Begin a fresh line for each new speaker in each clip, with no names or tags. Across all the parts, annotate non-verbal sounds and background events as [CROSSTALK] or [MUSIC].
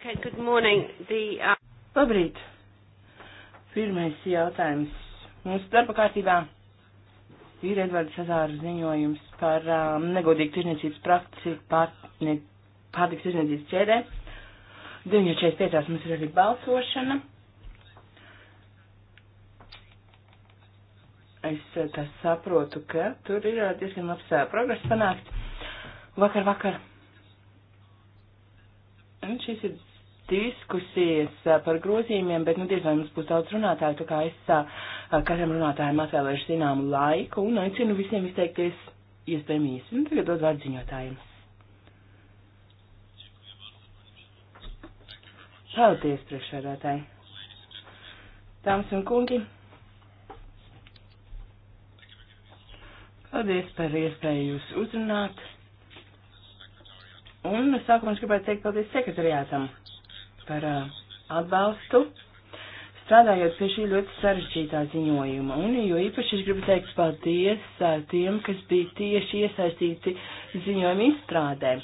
Okay, good morning. The, uh...
Labrīt. Pirmais jautājums. Mūsu darba kārtībā ir Edvards Sazāra ziņojums par um, negodīgu tirzniecības praksi pārtiks tirzniecības ķēdē. 9.45. mums ir arī balsošana. Es eh, tā saprotu, ka tur ir eh, diezgan labs eh, progress panākt. Vakar, vakar. Un šis ir diskusijas par grozījumiem, bet, nu, diez vai mums būs daudz runātāju, tā kā es katram runātājam atvēlēšu zināmu laiku un aicinu visiem izteikties iespējami īsi. Nu, tagad dod vārdu ziņotājiem. Paldies, priekšsēdētāji. Dāmas un kungi. Paldies par iespēju jūs uzrunāt. Un sākumā es gribētu teikt paldies sekretariātam par atbalstu strādājot pie šī ļoti sarežģītā ziņojuma. Un jo īpaši es gribu teikt paldies tiem, kas bija tieši iesaistīti ziņojuma izstrādē.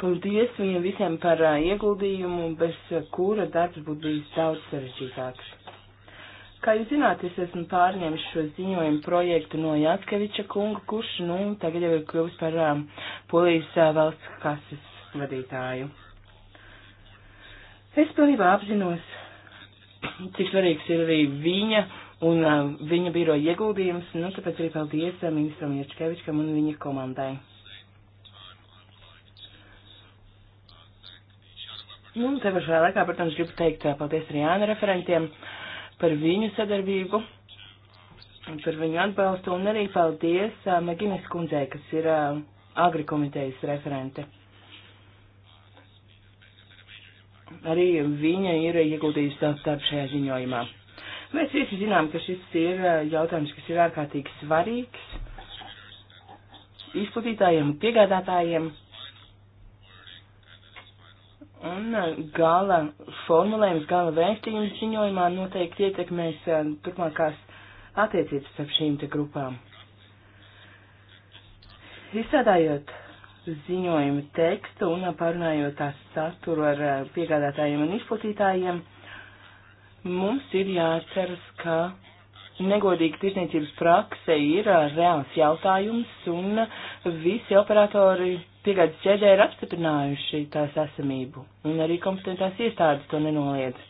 Paldies viņiem visiem par ieguldījumu, bez kura darbs būtu bijis daudz sarežģītāks. Kā jūs zināt, es esmu pārņēmis šo ziņojumu projektu no Jāskeviča kunga, kurš, nu, tagad jau ir kļuvis par um, polijas uh, valsts kases vadītāju. Es pilnībā apzinos, cik svarīgs ir arī viņa un uh, viņa biroja ieguldījums, nu, tāpēc arī paldies uh, ministram Jačkevičam un viņa komandai. Nu, un te pašā laikā, protams, gribu teikt uh, paldies arī Jāna referentiem par viņu sadarbību, par viņu atbalstu un arī paldies uh, Maginis kundzei, kas ir uh, agrikomitejas referente. arī viņa ir ieguldījusi daudz darbu šajā ziņojumā. Mēs visi zinām, ka šis ir uh, jautājums, kas ir ārkārtīgi svarīgs izplatītājiem un piegādātājiem. Un uh, gala formulējums, gala vēstījums ziņojumā noteikti ietekmēs uh, turpmākās attiecības starp šīm te grupām. Izstrādājot ziņojuma tekstu un pārunājot tās saturu ar eh, piegādātājiem un izplatītājiem, mums ir jāceras, ka negodīga tirsniecības prakse ir eh, reāls jautājums un visi operatori piegādes ķēdē ir apstiprinājuši tās esamību un arī kompetentās iestādes to nenoliedz.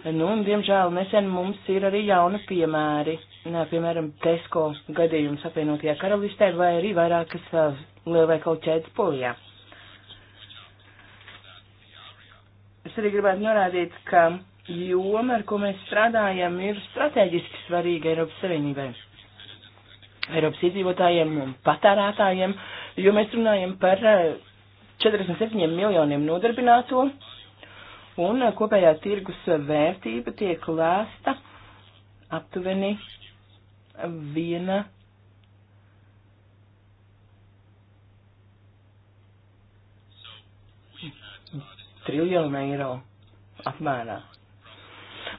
Nu, un, diemžēl, nesen mums ir arī jauni piemēri, Nā, piemēram, Tesco gadījums apvienotajā karalistē vai arī vairākas eh, lielveikalu ķēdes polijā. Es arī gribētu norādīt, ka joma, ar ko mēs strādājam, ir strateģiski svarīga Eiropas Savienībai. Eiropas iedzīvotājiem un patērētājiem, jo mēs runājam par 47 eh, miljoniem nodarbināto, un eh, kopējā tirgus vērtība tiek lēsta aptuveni viena triljonu eiro apmērā.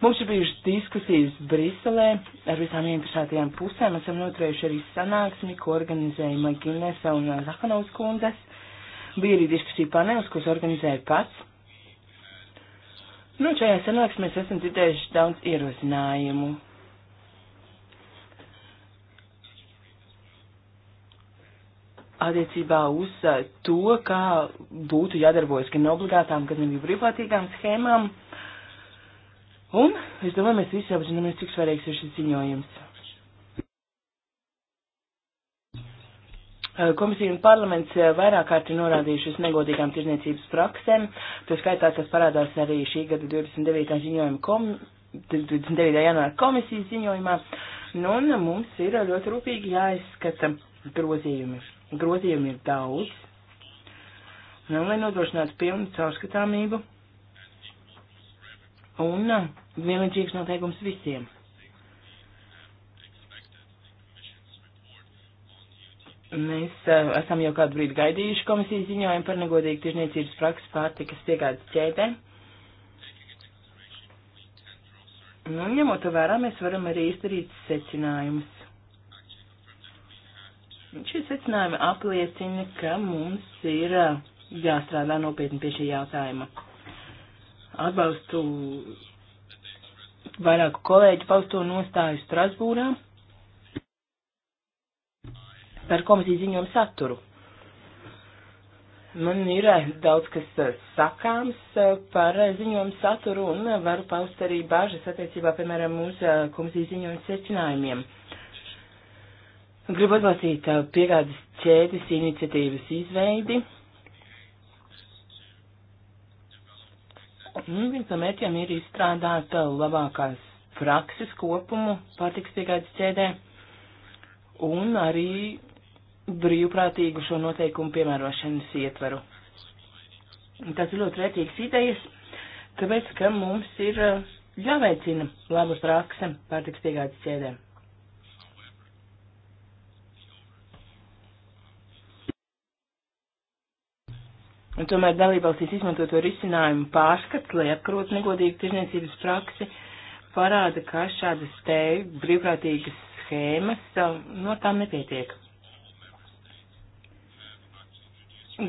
Mums ir bijušas diskusijas Briselē ar visām interesētajām pusēm. Esam noturējuši arī sanāksmi, ko organizēja Maginesa un Zahanovs kundzes. Bija arī diskusija panelis, ko organizēja pats. Nu, šajā sanāksmēs esam dzirdējuši daudz ierosinājumu attiecībā uz eh, to, kā būtu jādarbojas gan obligātām, gan arī brīvprātīgām schēmām. Un es domāju, mēs visi apzināmies, cik svarīgs ir šis ziņojums. Eh, komisija un parlaments eh, vairāk kārti norādījuši uz negodīgām tirzniecības praksēm, to skaitā, kas parādās arī šī gada 29. ziņojuma kom, 29. janvāra komisijas ziņojumā, nu, un mums ir ļoti rūpīgi jāizskata grozījumi. Grozījumi ir daudz. Nu, lai nodrošinātu pilnu caurskatāmību un uh, vienlīdzīgs noteikums visiem. Mēs uh, esam jau kādu brīdi gaidījuši komisijas ziņojumu par negodīgu tirzniecības praksi pārtikas piegādes ķēdē. Nu, ņemot to vērā, mēs varam arī izdarīt secinājumus. Šie secinājumi apliecina, ka mums ir jāstrādā nopietni pie šī jautājuma. Atbalstu vairāku kolēģu pausto nostāju Strasbūrā par komisijas ziņojumu saturu. Man ir daudz kas sakāms par ziņojumu saturu un varu paust arī bāžas attiecībā, piemēram, uz komisijas ziņojumu secinājumiem. Gribu atbalstīt uh, piegādes ķēdes iniciatīvas izveidi. Nu, viens no mērķiem ir izstrādāt uh, labākās prakses kopumu pārtiks piegādes ķēdē un arī brīvprātīgu šo noteikumu piemērošanas ietvaru. Tas ir ļoti vērtīgs idejas, tāpēc, ka mums ir uh, jāveicina laba prakse pārtiks piegādes ķēdēm. Un tomēr dalībvalstīs izmantoto risinājumu pārskats, lai apkarot negodīgu tirzniecības praksi, parāda, ka šādas te brīvprātīgas schēmas uh, no tām nepietiek.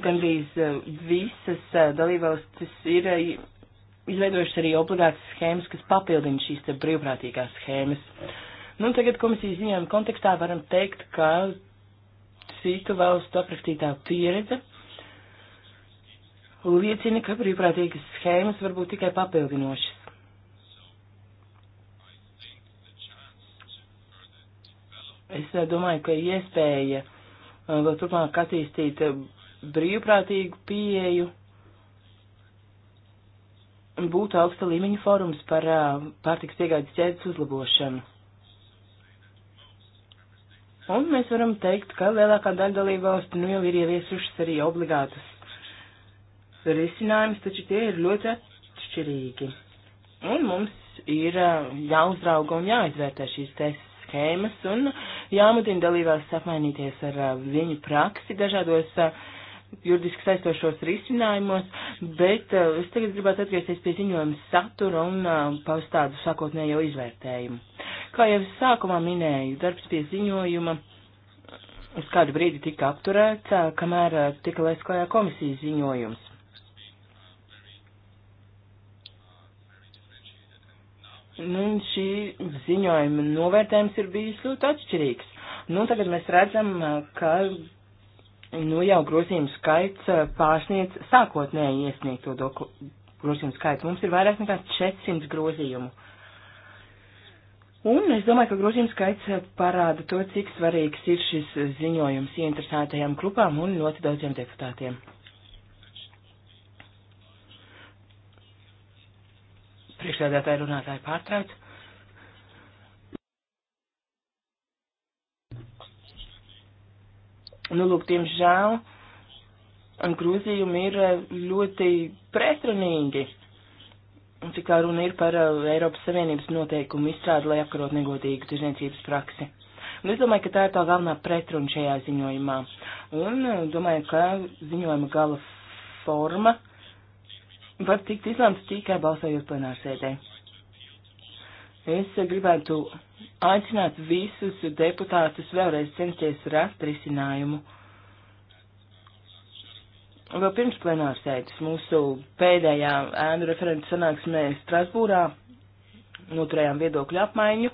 Gandrīz uh, visas uh, dalībvalstis ir izveidojušas arī obligātas schēmas, kas papildina šīs te brīvprātīgās schēmas. Nu, tagad komisijas ziņojuma kontekstā varam teikt, ka citu valstu aprakstītā pieredze liecina, ka brīvprātīgas schēmas var būt tikai papildinošas. Es eh, domāju, ka iespēja eh, vēl turpmāk attīstīt eh, brīvprātīgu pieeju būtu augsta līmeņa fórums par pārtiks piegādes ķēdes uzlabošanu. Un mēs varam teikt, ka lielākā daļa dalībvalstu nu jau ir ieviesušas arī obligātas risinājums, taču tie ir ļoti atšķirīgi. Un mums ir uh, jāuzrauga un jāizvērtē šīs tests schēmas un jāmudina dalībās apmainīties ar uh, viņu praksi dažādos uh, juridiski saistošos risinājumos, bet es tagad gribētu atgriezties pie ziņojuma satura un paust tādu sākotnējo izvērtējumu. Kā jau sākumā minēju, darbs pie ziņojuma uz kādu brīdi tika apturēts, kamēr tika laiskojā komisijas ziņojums. Nu, šī ziņojuma novērtējums ir bijis ļoti atšķirīgs. Nu, tagad mēs redzam, ka nu, jau grozījumu skaits eh, pārsniedz sākotnēji iesniegto grozījumu skaitu. Mums ir vairāk nekā 400 grozījumu. Un es domāju, ka grozījums skaits eh, parāda to, cik svarīgs ir šis ziņojums ieinteresētajām grupām un ļoti daudziem deputātiem. Priekšsēdētāji runātāji pārtrauc. Nu, lūk, diemžēl grūzījumi ir eh, ļoti pretrunīgi. Cik tā runa ir par eh, Eiropas Savienības noteikumu izstrādi, lai apkarot negodīgu tirzniecības praksi. Un es domāju, ka tā ir tā galvenā pretruna šajā ziņojumā. Un eh, domāju, ka ziņojuma gala forma uh, var tikt izlemts tikai balsojot plenārsēdē. Es gribētu aicināt visus deputātus vēlreiz censties rast risinājumu. Vēl pirms plenārsēdes mūsu pēdējā ēnu referentu sanāksmē Strasbūrā noturējām viedokļu apmaiņu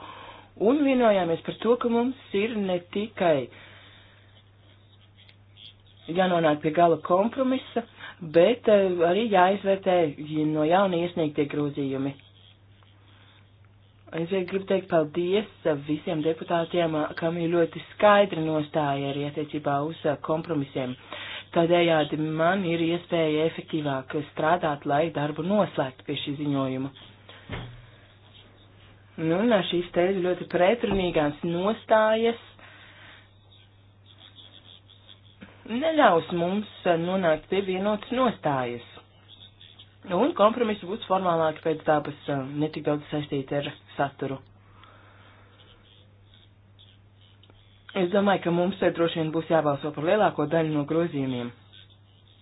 un vienojāmies par to, ka mums ir ne tikai jānonāk pie gala kompromisa, bet eh, arī jāizvērtē no jauna iesniegtie grozījumi. Es gribu teikt paldies visiem deputātiem, kam ir ļoti skaidra nostāja arī attiecībā uz eh, kompromisiem. Tādējādi man ir iespēja efektīvāk strādāt, lai darbu noslēgtu pie šī ziņojuma. Nu, un šīs te ļoti pretrunīgās nostājas neļaus mums nonākt pie vienotas nostājas. Un kompromisi būs formālāki pēc dabas, eh, netik daudz saistīti ar saturu. Es domāju, ka mums droši vien būs jābalso par lielāko daļu no grozījumiem.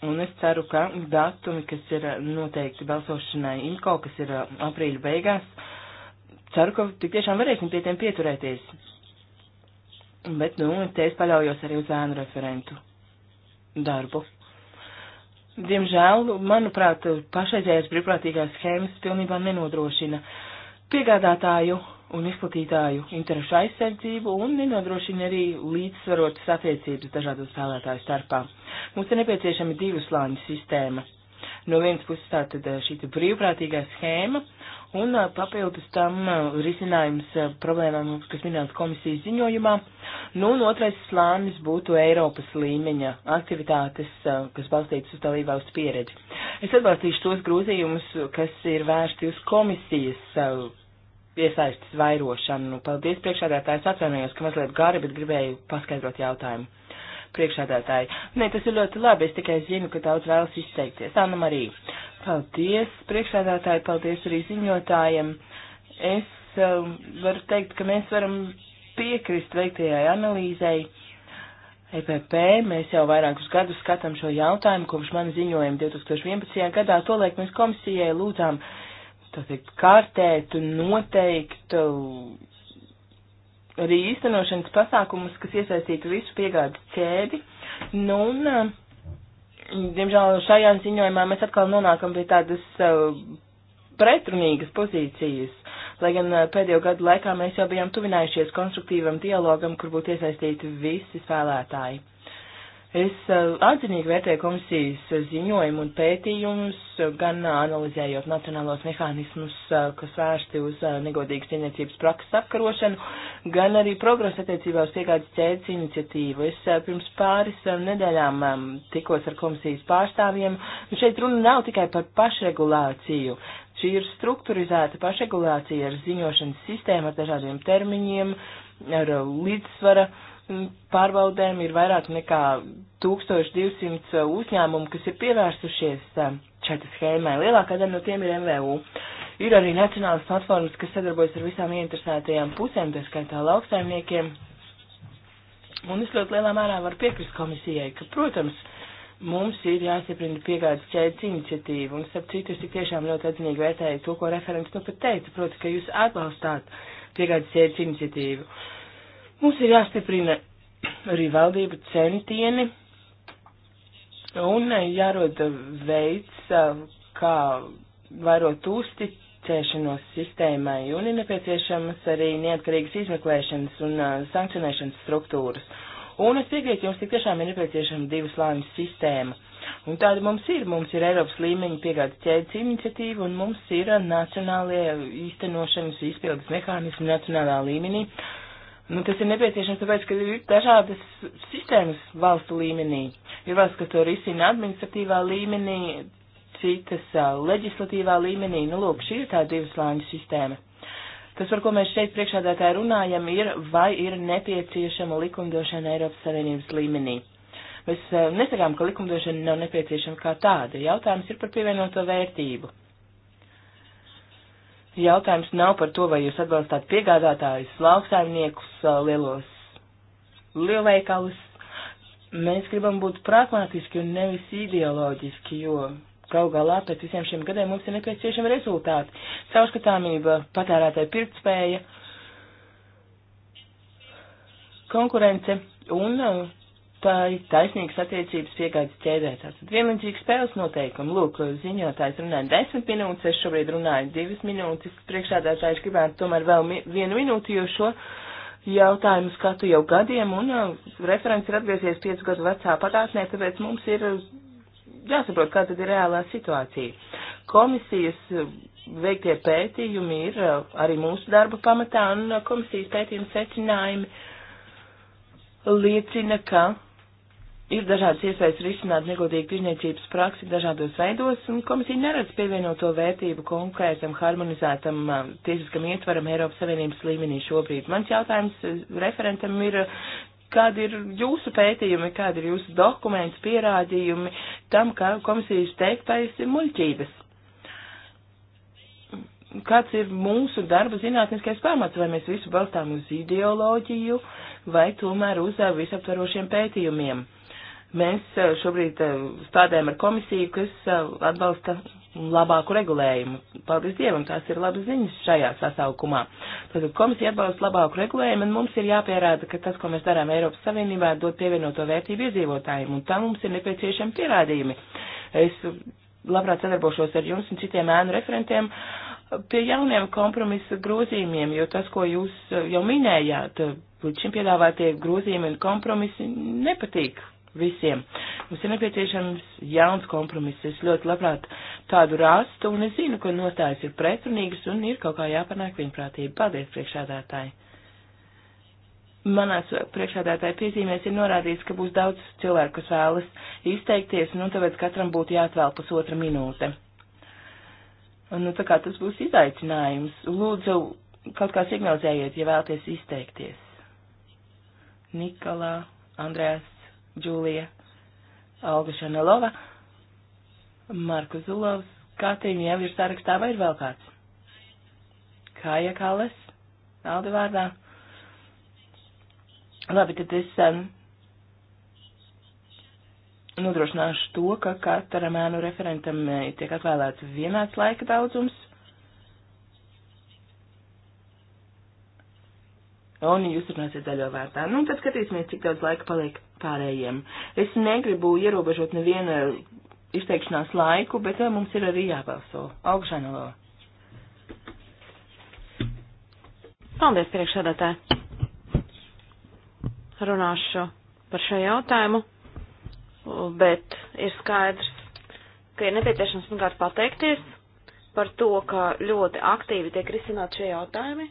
Un es ceru, ka datumi, kas ir eh, noteikti balsošanai IMCO, kas ir eh, aprīļa beigās, ceru, ka tik tiešām varēsim pie tiem pieturēties. Bet, nu, te es paļaujos arī uz ēnu referentu darbu. Diemžēl, manuprāt, pašreizējās brīvprātīgās schēmas pilnībā nenodrošina piegādātāju un izplatītāju interešu aizsardzību un nenodrošina arī līdzsvarotas attiecības dažādu spēlētāju starpā. Mums ir nepieciešama divu slāņu sistēma No vienas puses tātad eh, šī brīvprātīgā schēma un eh, papildus tam eh, risinājums problēmām, kas minēts komisijas ziņojumā. Nu, un otrais slānis būtu Eiropas līmeņa aktivitātes, kas balstītas uz dalībvalstu pieredzi. Es atbalstīšu tos grozījumus, kas ir vērsti uz komisijas iesaistas vairošanu. Paldies priekšādātājs atvainojos, ka mazliet gari, bet gribēju paskaidrot jautājumu priekšādātāji. Nē, tas ir ļoti labi, es tikai zinu, ka daudz vēlas izteikties. Anna Marija, paldies priekšādātāji, paldies arī ziņotājiem. Es uh, varu teikt, ka mēs varam piekrist veiktajai analīzei. EPP, mēs jau vairākus gadus skatām šo jautājumu, kopš man ziņojuma 2011. gadā, tolaik mēs komisijai lūdzām tātad kārtēt un noteikt arī īstenošanas pasākumus, kas iesaistītu visu piegādes ķēdi. Nu, un, eh, diemžēl, šajā ziņojumā mēs atkal nonākam pie tādas eh, pretrunīgas pozīcijas, lai gan eh, pēdējo gadu laikā mēs jau bijām tuvinājušies konstruktīvam dialogam, kur būtu iesaistīti visi spēlētāji. Es eh, atzinīgi vērtēju komisijas ziņojumu un pētījumus, eh, gan eh, analizējot nacionālos mehānismus, kas vērsti uz negodīgas tirniecības prakses apkarošanu, gan arī progresu attiecībā uz piegādes ķēdes iniciatīvu. Es pirms pāris nedēļām tikos ar komisijas pārstāvjiem, un šeit runa nav tikai par pašregulāciju. Šī ir strukturizēta pašregulācija ar ziņošanas sistēmu, ar dažādiem termiņiem, ar līdzsvara pārbaudēm ir vairāk nekā 1200 uzņēmumu, kas ir pievērsušies četu eh, schēmai. Lielākā daļa no tiem ir MVU. Ir arī nacionālas platformas, kas sadarbojas ar visām ieinteresētajām pusēm, tā skaitā lauksaimniekiem. Un es ļoti lielā mērā varu piekrist komisijai, ka, protams, mums ir jāstiprina piegādes ķēdes iniciatīva, un starp citu es tik tiešām ļoti atzinīgi vērtēju to, ko referents nu pat teica, proti, ka jūs atbalstāt piegādes ķēdes iniciatīvu. Uh, Mums ir jāstiprina arī valdību centieni un jārod veids, kā vairot uzticēšanos sistēmai, un ir nepieciešamas arī neatkarīgas izmeklēšanas un uh, sankcionēšanas struktūras. Un es piekrītu jums, tik tiešām ir nepieciešama divu slāņu sistēma. Un tāda mums ir. Mums ir Eiropas līmeņa piegādes ķēdes iniciatīva, un mums ir nacionālie īstenošanas izpildes mehānismi nacionālā līmenī. Uh, Nu, tas ir nepieciešams, tāpēc, ka ir dažādas sistēmas valstu līmenī. Ir valsts, kas to risina administratīvā līmenī, citas uh, leģislatīvā līmenī. Nu, lūk, šī ir tā divas slāņu sistēma. Tas, par ko mēs šeit priekšādātāji runājam, ir, vai ir nepieciešama likumdošana Eiropas Savienības līmenī. Mēs uh, nesakām, ka likumdošana nav nepieciešama kā tāda. Jautājums ir par pievienoto vērtību. Jautājums nav par to, vai jūs atbalstāt piegādātājus, lauksaimniekus, lielos lielveikalus. Mēs gribam būt pragmatiski un nevis ideoloģiski, jo Galu galā pēc visiem šiem gadiem mums ir nepieciešami rezultāti. Caurskatāmība, patērētāja pirktspēja, konkurence un taisnīgas attiecības piegādes ķēdē. Tātad vienlīdzīgi spēles noteikumi. Lūk, ziņotājs runāja desmit minūtes, es šobrīd runāju divas minūtes. Priekšādātājs gribētu tomēr vēl mi vienu minūti, jo šo jautājumu skatu jau gadiem, un uh, referents ir atgriezies piecu gadu vecā patātnē, tāpēc mums ir uh, jāsaprot, kā tad ir reālā situācija. Komisijas uh, veiktie pētījumi ir uh, arī mūsu darba pamatā, un uh, komisijas pētījumi secinājumi liecina, ka ir dažādas iespējas risināt negodīgu tirniecības praksi dažādos veidos, un komisija neredz pievienoto vērtību konkrētam harmonizētam um, tiesiskam ietvaram Eiropas Savienības līmenī šobrīd. Mans jautājums eh, referentam ir, kādi ir jūsu pētījumi, kādi ir jūsu dokumenti, pierādījumi tam, ka komisijas teiktais ir muļķības? Kāds ir mūsu darba zinātniskais pamats, vai mēs visu balstām uz ideoloģiju, vai tomēr uz visaptvarošiem pētījumiem? Mēs eh, šobrīd eh, stādējam ar komisiju, kas eh, atbalsta labāku regulējumu. Paldies Dievam, tās ir labas ziņas šajā sasaukumā. Tātad komisija atbalsta labāku regulējumu, un mums ir jāpierāda, ka tas, ko mēs darām Eiropas Savienībā, dod pievienoto vērtību iedzīvotājiem, un tam mums ir nepieciešami pierādījumi. Es labprāt sadarbošos ar jums un citiem ēnu referentiem pie jauniem kompromisa grozījumiem, jo tas, ko jūs jau minējāt, līdz šim piedāvātie grozījumi un kompromisi nepatīk visiem. Mums ir nepieciešams jauns kompromiss. Es ļoti labprāt tādu rastu, un es zinu, ka nostājas ir pretrunīgas un ir kaut kā jāpanāk vienprātība. Paldies, priekšādātāji! Manās priekšādātāja piezīmēs ir norādīts, ka būs daudz cilvēku, kas vēlas izteikties, nu tāpēc katram būtu jāatvēl pusotra minūte. Un, nu, tā kā tas būs izaicinājums, lūdzu, kaut kā signalizējiet, ja vēlties izteikties. Nikolā, Andrēs. Đūlija Olga Šanelova, Marku Zulovs, Katīņa jau ir sarakstā vai ir vēl kāds? Kāja Kalas, Aldi vārdā. Labi, tad es um, nodrošināšu to, ka katram ēnu referentam eh, tiek atvēlēts vienāds laika daudzums. Un jūs runāsiet zaļo vērtā. Nu, tad skatīsimies, cik daudz laika paliek pārējiem. Es negribu ierobežot nevienu izteikšanās laiku, bet eh, mums ir arī jābalso. Augšanalo.
Paldies, priekšsēdētāji. Runāšu par šo jautājumu, bet ir skaidrs, ka ir nepieciešams pirmkārt pateikties par to, ka ļoti aktīvi tiek risināt šie jautājumi.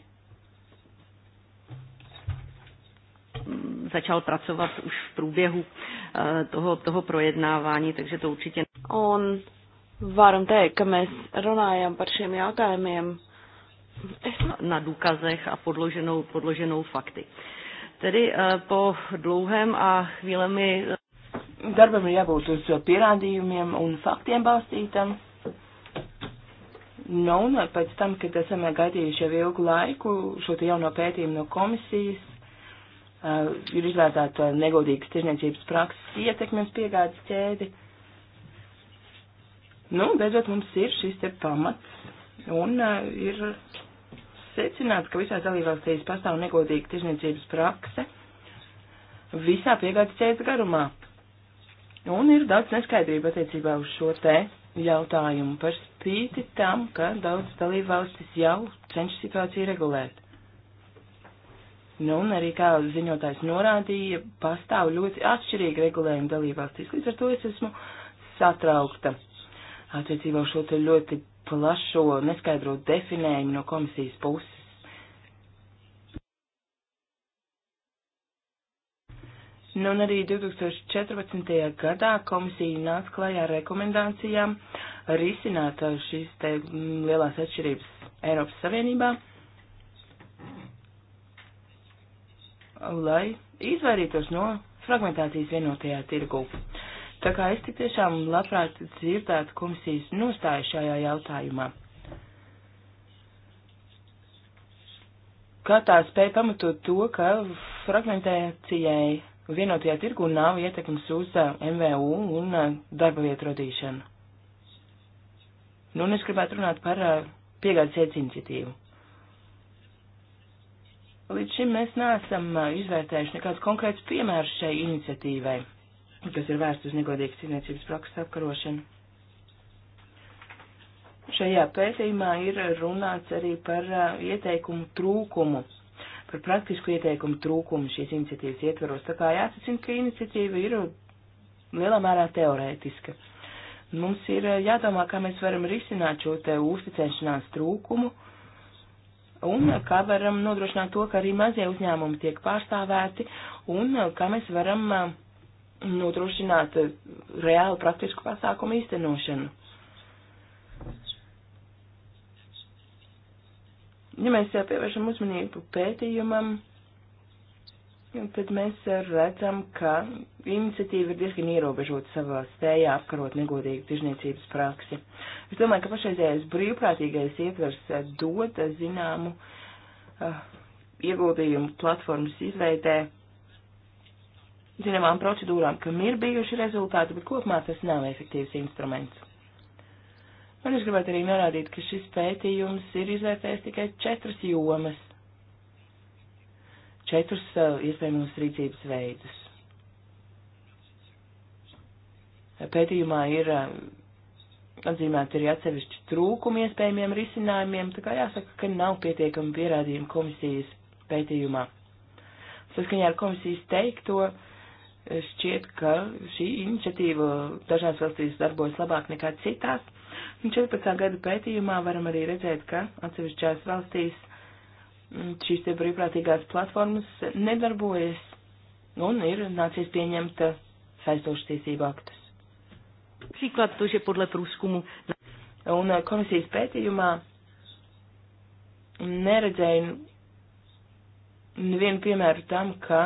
začal pracovat už v průběhu eh, toho, toho projednávání, takže to určitě. Un varam teikt, ka mēs runājam par šiem jautājumiem na důkazech a podloženou, podloženou fakty. Tedy eh,
po dlouhém a chvílemi. Eh, Darbam ir jābūt uz pierādījumiem un faktiem balstītam. Nu, un pēc tam, kad esam gaidījuši jau ilgu laiku šo jauno pētījumu no komisijas, Uh, ir izvērtēta negodīgas tirzniecības prakses ietekmes piegādes ķēdi. Nu, beidzot mums ir šis te pamats un uh, ir secināts, ka visās dalībvalstīs pastāv negodīga tirzniecības prakse visā piegādes ķēdes garumā. Un ir daudz neskaidrība attiecībā uz šo te jautājumu par spīti tam, ka daudz dalībvalstis jau cenšas situāciju regulēt. Nu, un arī, kā ziņotājs norādīja, pastāv ļoti atšķirīgi regulējumi dalībvalstīs. Līdz ar to es esmu satraukta attiecībā uz šo te ļoti plašo neskaidro definējumu no komisijas puses. Nu, un arī 2014. gadā komisija nāca klajā ar rekomendācijām risināt šīs te mm, lielās atšķirības Eiropas Savienībā. Uh, lai izvairītos no fragmentācijas vienotajā tirgū. Tā kā es tik tiešām labprāt dzirdētu komisijas nostāju šajā jautājumā. Kā tā spēja pamatot to, ka fragmentācijai vienotajā tirgu nav ietekmes uz MVU un darba vietu radīšanu? Nu, un es gribētu runāt par piegādes iec iniciatīvu. Līdz šim mēs neesam izvērtējuši nekādus konkrētus piemērus šai iniciatīvai, kas ir vērsts uz negodīgas cilvēcības prakses apkarošanu. Šajā pētījumā ir runāts arī par ieteikumu trūkumu, par praktisku ieteikumu trūkumu šīs iniciatīvas ietvaros. Tā kā jāsacina, ka iniciatīva ir lielā mērā teorētiska. Mums ir jādomā, kā mēs varam risināt šo te uzticēšanās trūkumu, uh, un kā varam nodrošināt to, ka arī mazie uzņēmumi tiek pārstāvēti un kā mēs varam uh, nodrošināt uh, reāli praktisku pasākumu īstenošanu. Ja mēs uh, pievēršam uzmanību pētījumam, bet mēs redzam, ka iniciatīva ir diezgan ierobežota savā spējā apkarot negodīgu tirzniecības praksi. Es domāju, ka pašreizējais brīvprātīgais ietvers eh, dod zināmu uh, ieguldījumu platformas izveidē, zināmām procedūrām, kam ir bijuši rezultāti, bet kopumā tas nav efektīvs instruments. Un es gribētu arī norādīt, ka šis pētījums ir izvērtējis tikai četras jomas četrus uh, iespējamos rīcības veidus. Pētījumā ir uh, atzīmēti arī atsevišķi trūkumi iespējamiem risinājumiem, tā kā jāsaka, ka nav pietiekami pierādījumi komisijas pētījumā. Saskaņā ar komisijas teikto eh, šķiet, ka šī iniciatīva dažās valstīs darbojas labāk nekā citās. Un 14. gada pētījumā varam arī redzēt, ka atsevišķās valstīs Mm, šīs te brīvprātīgās platformas nedarbojas un ir nācies pieņemt uh, saistošas tiesību aktus. Příklad to, že podle průzkumu. Un uh, komisijas pētījumā neredzēju nevienu piemēru tam, ka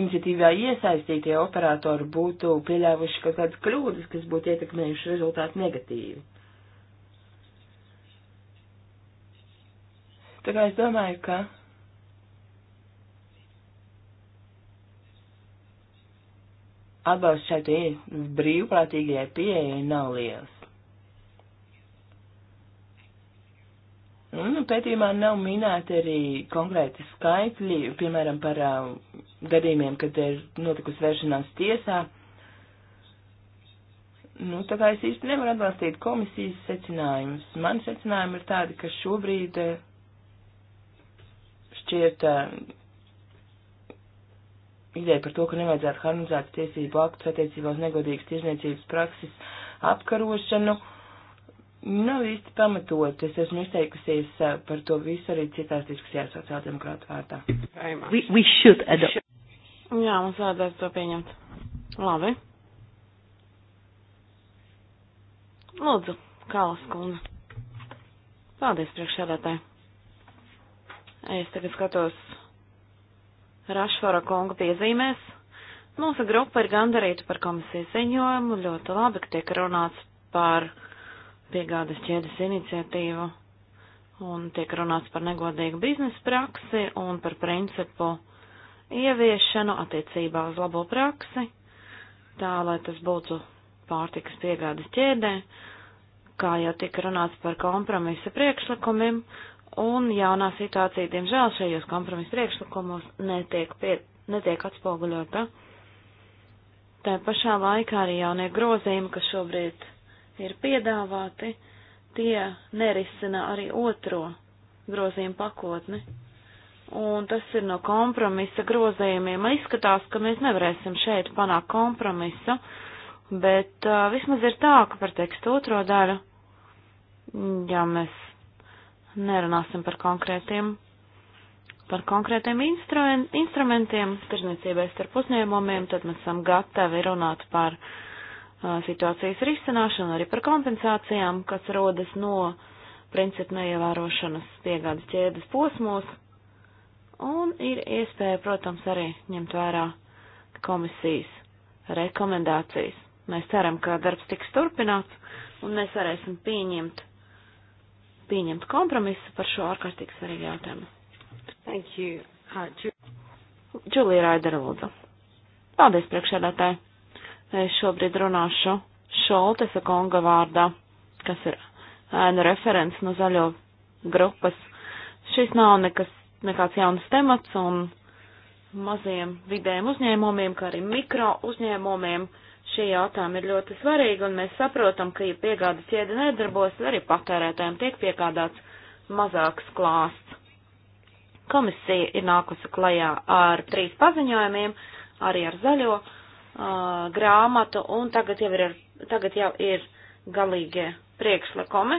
iniciatīvā iesaistītie operatori būtu pieļāvuši kaut kādas kļūdas, kas būtu ietekmējuši rezultātu negatīvi. Tā kā es domāju, ka atbalsts šai pie, brīvprātīgajai pieejai nav liels. Un pētījumā nav minēti arī konkrēti skaitļi, piemēram, par uh, gadījumiem, kad ir notikusi vēršanās tiesā. Nu, tā kā es īsti nevaru atbalstīt komisijas secinājumus. Man secinājumi ir tādi, ka šobrīd uh, šķiet uh, ideja par to, ka nevajadzētu harmonizēt tiesību aktus attiecībā uz negodīgas tirzniecības prakses apkarošanu, nav īsti pamatot. Es esmu izteikusies uh, par to visu arī citās diskusijās sociāldemokrāta
vārdā. We, we
should adopt.
Jā, mums vajadzētu to pieņemt. Labi. Lūdzu, Kālas kundze. Paldies priekšsēdētāji. Es tagad skatos Rašvara kunga piezīmēs. Mūsu grupa ir gandarīta par komisijas ziņojumu, ļoti labi, ka tiek runāts par piegādes ķēdes iniciatīvu un tiek runāts par negodīgu biznesa praksi un par principu ieviešanu attiecībā uz labo praksi, tā lai tas būtu pārtikas piegādes ķēdē, kā jau tika runāts par kompromisa priekšlikumiem, un jaunā situācija, diemžēl, šajos kompromisu priekšlikumos netiek, pie, netiek atspoguļota. Tā pašā laikā arī jaunie grozījumi, kas šobrīd ir piedāvāti, tie nerisina arī otro grozījumu pakotni. Un tas ir no kompromisa grozījumiem. Izskatās, ka mēs nevarēsim šeit panākt kompromisu, bet uh, vismaz ir tā, ka par tekstu otro daļu, mm, ja mēs nerunāsim par konkrētiem, par konkrētiem instru, instrumentiem tirzniecībai starp uzņēmumiem, tad mēs esam gatavi runāt par uh, situācijas risināšanu, arī par kompensācijām, kas rodas no principu neievērošanas piegādes ķēdes posmos. Un ir iespēja, protams, arī ņemt vērā komisijas rekomendācijas. Mēs ceram, ka darbs tiks turpināts un mēs varēsim pieņemt pieņemt kompromisu par šo ārkārtīgi svarīgu jautājumu. Thank you. Džulija uh, Raidera lūdzu. Paldies, priekšsēdētāji. Es šobrīd runāšu Šoltesa konga vārdā, kas ir ēnu referents no zaļo grupas. Šis nav nekas, nekāds jauns temats un maziem vidējiem uzņēmumiem, kā arī mikro uzņēmumiem. Uh, Šie jautājumi ir ļoti svarīgi, un mēs saprotam, ka, ja piegādes ķēde nedarbos, arī patērētājiem tiek piegādāts mazāks klāsts. Komisija ir nākusi klajā ar trīs paziņojumiem, arī ar zaļo uh, grāmatu, un tagad jau ir, tagad jau ir galīgie priekšlikumi.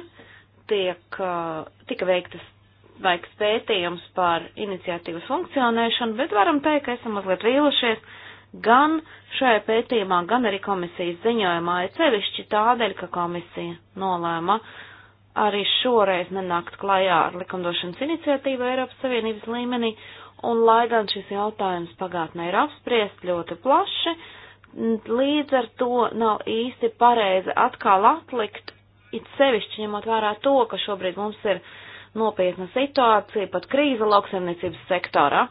Tiek, uh, tika veiktas veikts pētījums par iniciatīvas funkcionēšanu, bet varam teikt, ka esam mazliet vīlušies gan šajā pētījumā, gan arī komisijas ziņojumā, ir cevišķi tādēļ, ka komisija nolēma arī šoreiz nenākt klajā ar likumdošanas iniciatīvu Eiropas Savienības līmenī, un lai gan šis jautājums pagātnē ir apspriest ļoti plaši, līdz ar to nav īsti pareizi atkal atlikt, it sevišķi ņemot vērā to, ka šobrīd mums ir nopietna situācija, pat krīze lauksaimniecības sektorā.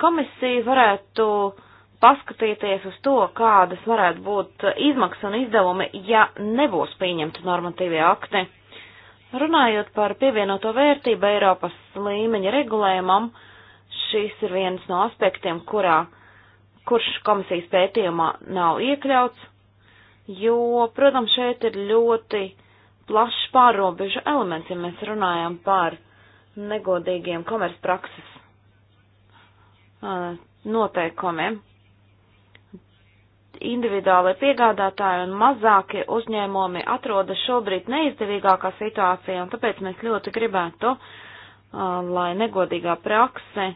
Komisija varētu uh, paskatīties uz to, kādas varētu būt izmaksas un izdevumi, ja nebūs pieņemti normatīvie akti. Runājot par pievienoto vērtību Eiropas līmeņa regulējumam, šis ir viens no aspektiem, kurā, kurš komisijas pētījumā nav iekļauts, jo, protams, šeit ir ļoti plašs pārobežu elements, ja mēs runājam par negodīgiem komercprakses noteikumiem individuālai piegādātāji un mazākie uzņēmumi atrodas šobrīd neizdevīgākā situācijā, un tāpēc mēs ļoti gribētu, uh, lai negodīgā prakse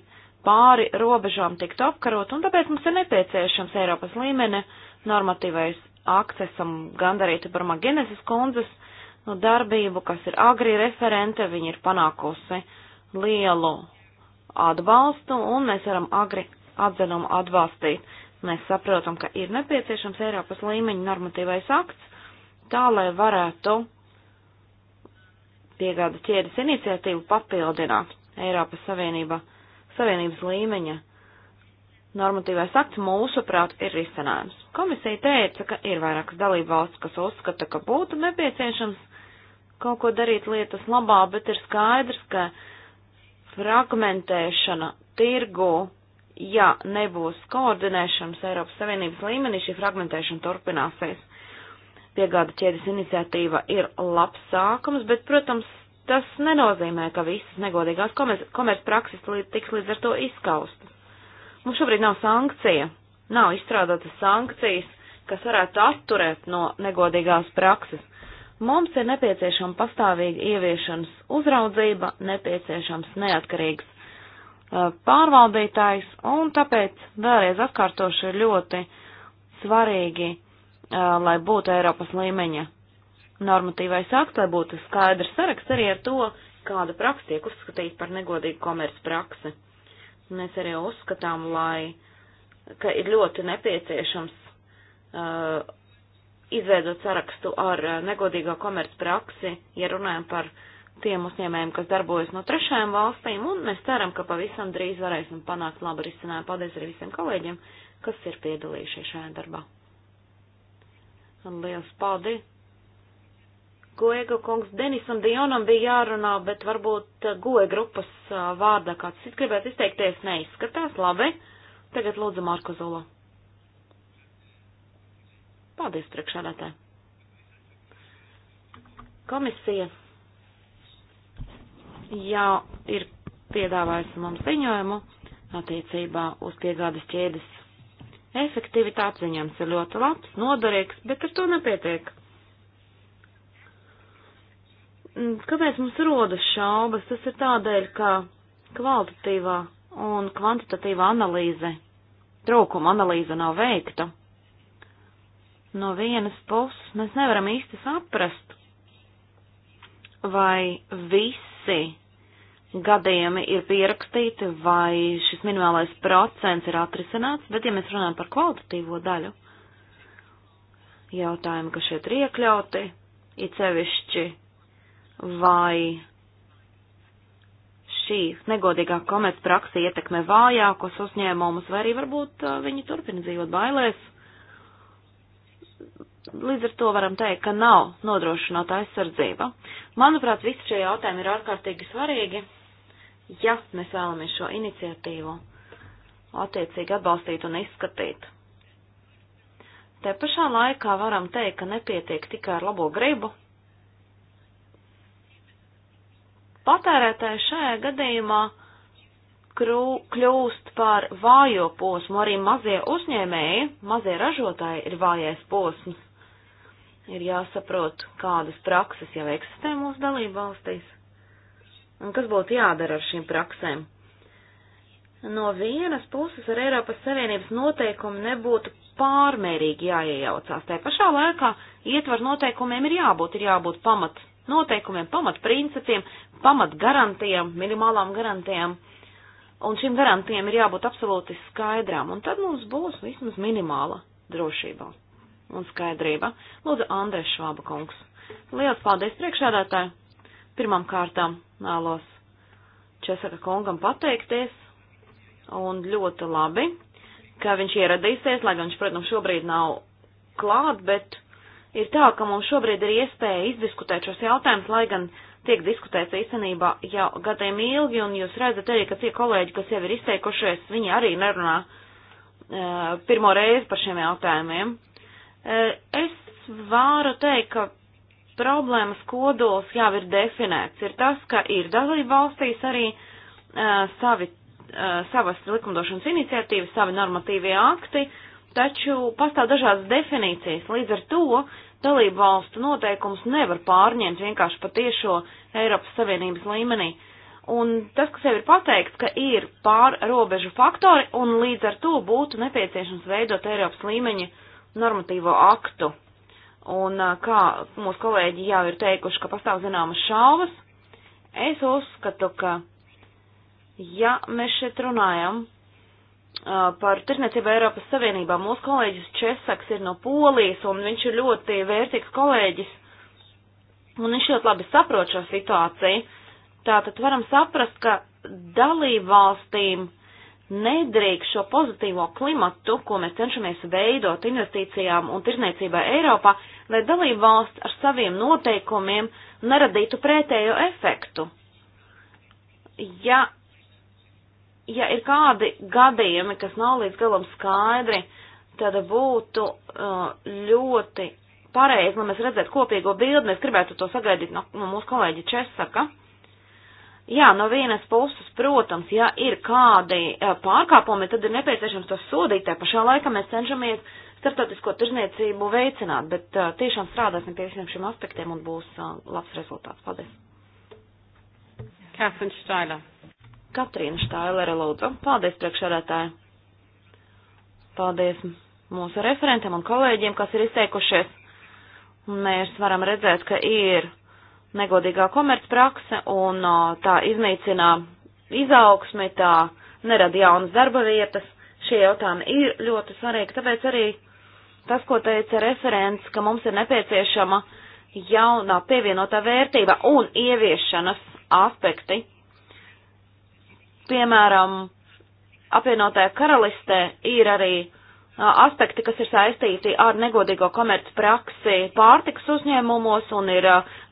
pāri robežām tiktu apkarot, un tāpēc mums ir nepieciešams Eiropas līmeni normatīvais akts, esam gandarīti par Mageneses kundzes nu, darbību, kas ir agri referente, viņa ir panākusi lielu atbalstu, un mēs varam agri atzinumu atbalstīt. Mēs saprotam, ka ir nepieciešams Eiropas līmeņa normatīvais akts, tā lai varētu piegāda ķēdes iniciatīvu papildināt Eiropas Savienība, Savienības līmeņa normatīvais akts mūsuprāt ir risinājums. Komisija teica, ka ir vairākas dalību valsts, kas uzskata, ka būtu nepieciešams kaut ko darīt lietas labā, bet ir skaidrs, ka fragmentēšana tirgu ja nebūs koordinēšanas Eiropas Savienības līmenī, šī fragmentēšana turpināsies. Piegāda ķēdes iniciatīva ir labs sākums, bet, protams, tas nenozīmē, ka visas negodīgās komercprakses komerc tiks līdz ar to izskaustas. Mums šobrīd nav sankcija, nav izstrādātas sankcijas, kas varētu atturēt no negodīgās prakses. Mums ir nepieciešama pastāvīga ieviešanas uzraudzība, nepieciešams neatkarīgs Uh, pārvaldītājs, un tāpēc vēlreiz atkārtoši ir ļoti svarīgi, uh, lai būtu Eiropas līmeņa normatīvais akts, lai būtu skaidrs saraksts arī ar to, kāda praksa tiek uzskatīta par negodīgu komerci praksi. Mēs arī uzskatām, lai, ka ir ļoti nepieciešams uh, izveidot sarakstu ar uh, negodīgo komerci praksi, ja runājam par uh, tiem uzņēmējiem, kas darbojas no trešajām valstīm, un mēs ceram, ka pavisam drīz varēsim panākt labu risinājumu. Paldies arī visiem kolēģiem, kas ir piedalījušies šajā darbā. Un liels paldies! Goega kungs Denisam Dionam bija jārunā, bet varbūt uh, Goega grupas uh, vārdā kāds cits gribētu izteikties neizskatās. Labi, tagad lūdzu Marko Zolo. Paldies, priekšādātāji. Komisija jau ir piedāvājusi mums ziņojumu attiecībā uz piegādes ķēdes. Efektivitātes ziņojums ir ļoti labs, noderīgs, bet ar to nepietiek. Mm, Kāpēc mums rodas šaubas? Tas ir tādēļ, ka kvalitatīvā un kvantitatīvā analīze, trūkuma analīze nav veikta. No vienas puses mēs nevaram īsti saprast, vai viss visi gadījumi ir pierakstīti, vai šis minimālais procents ir atrisināts, bet ja mēs runājam par kvalitatīvo daļu, jautājumi, kas šeit ir iekļauti, it sevišķi, vai šī negodīgā komerc praksa ietekmē vājākos uzņēmumus, vai arī varbūt uh, viņi turpina dzīvot bailēs Līdz ar to varam teikt, ka nav nodrošināta aizsardzība. Manuprāt, visi šie jautājumi ir ārkārtīgi svarīgi, ja mēs vēlamies šo iniciatīvu attiecīgi atbalstīt un izskatīt. Te pašā laikā varam teikt, ka nepietiek tikai ar labo gribu. Patērētāji šajā gadījumā kļūst par vājo posmu, arī mazie uzņēmēji, mazie ražotāji ir vājais posms. Ir jāsaprot, kādas prakses jau eksistē mūsu dalību valstīs un kas būtu jādara ar šīm praksēm. No vienas puses ar Eiropas Savienības noteikumu nebūtu pārmērīgi jāiejaucās. Tā pašā laikā ietvar noteikumiem ir jābūt, ir jābūt pamat noteikumiem, pamat principiem, pamat garantijām, minimālām garantijām. Un šīm garantijām ir jābūt absolūti skaidrām, un tad mums būs vismaz minimāla drošība un skaidrība. Lūdzu, Andrēs Švaba kungs. Liels paldies priekšādātāji. Pirmām kārtām vēlos Česaka kungam pateikties un ļoti labi, ka viņš ieradīsies, lai gan viņš, protams, šobrīd nav klāt, bet ir tā, ka mums šobrīd ir iespēja izdiskutēt šos jautājumus, lai gan tiek diskutēts īstenībā jau gadiem ilgi, un jūs redzat arī, ka tie kolēģi, kas jau ir izteikušies, viņi arī nerunā uh, pirmo reizi par šiem jautājumiem. Eh, es varu teikt, ka problēmas kodols jau ir definēts. Ir tas, ka ir dalība valstīs arī uh, savi, uh, savas likumdošanas iniciatīvas, savi normatīvie akti, taču pastāv dažādas definīcijas. Līdz ar to dalību valstu noteikums nevar pārņemt vienkārši patiešo Eiropas Savienības līmenī. Un tas, kas jau ir pateikts, ka ir pārrobežu faktori un līdz ar to būtu nepieciešams veidot Eiropas līmeņa uh, normatīvo aktu. Un kā mūsu kolēģi jau ir teikuši, ka pastāv zināmas šaubas, es uzskatu, ka ja mēs šeit runājam par tirsniecību Eiropas Savienībā, mūsu kolēģis Česaks ir no Polijas un viņš ir ļoti vērtīgs kolēģis un viņš ļoti labi saprot šo situāciju. Tātad varam saprast, ka dalību valstīm nedrīkst šo pozitīvo klimatu, ko mēs cenšamies veidot investīcijām un tirzniecībai Eiropā, lai dalību valsts ar saviem noteikumiem neradītu pretējo efektu. Ja, ja ir kādi gadījumi, kas nav līdz galam skaidri, tad būtu uh, ļoti pareizi, lai mēs redzētu kopīgo bildi, mēs gribētu to sagaidīt no, no mūsu kolēģa Česaka. Uh, Jā, no vienas puses, protams, ja ir kādi eh, pārkāpumi, tad ir nepieciešams to sodīt. Tā pašā laikā mēs cenšamies starptautisko tirzniecību veicināt, bet uh, tiešām strādāsim pie visiem šiem aspektiem un būs uh, labs rezultāts. Paldies! Katrin Štailera. Katrīna Štailera, lūdzu. Paldies, priekšsēdētāji. Paldies mūsu referentiem un kolēģiem, kas ir izteikušies. Mēs varam redzēt, ka ir negodīgā komercprakse un tā iznīcinā izaugsmi, tā nerada jaunas darba vietas. Šie jautājumi ir ļoti svarīgi, tāpēc arī tas, ko teica referents, ka mums ir nepieciešama jaunā pievienotā vērtība un ieviešanas aspekti. Piemēram, apvienotajā karalistē ir arī uh, aspekti, kas ir saistīti ar negodīgo komerci praksi pārtiks uzņēmumos un ir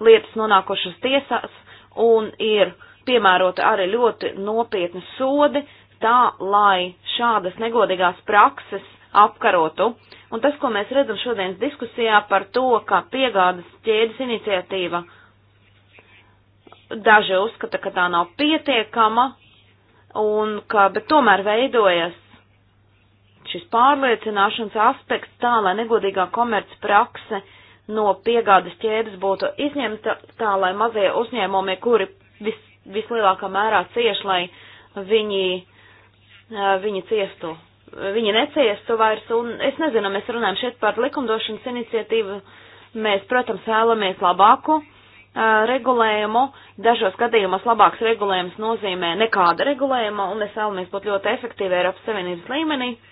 lietas nonākušas tiesās un ir piemēroti arī ļoti nopietni sodi, tā lai šādas negodīgās prakses apkarotu. Un tas, ko mēs redzam šodienas diskusijā par to, ka piegādas ķēdes iniciatīva daži uzskata, ka tā nav pietiekama, un ka, bet tomēr veidojas šis pārliecināšanas aspekts tā, lai negodīgā komerca prakse no piegādes ķēdes būtu izņemta tā, lai mazie uzņēmumi, kuri vis, vislielākā mērā cieš, lai viņi, viņi ciestu. Viņi neciestu vairs, un es nezinu, mēs runājam šeit par likumdošanas iniciatīvu. Mēs, protams, vēlamies labāku regulējumu. Dažos gadījumos labāks regulējums nozīmē nekāda regulējuma, un mēs vēlamies būt ļoti efektīvi Eiropas Savienības līmenī. Uh,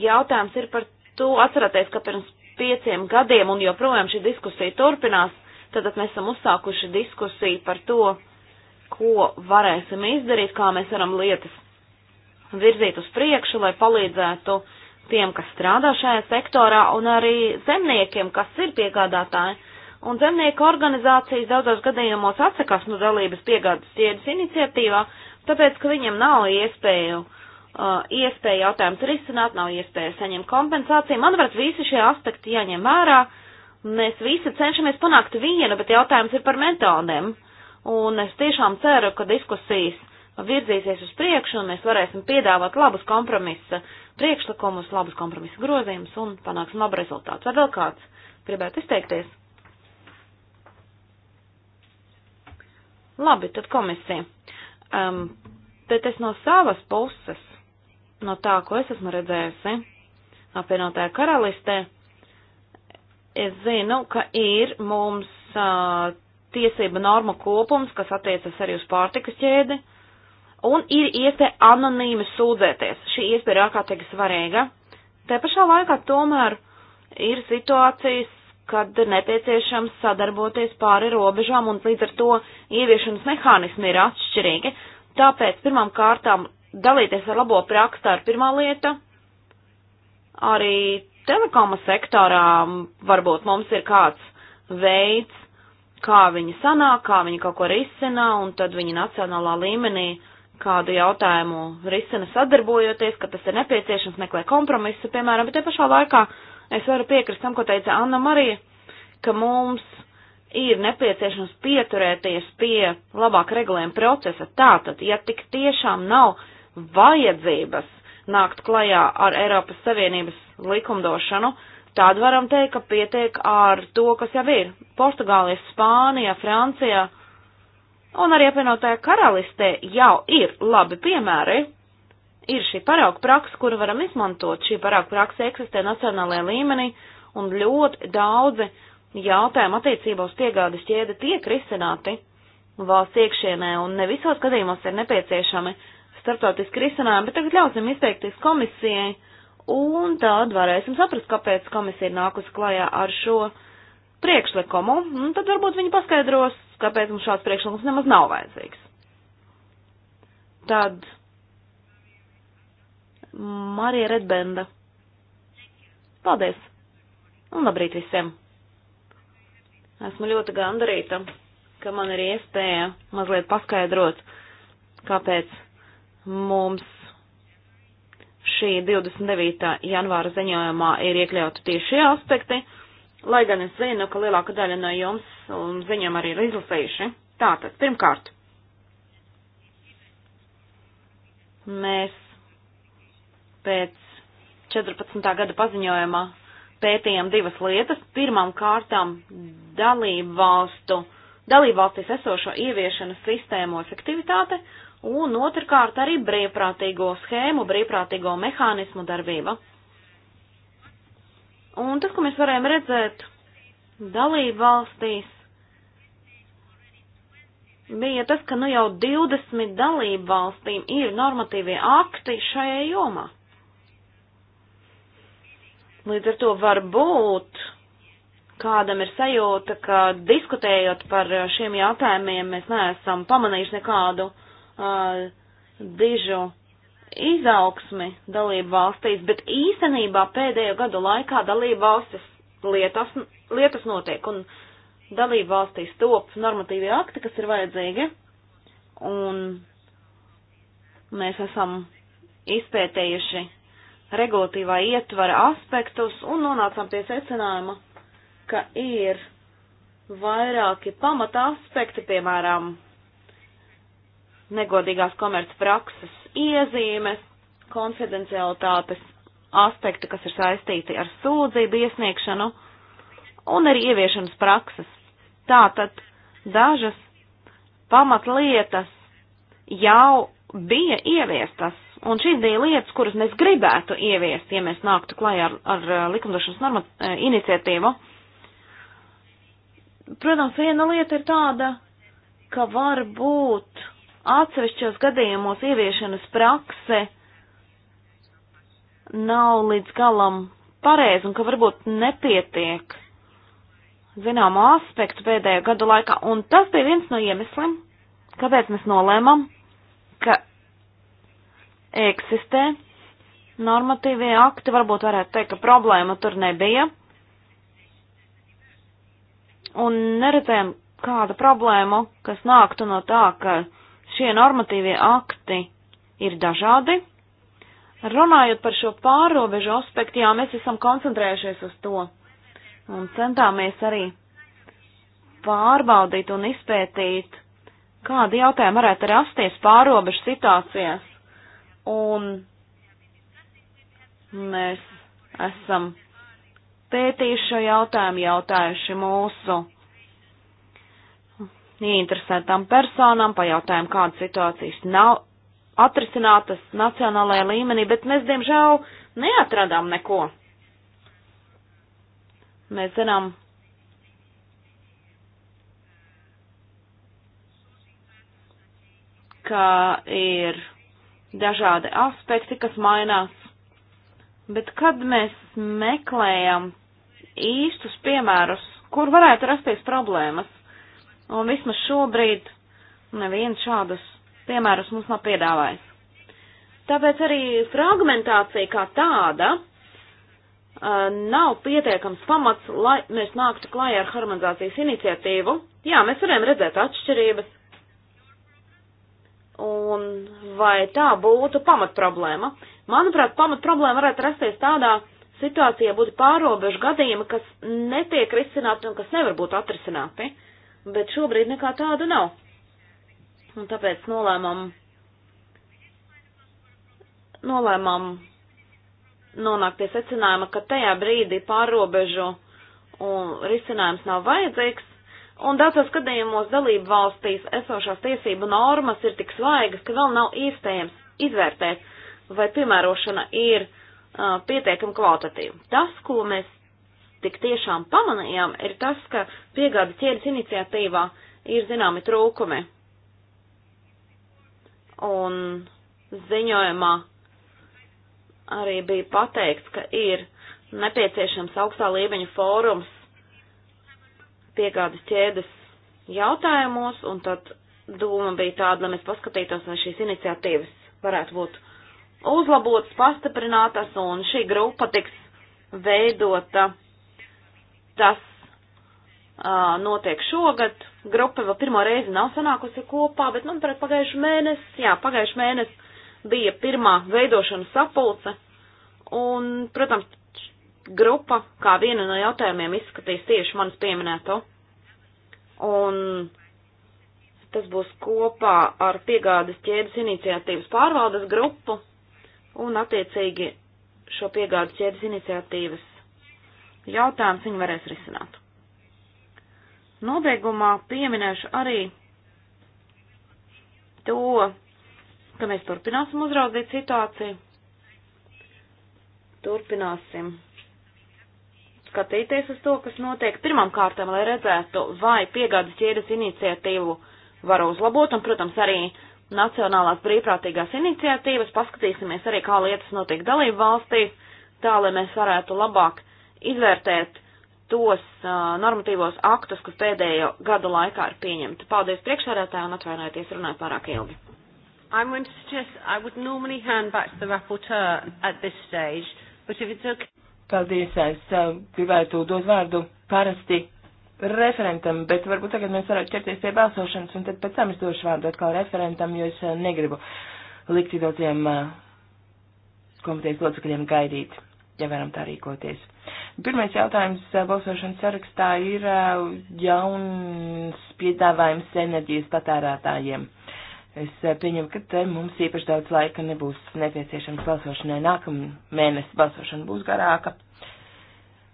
Jautājums ir par to, atceraties, ka pirms pieciem gadiem, un joprojām šī diskusija turpinās, tad mēs esam uzsākuši diskusiju par to, ko varēsim izdarīt, kā mēs varam lietas virzīt uz priekšu, lai palīdzētu tiem, kas strādā šajā sektorā, un arī zemniekiem, kas ir piegādātāji. Un zemnieku organizācijas daudzos gadījumos atsakās no dalības piegādas ķēdes iniciatīvā, tāpēc, ka viņiem nav iespēju uh, uh, iespēja jautājumus risināt, nav iespēja saņemt kompensāciju. Manuprāt, visi šie aspekti jāņem vērā. Mēs visi cenšamies panākt vienu, bet jautājums ir par metodēm. Un es tiešām ceru, ka diskusijas virzīsies uz priekšu un mēs varēsim piedāvāt labus kompromisa priekšlikumus, labus kompromisa grozījumus un panāksim labu rezultātu. Vai vēl kāds gribētu izteikties? Labi, tad komisija. Um, bet es no savas puses no tā, ko es esmu redzējusi apvienotajā karalistē, es zinu, ka ir mums uh, tiesība norma kopums, kas attiecas arī uz pārtikas ķēdi, un ir iespēja anonīmi sūdzēties. Šī iespēja ir ārkārtīgi svarīga. Te pašā laikā tomēr ir situācijas, kad ir nepieciešams sadarboties pāri robežām, un līdz ar to ieviešanas mehānismi ir atšķirīgi. Tāpēc pirmām kārtām dalīties ar labo praksi, tā ir pirmā lieta. Arī telekoma sektorā varbūt mums ir kāds veids, kā viņi sanāk, kā viņi kaut ko risina, un tad viņi nacionālā līmenī kādu jautājumu risina sadarbojoties, ka tas ir nepieciešams, meklē kompromisu, piemēram, bet te pašā laikā es varu piekrist tam, ko teica Anna Marija, ka mums ir nepieciešams pieturēties pie labāk regulējuma procesa. Tātad, ja tik tiešām nav vajadzības nākt klajā ar Eiropas Savienības likumdošanu, tad varam teikt, ka pietiek ar to, kas jau ir Portugālija, Spānija, Francija un arī apvienotajā karalistē jau ir labi piemēri. Ir šī parauga praksa, kuru varam izmantot. Šī parauga praksa eksistē nacionālajā līmenī un ļoti daudzi jautājumi attiecībā uz piegādes ķēdi tiek risināti valsts iekšienē un ne visos gadījumos ir nepieciešami uh, starptautiski risinājumi, bet tagad ļausim izteikties komisijai, un tad varēsim saprast, kāpēc komisija ir nākusi klajā ar šo priekšlikumu, un tad varbūt viņi paskaidros, kāpēc mums šāds priekšlikums nemaz nav vajadzīgs. Tad Marija Redbenda. Paldies! Un labrīt visiem! Esmu ļoti gandarīta, ka man ir iespēja mazliet paskaidrot, kāpēc mums šī 29. janvāra ziņojumā ir iekļauti tieši šie aspekti, lai gan es zinu, ka lielāka daļa no jums ziņām arī ir izlasējuši. Tātad, pirmkārt, mēs pēc 14. gada paziņojumā pētījām divas lietas. Pirmām kārtām dalību valstu, dalību valstīs esošo ieviešanas sistēmu efektivitāte un otrkārt arī brīvprātīgo schēmu, brīvprātīgo mehānismu darbība. Un tas, ko mēs varējām redzēt dalību valstīs, bija tas, ka nu jau 20 dalību valstīm ir normatīvie akti šajā jomā. Līdz ar to var būt, kādam ir sajūta, ka diskutējot par šiem jautājumiem, mēs neesam pamanījuši nekādu uh, uh, dižu izaugsmi dalību valstīs, bet īstenībā pēdējo gadu laikā dalību valstis lietas, lietas notiek un dalību valstīs top normatīvie akti, kas ir vajadzīgi, un mēs esam izpētējuši regulatīvā ietvara aspektus un nonācām pie secinājuma, ka ir vairāki pamata aspekti, piemēram, negodīgās komercprakses iezīmes, konfidencialitātes aspekti, kas ir saistīti ar sūdzību iesniegšanu un arī ieviešanas prakses. Tātad dažas pamatlietas jau bija ieviestas, un šīs bija lietas, kuras mēs gribētu ieviest, ja mēs nāktu klajā ar, ar eh, likumdošanas normat, eh, iniciatīvu. Protams, viena lieta ir tāda, ka varbūt Atsevišķos gadījumos ieviešanas prakse nav līdz galam pareizi un ka varbūt nepietiek zināmu aspektu pēdējo gadu laikā, un tas bija viens no iemesliem, kāpēc mēs nolēmam, ka eksistē normatīvie akti, varbūt varētu teikt, ka problēma tur nebija, un neredzējām kādu problēmu, kas nāktu no tā, ka šie normatīvie akti ir dažādi. Runājot par šo pārobežu aspektu, jā, mēs esam koncentrējušies uz to un centāmies arī pārbaudīt un izpētīt, kādi jautājumi varētu rasties pārobežu situācijās. Un mēs esam pētījuši šo jautājumu, jautājuši mūsu ieinteresētām personām, pajautājām, kādas situācijas nav atrisinātas nacionālajā līmenī, bet mēs, diemžēl, neatradām neko. Mēs zinām, ka ir dažādi aspekti, kas mainās, bet kad mēs meklējam īstus piemērus, kur varētu rasties problēmas, un vismaz šobrīd neviens šādus piemērus mums nav piedāvājis. Tāpēc arī fragmentācija kā tāda nav pietiekams pamats, lai mēs nāktu klājā ar harmonizācijas iniciatīvu. Jā, mēs varējām redzēt atšķirības. Un vai tā būtu pamat problēma? Manuprāt, pamat problēma varētu rasties tādā situācijā, būtu pārobežu gadījumi, kas netiek risināti un kas nevar būt atrisināti. Uh, bet šobrīd nekā tāda nav. Un tāpēc nolēmām, nolēmām nonākt pie secinājuma, ka tajā brīdī pārrobežu risinājums nav vajadzīgs, un daudzos gadījumos dalību valstīs esošās tiesību normas ir tik svaigas, ka vēl nav iespējams izvērtēt, vai piemērošana ir uh, pietiekami kvalitatīva. Tas, ko mēs tik tiešām pamanījām, ir tas, ka piegādes ķēdes iniciatīvā ir zināmi trūkumi. Un ziņojumā arī bija pateikts, ka ir nepieciešams augstā līmeņa fórums piegādes ķēdes jautājumos, un tad doma bija tāda, lai mēs paskatītos, vai šīs iniciatīvas varētu būt uzlabotas, pastiprinātas, un šī grupa tiks veidota Tas uh, notiek šogad. Grupa vēl pirmo reizi nav sanākusi kopā, bet, manuprāt, pagājuši mēnesi, jā, pagājuši mēnesi bija pirmā veidošanas sapulce. Un, protams, grupa kā vienu no jautājumiem izskatīs tieši manas pieminēto. Un tas būs kopā ar piegādes ķēdes iniciatīvas pārvaldes grupu un attiecīgi šo piegādes ķēdes iniciatīvas jautājumus viņi varēs risināt. Nobeigumā pieminēšu arī to, ka mēs turpināsim uzraudzīt situāciju, turpināsim skatīties uz to, kas notiek pirmām kārtām, lai redzētu, vai piegādas ķēdes iniciatīvu var uzlabot, un, protams, arī nacionālās brīvprātīgās iniciatīvas, paskatīsimies arī, kā lietas notiek dalību valstīs, tā, lai mēs varētu labāk izvērtēt tos uh, normatīvos aktus, kas pēdējo gadu laikā ir pieņemti. Paldies priekšsēdētāji un atvainojieties runāt pārāk ilgi.
I'm going to suggest I would normally hand back to the rapporteur at this stage, but if it's okay...
Paldies, es uh, gribētu
dot vārdu parasti referentam, bet varbūt tagad mēs varētu ķerties pie balsošanas, un tad pēc tam es došu vārdu atkal referentam, jo es uh, negribu likt citotiem uh, komitejas locekļiem gaidīt, ja varam tā rīkoties. Pirmais jautājums eh, balsošanas sarakstā ir eh, jauns piedāvājums enerģijas patērētājiem. Es eh, pieņemu, ka te mums īpaši daudz laika nebūs nepieciešams balsošanai. Nākamā mēnesis balsošana būs garāka.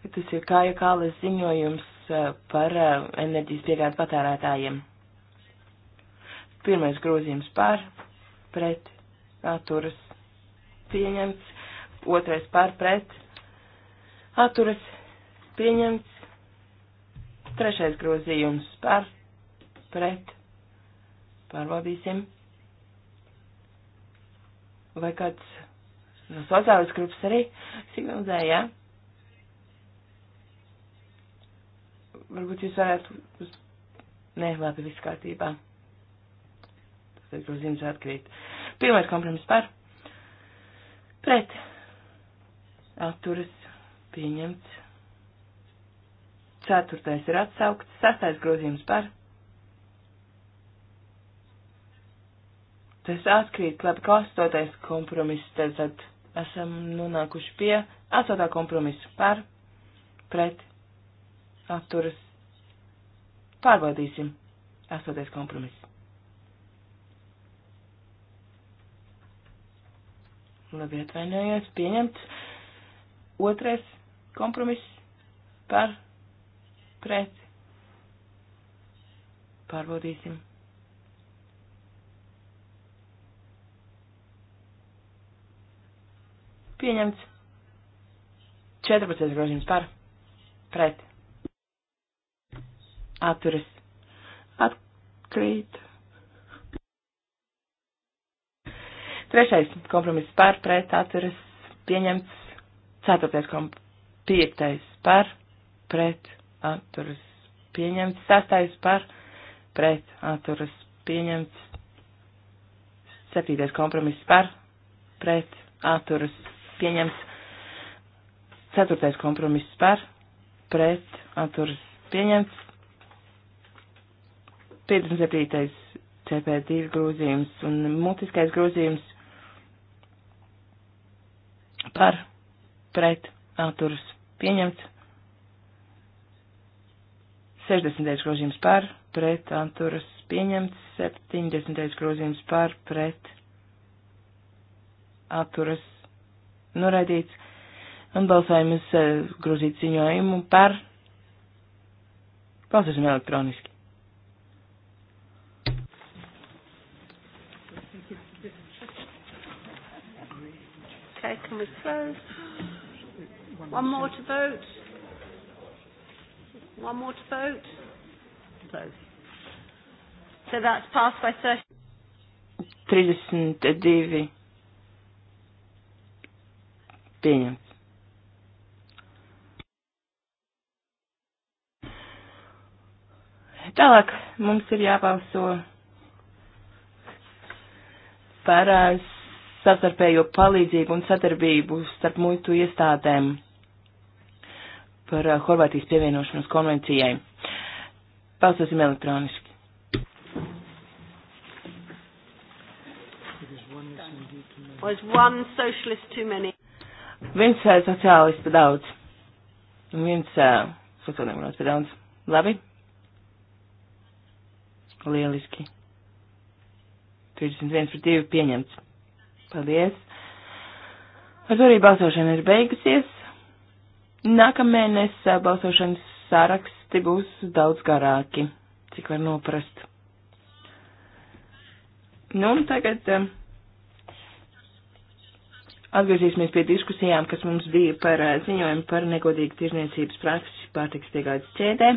Tas ir kā jau kāles ziņojums par enerģijas piegādu patērētājiem. Pirmais grozījums par, pret, atturas pieņemts. Otrais par, pret, atturas pieņemts. Trešais grozījums par, pret, pārbaudīsim. Vai kāds no sociālas grupas arī signalizēja? Ja? Varbūt jūs varētu uz... Nē, labi, viss kārtībā. Tad grozījums atkrīt. Pirmais kompromiss par, pret, atturas Pieņemts. Ceturtais ir atsaukts. Sastais grozījums par. Tas atkrīt, labi, ka astotais kompromiss tagad esam nonākuši pie astotā kompromisa par, pret, atturas. Pārbaudīsim. Astotais kompromiss. Labi, atvainojies, pieņemts. Otrais Kompromiss par pret. Pārbaudīsim. Pieņemts. 14 grozījums par pret. Atturas. Atkrīt. Trešais kompromiss par pret atturas pieņemts. Ceturtais kompromiss Piektais par pret atturas pieņemts. Sastais par pret atturas pieņemts. Septītais kompromiss par pret atturas pieņemts. Ceturtais kompromiss par pret atturas pieņemts. 57. CP2 grozījums un mutiskais grozījums par pret atturas pieņemts. 60. grozījums par, pret, atturas pieņemts. 70. grozījums par, pret, atturas noraidīts. Un balsājam uz uh, grozīt ziņojumu par. Balsosim elektroniski.
Okay, can we close? One more to vote. One more to vote. Close. So that's passed by
30. 32. Pieņemts. Tālāk mums ir jābalso par savstarpējo palīdzību un sadarbību starp muitu iestādēm par eh, Horvātijas pievienošanos konvencijai. Balsosim elektroniski.
Was one socialist too many?
Viens uh, sociālists par daudz. Un viens uh, sociāldemokrāts par daudz. Labi? Lieliski. 31 par 2 pieņemts. Paldies. Ar to arī balsošana ir beigusies. Nākamēnes balsošanas saraksti būs daudz garāki, cik var noprast. Nu, un tagad atgriezīsimies pie diskusijām, kas mums bija par ziņojumu par negodīgu tirzniecības praksi pārtiks piegādes ķēdē.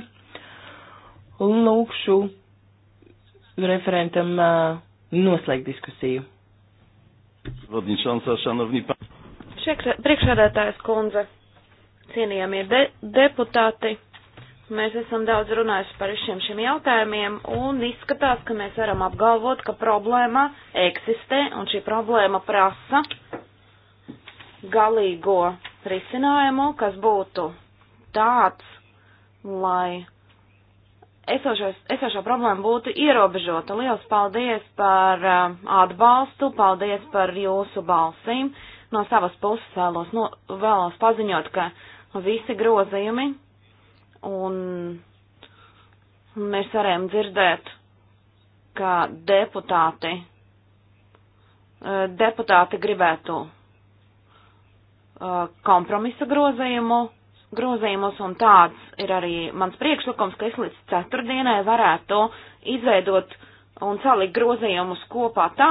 Un lūkšu referentam noslēgt diskusiju.
Priekšsēdētājs kundze. Cienījamie de deputāti, mēs esam daudz runājuši par visiem šiem jautājumiem un izskatās, ka mēs varam apgalvot, ka problēma eksistē un šī problēma prasa galīgo risinājumu, kas būtu tāds, lai esošos, esošo problēmu būtu ierobežota. Liels paldies par uh, atbalstu, paldies par jūsu balsīm. No savas puses vēlos, no, vēlos paziņot, ka visi grozījumi, un mēs varējām dzirdēt, ka deputāti, e, deputāti gribētu e, kompromisa grozījumu, grozījumus, un tāds ir arī mans priekšlikums, ka es līdz ceturtdienai varētu izveidot un salikt grozījumus kopā tā,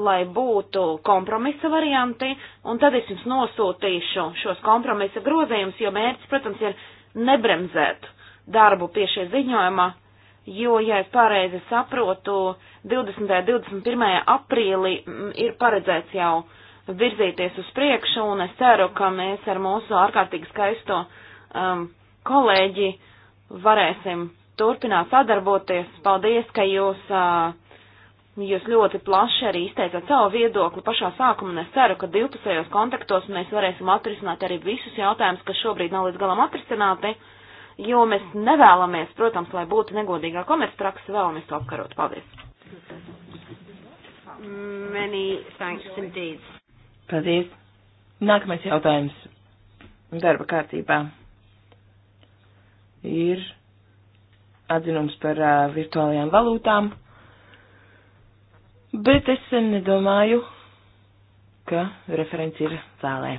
lai būtu kompromisa varianti, un tad es jums nosūtīšu šos kompromisa grozījumus, jo mērķis, protams, ir nebremzēt darbu pie šie ziņojuma, jo, ja es pareizi saprotu, 20. un 21. aprīlī mm, ir paredzēts jau virzīties uz priekšu, un es ceru, ka mēs ar mūsu ārkārtīgi skaisto um, kolēģi varēsim turpināt sadarboties. Paldies, ka jūs, jūs ļoti plaši arī izteicāt savu viedokli pašā sākumā, un es ceru, ka divpusējos kontaktos mēs varēsim atrisināt arī visus jautājumus, kas šobrīd nav līdz galam atrisināti, jo mēs nevēlamies, protams, lai būtu negodīgā komercpraksa, vēlamies to apkarot. Paldies!
Many thanks indeed.
Paldies.
Nākamais jautājums darba kārtībā ir atzinums par uh, virtuālajām valūtām, bet es nedomāju, ka referents ir zālē.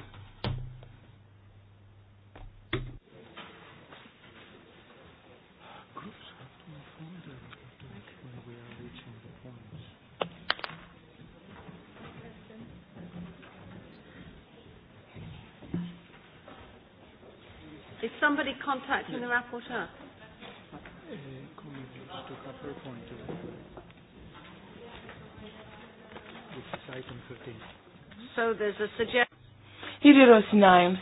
Is somebody contacting the rapporteur?
come tocca PowerPoint.
This is item 13.
So there's a suggestion.
Ir ierosinājums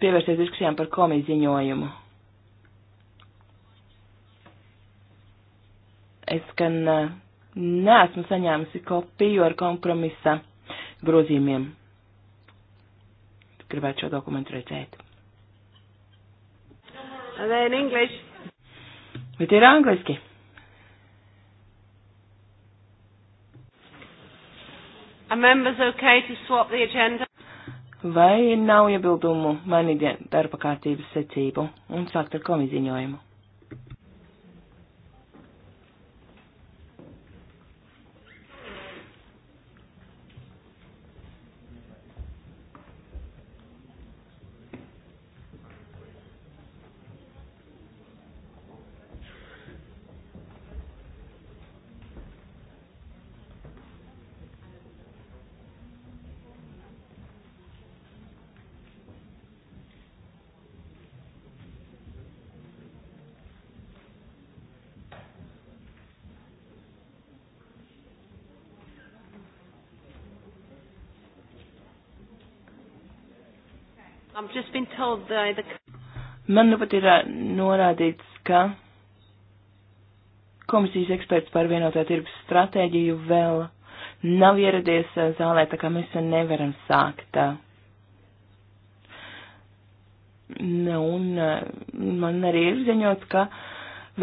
pievērsties diskusijām par komiju ziņojumu. Es gan neesmu saņēmusi kopiju ar kompromisa grozījumiem. Gribētu šo dokumentu redzēt.
And then English.
Vai tie ir angliski?
Are members okay to swap the agenda?
Vai nav iebildumu mainīt darba kārtības secību un sākt ar komiziņojumu? Man nu pat ir norādīts, ka komisijas eksperts par vienotā tirgus stratēģiju vēl nav ieradies zālē, tā kā mēs nevaram sākt. Nu, un man arī ir ziņots, ka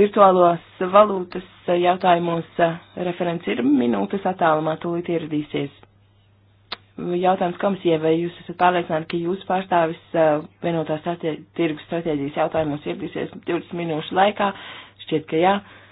virtuālos valūtas jautājumos referents ir minūtes attālumā, tūlīt ieradīsies jautājums komisijai, vai jūs esat pārliecināti, ka jūsu pārstāvis uh, vienotās tirgus stratēģijas jautājumos ieradīsies 20 minūšu laikā? Šķiet, ka jā. Ja.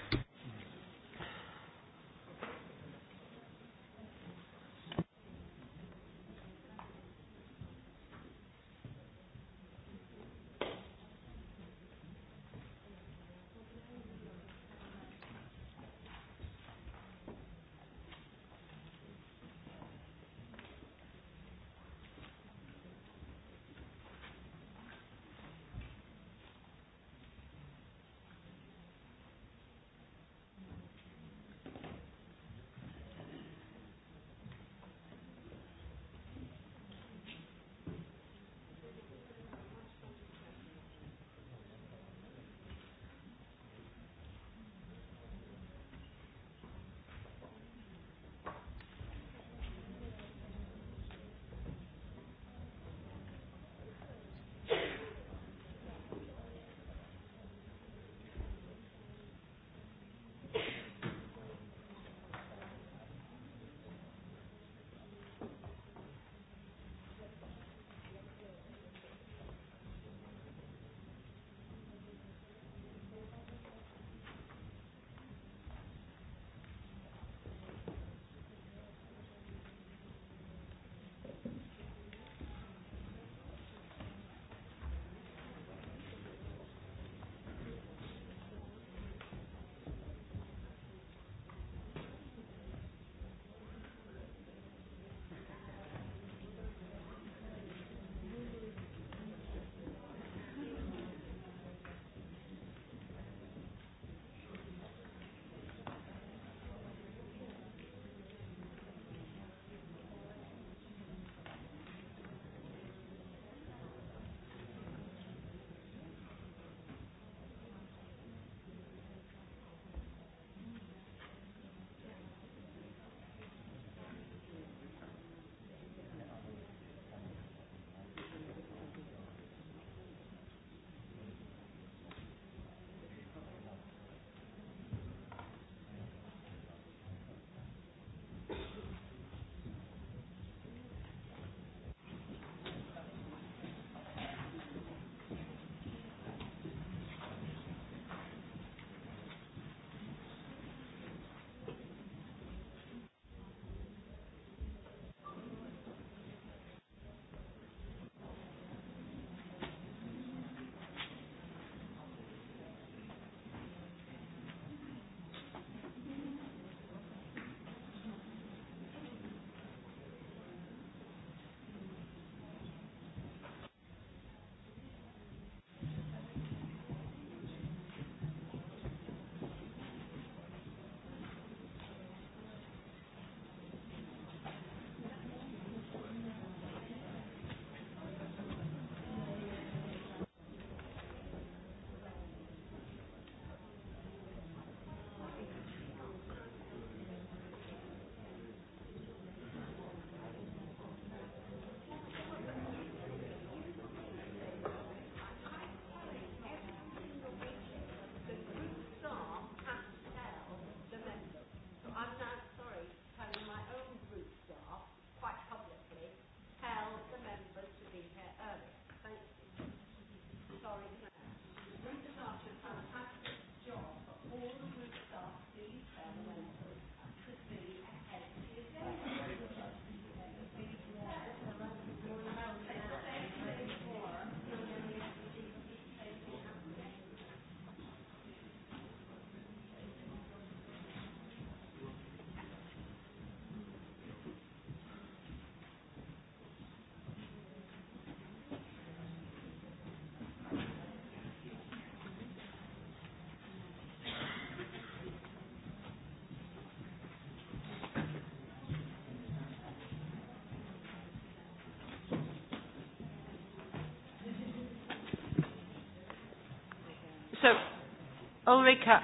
Ulrika.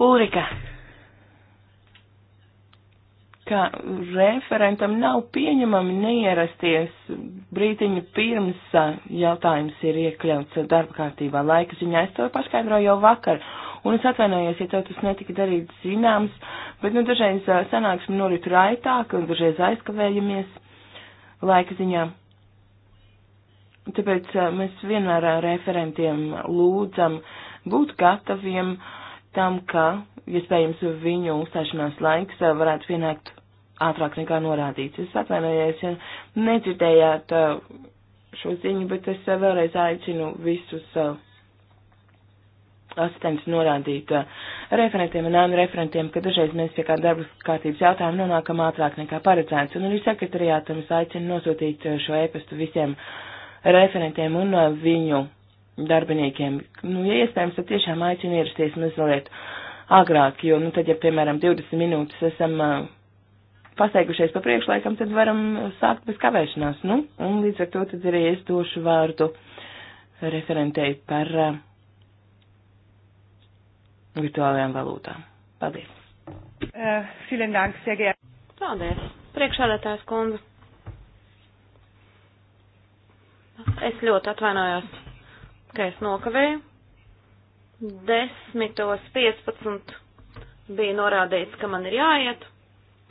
Ulrika. Kā referentam nav pieņemami neierasties brītiņu pirms jautājums ir iekļauts darba kārtībā laika ziņā. Es to paskaidroju jau vakar. Un es atvainojos, ja tev tas netika darīts zināms, bet nu dažreiz sanāksme norit raitāk un dažreiz aizkavējamies laika ziņā. Tāpēc mēs vienmēr referentiem lūdzam būt gataviem tam, ka, iespējams, ja viņu uzstāšanās laiks eh, varētu pienākt ātrāk nekā norādīts. Es atvainojos, ja nedzirdējāt eh, šo ziņu, bet es eh, vēlreiz aicinu visus asistents norādīt referentiem un ānu referentiem, ka dažreiz mēs pie kā darbas kārtības jautājumu nonākam ātrāk nekā paredzēts. Un arī sekretariātam es aicinu nosūtīt šo ēpastu visiem referentiem un viņu darbiniekiem, nu, ja iespējams, tad tiešām aicinu ierasties mazliet agrāk, jo, nu, tad, ja, piemēram, 20 minūtes esam uh, pasteigušies pa priekšlaikam, tad varam sākt bez kavēšanās, nu, un līdz ar to tad arī es došu vārdu referentei par uh, virtuālajām valūtām.
Paldies! Uh, vielen Dank, sehr geehrte. Paldies, priekšādātājs kundze. Es ļoti atvainojos ka es nokavēju. 10.15 bija norādīts, ka man ir jāiet,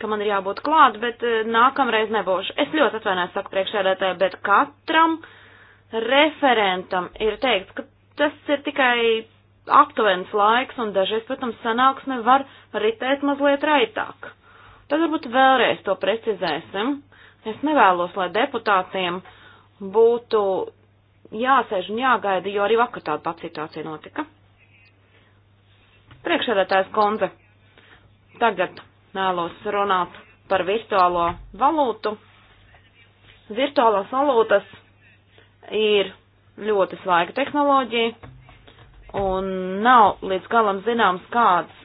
ka man ir jābūt klāt, bet eh, nākamreiz nebūšu. Es ļoti atvainojos, saku priekšēdētāji, bet katram referentam ir teikts, ka tas ir tikai aptuvens laiks, un dažreiz, protams, sanāksme var ritēt mazliet raitāk. Tad varbūt vēlreiz to precizēsim. Es nevēlos, lai deputātiem būtu jāsēž un jāgaida, jo arī vakar tāda pati situācija notika. Priekšsēdētājs Konze, tagad mēlos runāt par virtuālo valūtu. Virtuālās valūtas ir ļoti svaiga tehnoloģija un nav līdz galam zināms, kāds,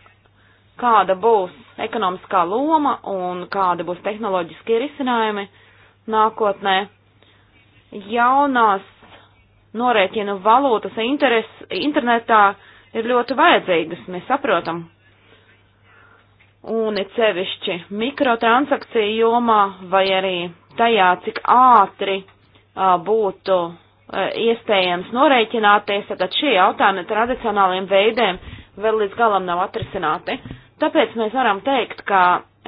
kāda būs ekonomiskā loma un kāda būs tehnoloģiskie risinājumi nākotnē. Jaunās norēķinu valūtas interes internetā ir ļoti vajadzīgas, mēs saprotam. Un ir sevišķi mikrotransakciju jomā vai arī tajā, cik ātri a, būtu a, iespējams norēķināties, tad šie jautājumi tradicionāliem veidiem vēl līdz galam nav atrisināti. Tāpēc mēs varam teikt, ka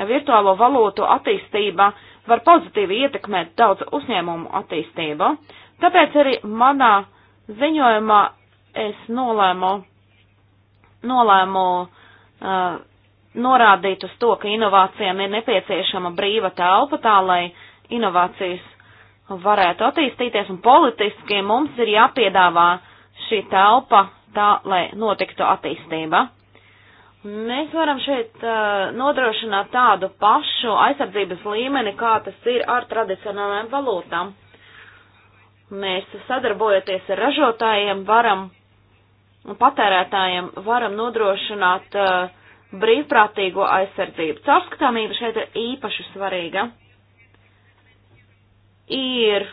virtuālo valūtu attīstība var pozitīvi ietekmēt daudz uzņēmumu attīstību. Uh, Tāpēc arī manā ziņojumā es nolēmu, nolēmu uh, norādīt uz to, ka inovācijām ir nepieciešama brīva telpa tā, lai inovācijas varētu attīstīties un politiski mums ir jāpiedāvā šī telpa tā, lai notiktu attīstība. Mēs varam šeit uh, nodrošināt tādu pašu aizsardzības līmeni, kā tas ir ar tradicionālajām valūtām. Uh, Mēs sadarbojoties ar ražotājiem varam un patērētājiem varam nodrošināt uh, brīvprātīgo aizsardzību. Caurskatāmība šeit ir īpaši svarīga. Ir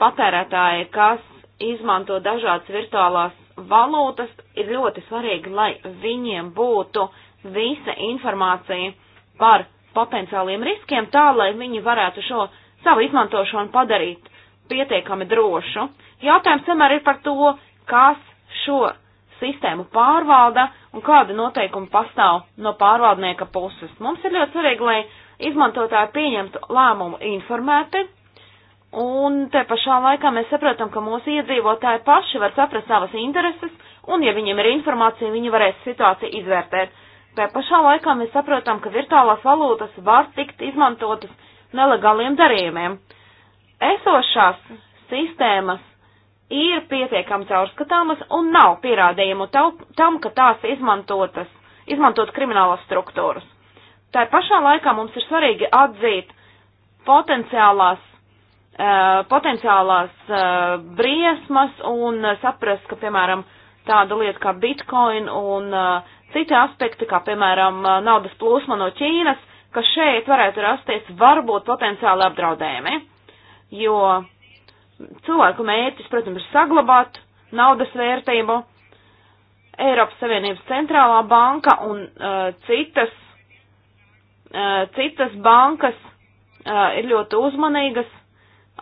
patērētāji, kas izmanto dažādas virtuālās valūtas, ir ļoti svarīgi, lai viņiem būtu visa informācija par potenciāliem riskiem, tā lai viņi varētu šo savu izmantošanu padarīt pietiekami drošu. Jautājums vienmēr ir par to, kas šo sistēmu pārvalda un kāda noteikuma pastāv no pārvaldnieka puses. Mums ir ļoti svarīgi, lai izmantotāji pieņemtu lēmumu informēti, un te pašā laikā mēs saprotam, ka mūsu iedzīvotāji paši var saprast savas intereses, un ja viņiem ir informācija, viņi varēs situāciju izvērtēt. Te pašā laikā mēs saprotam, ka virtuālās valūtas var tikt izmantotas nelegāliem darījumiem esošās sistēmas ir pietiekami caurskatāmas un nav pierādījumu tam, ka tās izmantotas, izmantot kriminālas struktūras. Tā pašā laikā mums ir svarīgi atzīt potenciālās, uh, potenciālās uh, briesmas un saprast, ka, piemēram, tāda lieta kā bitcoin un uh, citi aspekti, kā, piemēram, naudas plūsma no Ķīnas, ka šeit varētu rasties varbūt potenciāli apdraudējumi jo cilvēku mērķis, protams, ir saglabāt naudas vērtību. Eiropas Savienības centrālā banka un uh, citas, uh, citas bankas uh, ir ļoti uzmanīgas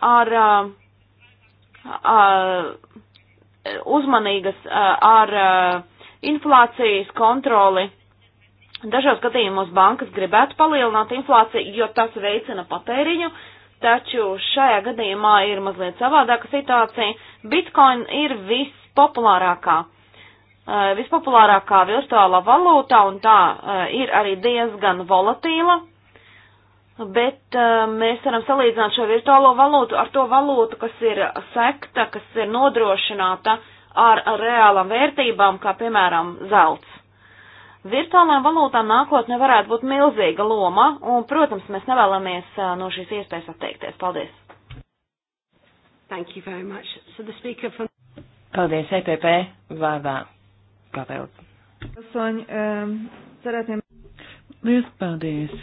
ar, uh, uh, uzmanīgas uh, ar uh, inflācijas kontroli. Dažos gadījumos bankas gribētu palielināt inflāciju, jo tas veicina patēriņu, uh, Taču šajā gadījumā ir mazliet savādāka situācija. Bitcoin ir vispopulārākā, eh, vispopulārākā virtuālā valūta un tā eh, ir arī diezgan volatīla, bet eh, mēs varam salīdzināt šo virtuālo valūtu ar to valūtu, kas ir sekta, kas ir nodrošināta ar reālām vērtībām, kā piemēram zelts. Virtuālām valūtām nākotnē varētu būt milzīga loma, un, protams, mēs nevēlamies no šīs iespējas atteikties. Paldies! Thank you very much. So the speaker from...
Paldies, EPP, Vāvā Gavēl.
Soņ, um,
cerētiem.
Liels paldies,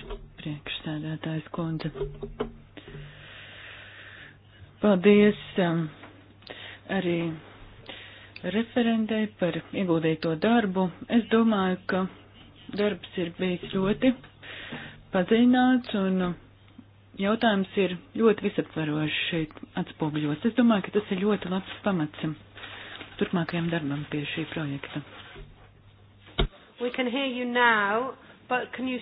priekšsēdētājs kundze.
Paldies um, arī referentē par ieguldīto darbu. Es domāju, ka darbs ir bijis ļoti padziļināts un jautājums ir ļoti visaptvarošs šeit atspoguļots. Es domāju, ka tas ir ļoti labs pamats turpmākajam darbam pie šī projekta.
Now, you...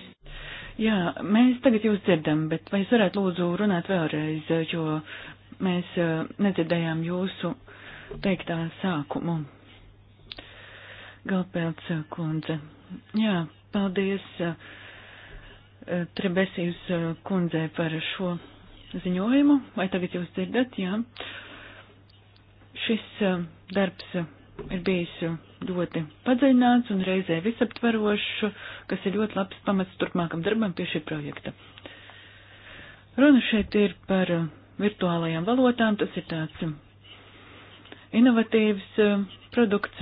Jā, mēs tagad jūs dzirdam, bet vai jūs varētu lūdzu runāt vēlreiz, jo mēs eh, nedzirdējām jūsu teiktā sākumu. Galpēlts eh, kundze. Jā, paldies eh, eh, Trebesijas kundzē par šo ziņojumu. Vai tagad jūs dzirdat? Jā. Šis darbs ir bijis ļoti padziļināts un reizē visaptvarošs, kas ir ļoti labs pamats turpmākam darbam pie šī projekta. Runa šeit ir par virtuālajām valodām, tas ir tāds inovatīvs eh, produkts,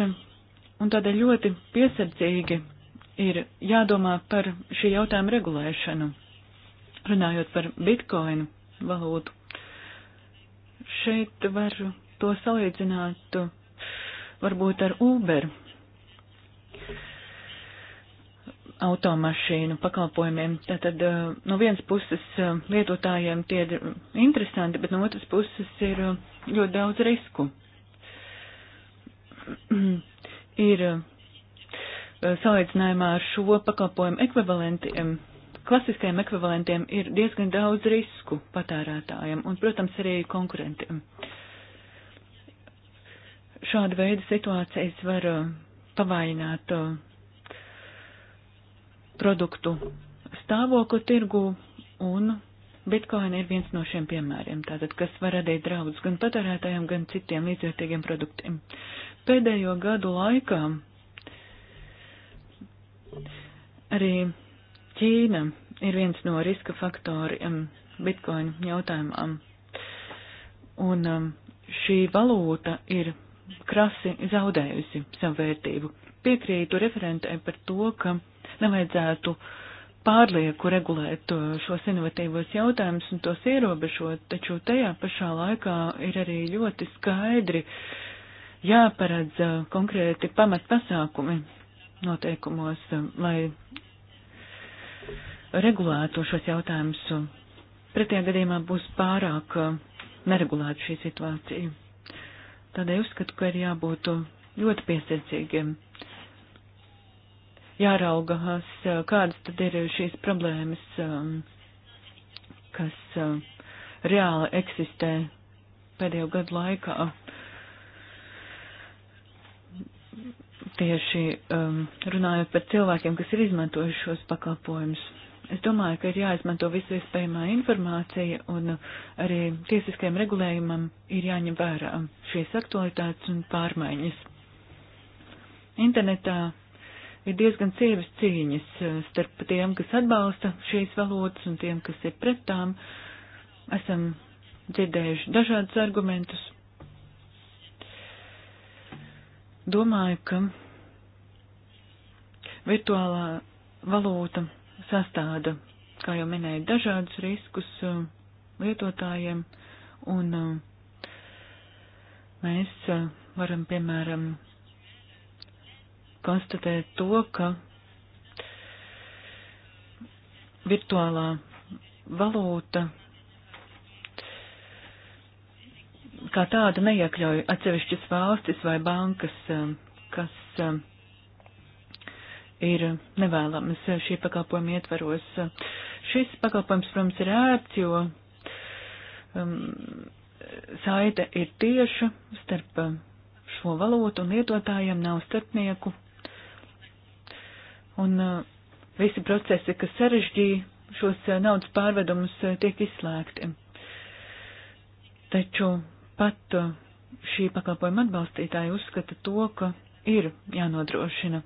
un tādēļ ļoti piesardzīgi ir jādomā par šī jautājuma regulēšanu, runājot par bitkoinu valūtu. Šeit var to salīdzināt varbūt ar Uber automašīnu pakalpojumiem. Tātad eh, no vienas puses eh, lietotājiem tie ir interesanti, bet no otras puses ir ļoti daudz risku. [CLEARS THROAT] ir eh, salīdzinājumā ar šo pakalpojumu ekvivalentiem, klasiskajiem ekvivalentiem ir diezgan daudz risku patērētājiem un, protams, arī konkurentiem. Šāda veida situācijas var eh, pavājināt eh, produktu stāvokli tirgu un Bitcoin ir viens no šiem piemēriem, tātad, kas var radīt draudus gan patērētājiem, gan citiem līdzvērtīgiem produktiem. Pēdējo gadu laikā arī Ķīna ir viens no riska faktoriem um, bitkoinu jautājumam. Un um, šī valūta ir krasi zaudējusi savu vērtību. Piekrītu referentē par to, ka nevajadzētu pārlieku regulēt uh, šos inovatīvos jautājumus un tos ierobežot, taču tajā pašā laikā ir arī ļoti skaidri uh, jāparedz konkrēti pamat pasākumi noteikumos, lai regulētu šos jautājumus. Pretējā gadījumā būs pārāk neregulēta šī situācija. Tādēļ uzskatu, ka ir jābūt ļoti piesardzīgiem. Jāraugās, kādas tad ir šīs problēmas, kas reāli eksistē pēdējo gadu laikā tieši um, runājot par cilvēkiem, kas ir izmantojuši šos pakalpojumus. Es domāju, ka ir jāizmanto visu iespējamā informācija un arī tiesiskajam regulējumam ir jāņem vērā šīs aktualitātes un pārmaiņas. Internetā ir diezgan cievas cīņas uh, starp tiem, kas atbalsta šīs valodas un tiem, kas ir pret tām. Esam dzirdējuši dažādus argumentus. Domāju, ka Virtuālā valūta sastāda, kā jau minēju, dažādus riskus uh, lietotājiem, un uh, mēs uh, varam, piemēram, konstatēt to, ka virtuālā valūta kā tāda neiekļauj atsevišķas valstis vai bankas, kas ir nevēlamas šī pakalpojuma ietvaros. Šis pakalpojums, protams, ir ērts, jo um, saite ir tieša starp um, šo valotu un lietotājiem, nav starpnieku. Un uh, visi procesi, kas sarežģīja šos uh, naudas pārvedumus, uh, tiek izslēgti. Taču pat uh, šī pakalpojuma atbalstītāja uzskata to, ka ir jānodrošina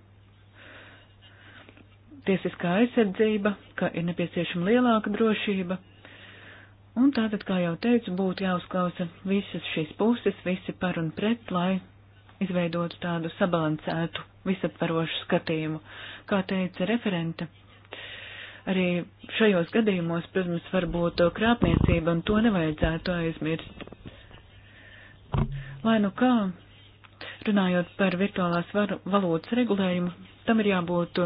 tiesiskā aizsardzība, ka ir nepieciešama lielāka drošība. Un tātad, kā jau teicu, būtu jāuzklausa visas šīs puses, visi par un pret, lai izveidotu tādu sabalansētu, visaptvarošu skatījumu. Kā teica referente, arī šajos gadījumos, protams, var būt krāpniecība, un to nevajadzētu aizmirst. Lai nu kā, runājot par virtuālās valūtas regulējumu, tam ir jābūt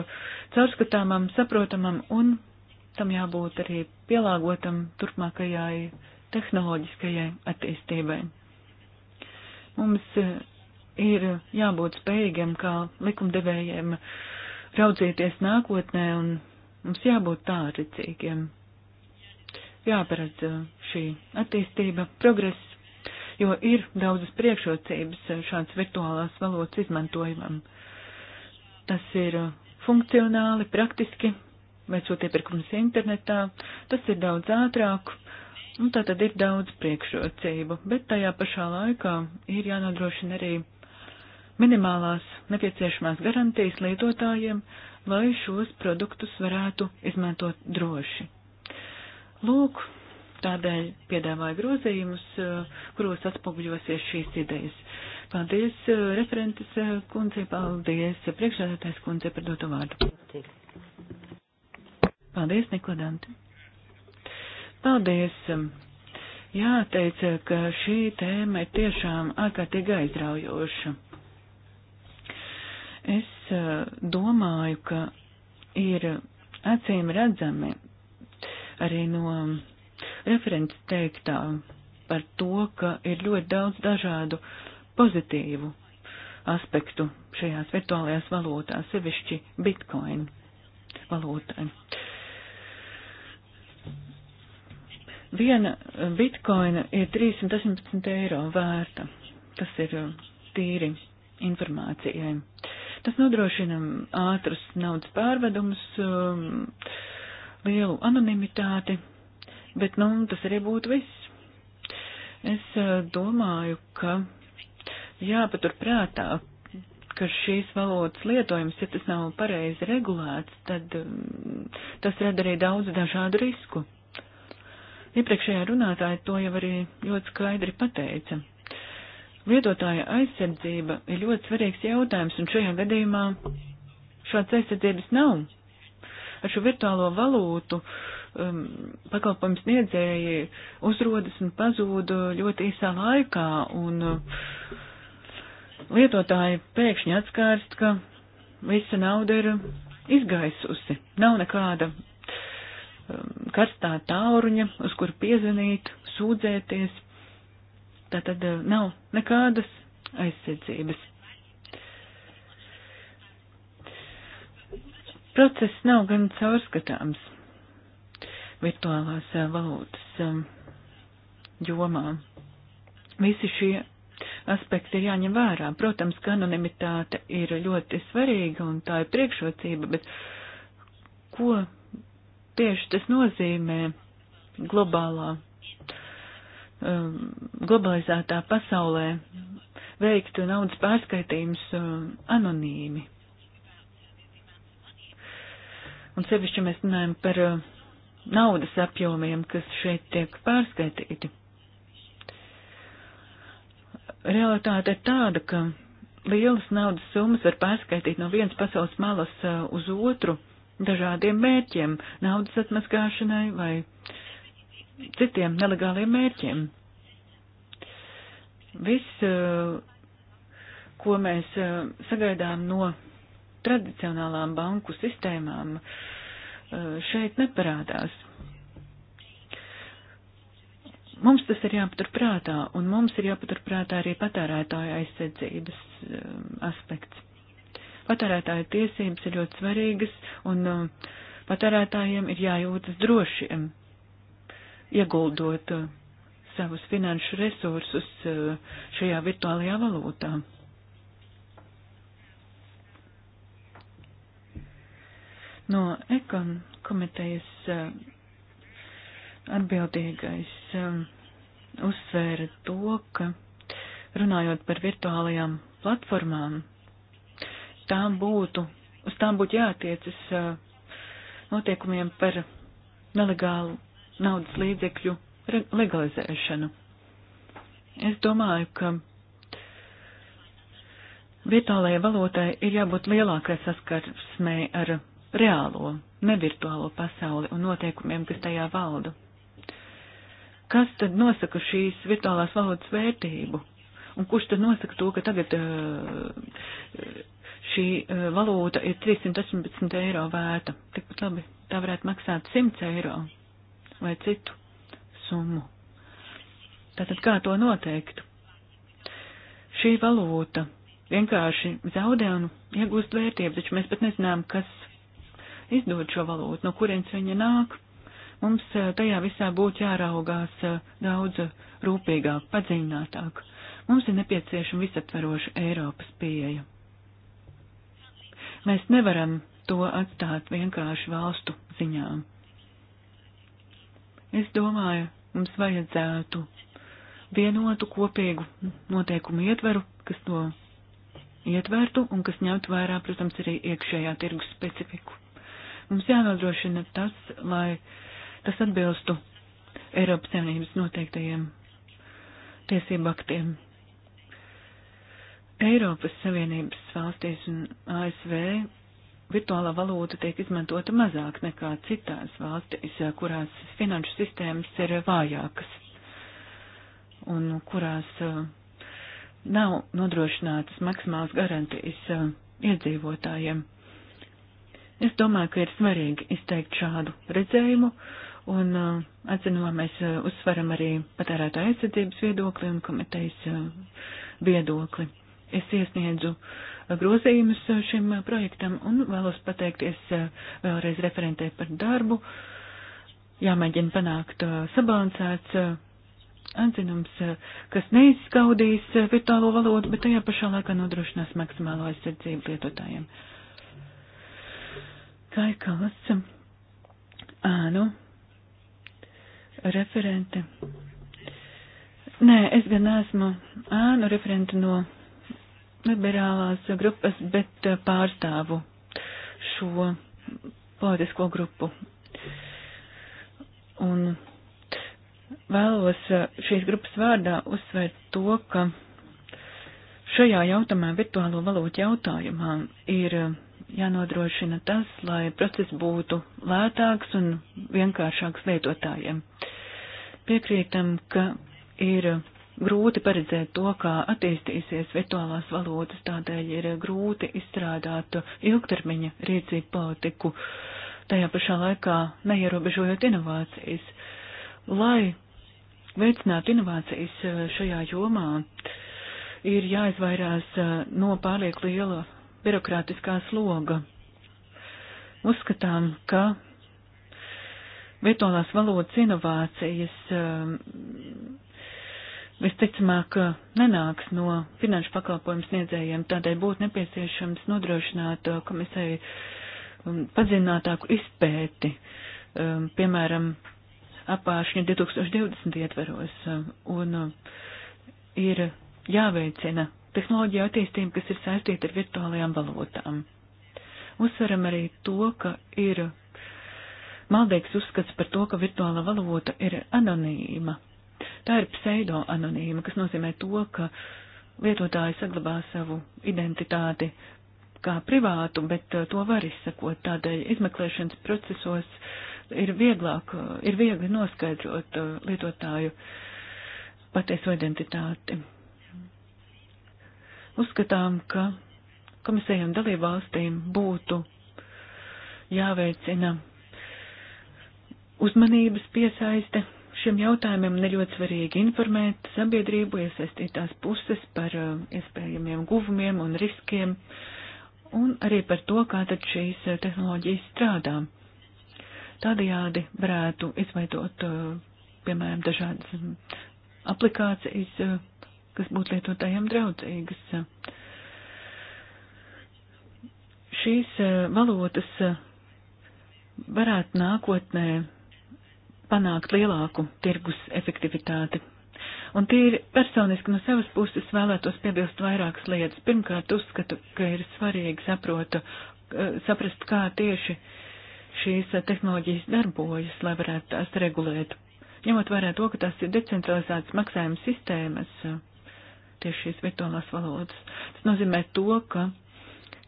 caurskatāmam, saprotamam un tam jābūt arī pielāgotam turpmākajai tehnoloģiskajai attīstībai. Mums e, ir jābūt spējīgiem kā likumdevējiem raudzīties nākotnē un mums jābūt tā rīcīgiem. Jāparedz e, šī attīstība, progress, jo ir daudzas priekšrocības e, šāds virtuālās valodas izmantojumam. Uh, Tas ir uh, funkcionāli, praktiski, veicot iepirkums internetā, tas ir daudz ātrāk, un tā tad ir daudz priekšrocību, bet tajā pašā laikā ir jānodrošina arī minimālās nepieciešamās garantijas lietotājiem, lai šos produktus varētu izmantot droši. Lūk, tādēļ piedāvāju grozījumus, uh, kuros atspoguļosies šīs idejas. Paldies eh, referentes eh, kundze, paldies eh, priekšsēdētājs kundze par doto vārdu. Paldies, Nikodanti. Paldies. Jāteica, ka šī tēma ir tiešām ārkārtīgi aizraujoša. Es domāju, ka ir acīm redzami arī no referents teiktā par to, ka ir ļoti daudz dažādu uh, pozitīvu aspektu šajās virtuālajās valūtās, sevišķi bitcoin valūtai. Viena bitcoina ir 318 eiro vērta. Tas ir tīri informācijai. Tas nodrošina ātrus naudas pārvedumus, um, lielu anonimitāti, bet, nu, tas arī būtu viss. Es uh, domāju, ka jāpatur prātā, ka šīs valodas lietojums, ja tas nav pareizi regulēts, tad mm, tas rada arī daudz dažādu risku. Iepriekšējā runātāja to jau arī ļoti skaidri pateica. Lietotāja aizsardzība ir ļoti svarīgs jautājums, un šajā gadījumā šāds aizsardzības nav. Ar šo virtuālo valūtu um, pakalpojums sniedzēji uzrodas un pazūd ļoti īsā laikā, un uh, lietotāji pēkšņi atskārst, ka visa nauda ir izgaisusi. Nav nekāda um, karstā tauruņa, uz kur piezvanīt, sūdzēties. Tātad uh, nav nekādas aizsardzības. Process nav gan caurskatāms virtuālās uh, valūtas um, jomā. Visi šie aspekti ir jāņem vērā. Protams, ka anonimitāte ir ļoti svarīga un tā ir priekšrocība, bet ko tieši tas nozīmē globālā, um, globalizētā pasaulē veikt naudas pārskaitījumus um, anonīmi? Un sevišķi mēs runājam par uh, naudas apjomiem, kas šeit tiek pārskaitīti. Realitāte ir tāda, ka lielas naudas summas var pārskaitīt no vienas pasaules malas uh, uz otru dažādiem mērķiem - naudas atmaskāšanai vai citiem nelegāliem mērķiem. Viss, uh, ko mēs uh, sagaidām no tradicionālām banku sistēmām, šeit neparādās. Mums tas ir jāpatur prātā, un mums ir jāpatur prātā arī patērētāja aizsardzības um, aspekts. Patērētāja tiesības ir ļoti svarīgas, un um, patērētājiem ir jājūtas drošiem, um, ieguldot uh, savus finanšu resursus uh, šajā virtuālajā valūtā. No ekon komitejas uh, Atbildīgais um, uzsvēra to, ka runājot par virtuālajām platformām, tām būtu, uz tām būtu jātiecas uh, noteikumiem par nelegālu naudas līdzekļu legalizēšanu. Es domāju, ka virtuālajai valotai ir jābūt lielākai saskarsmē ar reālo, nevirtuālo pasauli un noteikumiem, kas tajā valda. Kas tad nosaka šīs virtuālās valodas vērtību? Un kurš tad nosaka to, ka tagad eh, šī eh, valūta ir 318 eiro vērta? Tikpat labi, tā varētu maksāt 100 eiro vai citu summu. Tātad kā to noteikt? Šī valūta vienkārši zaudē un iegūst vērtību, taču mēs pat nezinām, kas izdod šo valūtu, no kurienes viņa nāk. Mums eh, tajā visā būtu jāraugās eh, daudz rūpīgāk, padziļinātāk. Mums ir nepieciešama visaptveroša Eiropas pieeja. Mēs nevaram to atstāt vienkārši valstu ziņām. Es domāju, mums vajadzētu vienotu kopīgu noteikumu ietveru, kas to ietvertu un kas ņemtu vērā, protams, arī iekšējā tirgus specifiku. Mums jānodrošina tas, lai tas atbilstu Eiropas Savienības noteiktajiem tiesību aktiem. Eiropas Savienības valstīs un ASV virtuālā valūta tiek izmantota mazāk nekā citās valstīs, kurās finanšu sistēmas ir vājākas un kurās uh, nav nodrošinātas maksimāls garantijas uh, iedzīvotājiem. Es domāju, ka ir svarīgi izteikt šādu redzējumu Un uh, atzinumā mēs uh, uzsveram arī patērētāju aizsardzības viedokli un komitejas uh, viedokli. Es iesniedzu grozījumus šim projektam un vēlos pateikties vēlreiz referentē par darbu. Jāmēģina panākt sabalansēts atzinums, kas neizskaudīs virtuālo valodu, bet tajā pašā laikā nodrošinās maksimālo aizsardzību lietotājiem. Kā ir kalas? Ā, nu, referente. Nē, es gan esmu ēnu referente no liberālās grupas, bet eh, pārstāvu šo politisko grupu. Un vēlos eh, šīs grupas vārdā uzsvērt to, ka šajā jautājumā, virtuālo valūtu jautājumā, ir eh, jānodrošina tas, lai process būtu lētāks un vienkāršāks lietotājiem. Piekrītam, ka ir grūti paredzēt to, kā attīstīsies virtuālās valūtas, tādēļ ir grūti izstrādāt ilgtermiņa rīcību politiku, tajā pašā laikā neierobežojot inovācijas. Lai veicinātu inovācijas šajā jomā, ir jāizvairās no pārlieku liela birokrātiskā sloga. Uzskatām, ka virtuālās valodas inovācijas um, visticamāk nenāks no finanšu pakalpojumu sniedzējiem, tādēļ būtu nepieciešams nodrošināt uh, komisēju um, padziļinātāku izpēti, um, piemēram, apāršņa 2020 ietveros, un uh, ir jāveicina tehnoloģiju attīstību, kas ir saistīta ar virtuālajām valūtām. Uzsveram arī to, ka ir maldīgs uzskats par to, ka virtuāla valūta ir anonīma. Tā ir pseido-anonīma, kas nozīmē to, ka lietotāji saglabā savu identitāti kā privātu, bet uh, to var izsakot. Tādēļ izmeklēšanas procesos ir vieglāk, uh, ir viegli noskaidrot uh, lietotāju patieso identitāti. Uzskatām, ka komisijai un dalībvalstīm būtu jāveicina uzmanības piesaiste šiem jautājumiem ir ļoti svarīgi informēt sabiedrību, iesaistītās puses par uh, iespējamiem guvumiem un riskiem, un arī par to, kā tad šīs uh, tehnoloģijas strādā. Tādējādi varētu izveidot, uh, piemēram, dažādas mm, aplikācijas, kas būtu lietotājiem draudzīgas. Šīs eh, valodas eh, varētu nākotnē panākt lielāku tirgus efektivitāti. Un tīri personiski no savas puses vēlētos piebilst vairākas lietas. Pirmkārt, uzskatu, ka ir svarīgi saprotu, eh, saprast, kā tieši šīs tehnoloģijas darbojas, lai varētu tās regulēt. Ņemot vērā to, ka tās ir decentralizētas maksājuma sistēmas, tieši šīs virtuālās valodas. Tas nozīmē to, ka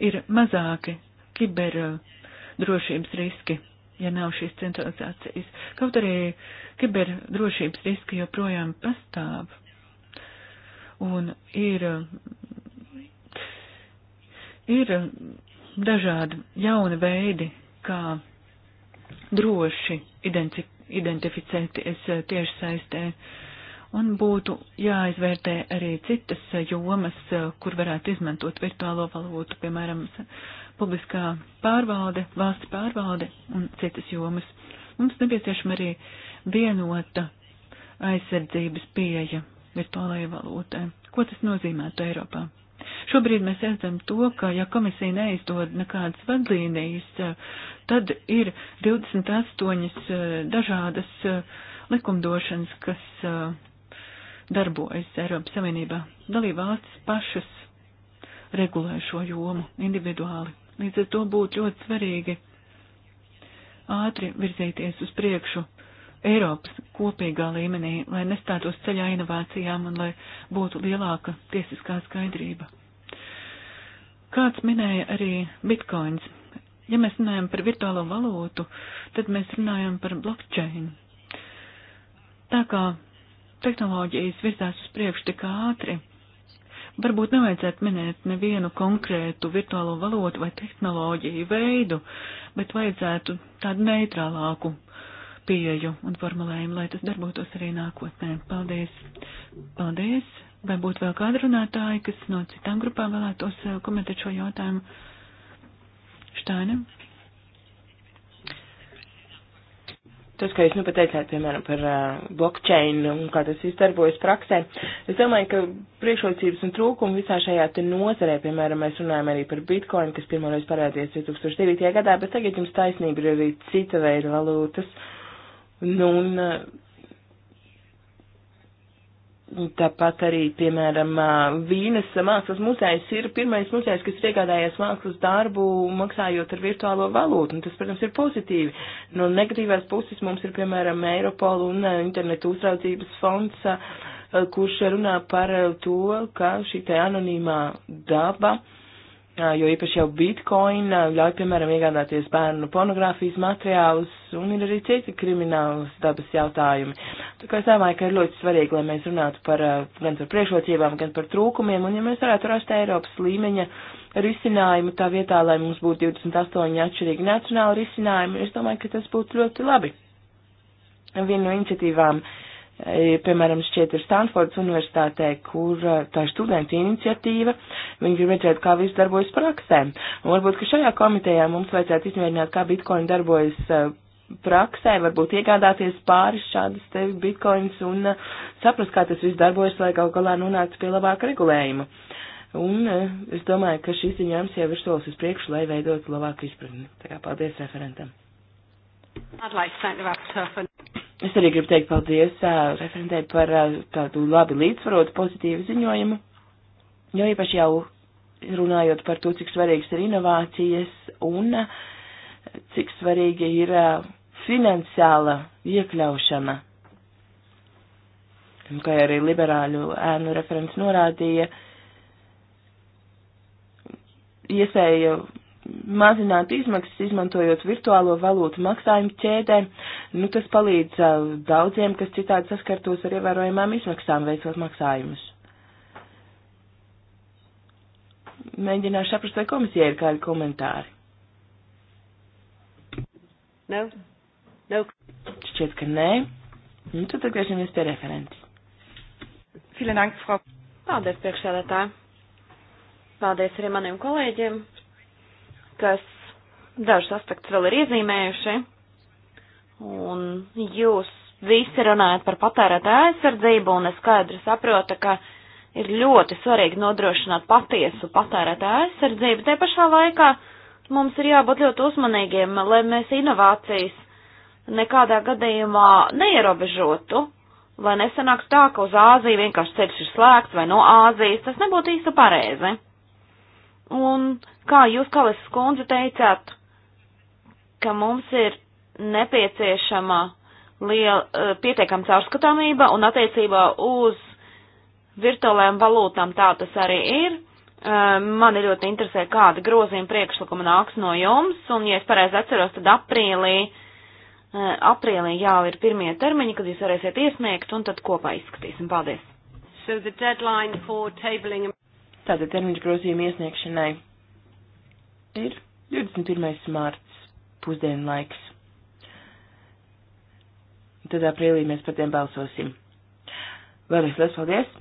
ir mazāki kiberdrošības uh, riski, ja nav šīs centralizācijas. Kaut arī kiberdrošības riski joprojām pastāv un ir, uh, ir uh, dažādi jauni veidi, kā droši identificēties tieši saistē. Uh, un būtu jāizvērtē arī citas jomas, kur varētu izmantot virtuālo valūtu, piemēram, publiskā pārvalde, valsts pārvalde un citas jomas. Mums nepieciešama arī vienota aizsardzības pieeja virtuālajai valūtai. Ko tas nozīmētu Eiropā? Šobrīd mēs redzam to, ka ja komisija neizdod nekādas vadlīnijas, tad ir 28 eh, dažādas eh, likumdošanas, kas eh, darbojas Eiropas Savienībā. Dalībvalstis pašas regulē šo jomu individuāli. Līdz ar to būtu ļoti svarīgi ātri virzīties uz priekšu Eiropas kopīgā līmenī, lai nestātos ceļā inovācijām un lai būtu lielāka tiesiskā skaidrība. Kāds minēja arī bitkoins. Ja mēs runājam par virtuālo valūtu, tad mēs runājam par blockchain. Tā kā tehnoloģijas virzās uz priekšu tik ātri. Varbūt nevajadzētu minēt nevienu konkrētu virtuālo valodu vai tehnoloģiju veidu, bet vajadzētu tādu neitrālāku pieju un formulējumu, lai tas darbotos arī nākotnē. Paldies! Paldies! Vai būtu vēl kāda runātāja, kas no citām grupām vēlētos uh, komentēt šo jautājumu? Štainam?
tas, ka jūs nu pateicāt, piemēram, par uh, blockchain un kā tas viss darbojas praksē, es domāju, ka priekšrocības un trūkumi visā šajā te nozarē, piemēram, mēs runājam arī par bitcoin, kas pirmoreiz parādījās 2009. gadā, bet tagad jums taisnība ir arī cita veida valūtas. Nu, un, uh, Tāpat arī, piemēram, Vīnes mākslas muzejs ir pirmais muzejs, kas ir iegādājies mākslas darbu, maksājot ar virtuālo valūtu. Un tas, protams, ir pozitīvi. No negatīvās puses mums ir, piemēram, Eiropola un eh, internetu uzraudzības fonds, eh, kurš runā par to, ka šī te anonīmā daba uh, jo īpaši jau bitcoin ļauj, piemēram, iegādāties bērnu pornogrāfijas materiālus, un ir arī citi kriminālas dabas jautājumi. Tā kā es domāju, ka ir ļoti svarīgi, lai mēs runātu par gan par priekšrocībām, gan par trūkumiem, un ja mēs varētu rast Eiropas līmeņa risinājumu tā vietā, lai mums būtu 28 atšķirīgi nacionāli risinājumi, es domāju, ka tas būtu ļoti labi. Viena no iniciatīvām uh, E, piemēram, šķiet ir Stanfordas universitātē, kur e, tā ir studenta iniciatīva, viņi grib redzēt, kā viss darbojas praksē. Un varbūt, ka šajā komitejā mums vajadzētu izmēģināt, kā bitkoina darbojas e, praksē, varbūt iegādāties pāris šādas te bitkoins un saprast, kā tas viss darbojas, lai kaut galā nonāktu pie labāka regulējuma. Un es domāju, ka šis ziņojums jau ir solis uz priekšu, lai veidotu labāku izpratni. Tā kā paldies referentam.
I'd like to thank the rapporteur for
Es arī gribu teikt paldies uh, referentei par uh, tādu labi līdzsvarotu pozitīvu ziņojumu, jo īpaši jau runājot par to, cik svarīgas ir inovācijas un uh, cik svarīga ir uh, finansiāla iekļaušana. Un, kā arī liberāļu ēnu referents norādīja, iespēja mazināt izmaksas, izmantojot virtuālo valūtu maksājumu ķēdē. Nu, tas palīdz uh, daudziem, kas citādi saskartos ar ievērojamām izmaksām veicot maksājumus. Mēģināšu saprast, vai komisijai ir kādi komentāri. No. No. Šķiet, ka nē. Nu, tad atgriežamies pie referents.
Vielen Dank, Frau. Paldies, priekšsēdētāji. Paldies arī maniem kolēģiem kas dažus aspektus vēl ir iezīmējuši, un jūs visi runājat par patērētāju aizsardzību, un es skaidri saprotu, ka ir ļoti svarīgi nodrošināt patiesu patērētāju aizsardzību. Te pašā laikā mums ir jābūt ļoti uzmanīgiem, lai mēs inovācijas nekādā gadījumā neierobežotu, lai nesanāks tā, ka uz Āziju vienkārši ceļš ir slēgts vai no Āzijas, tas nebūtu īsti pareizi. Un Kā jūs, Kalas skundze, teicāt, ka mums ir nepieciešama liela, eh, pietiekama caurskatāmība un attiecībā uz virtuālajām valūtām tā tas arī ir. Eh, mani ļoti interesē, kāda grozījuma priekšlikuma nāks no jums, un, ja es pareizi atceros, tad aprīlī, eh, aprīlī jau ir pirmie termiņi, kad jūs varēsiet iesniegt, un tad kopā izskatīsim. Paldies!
So tabling...
Tātad termiņš grozījuma
iesniegšanai ir 21. mārts pusdienlaiks. Tad aprīlī mēs par tiem balsosim. Vēlreiz liels paldies!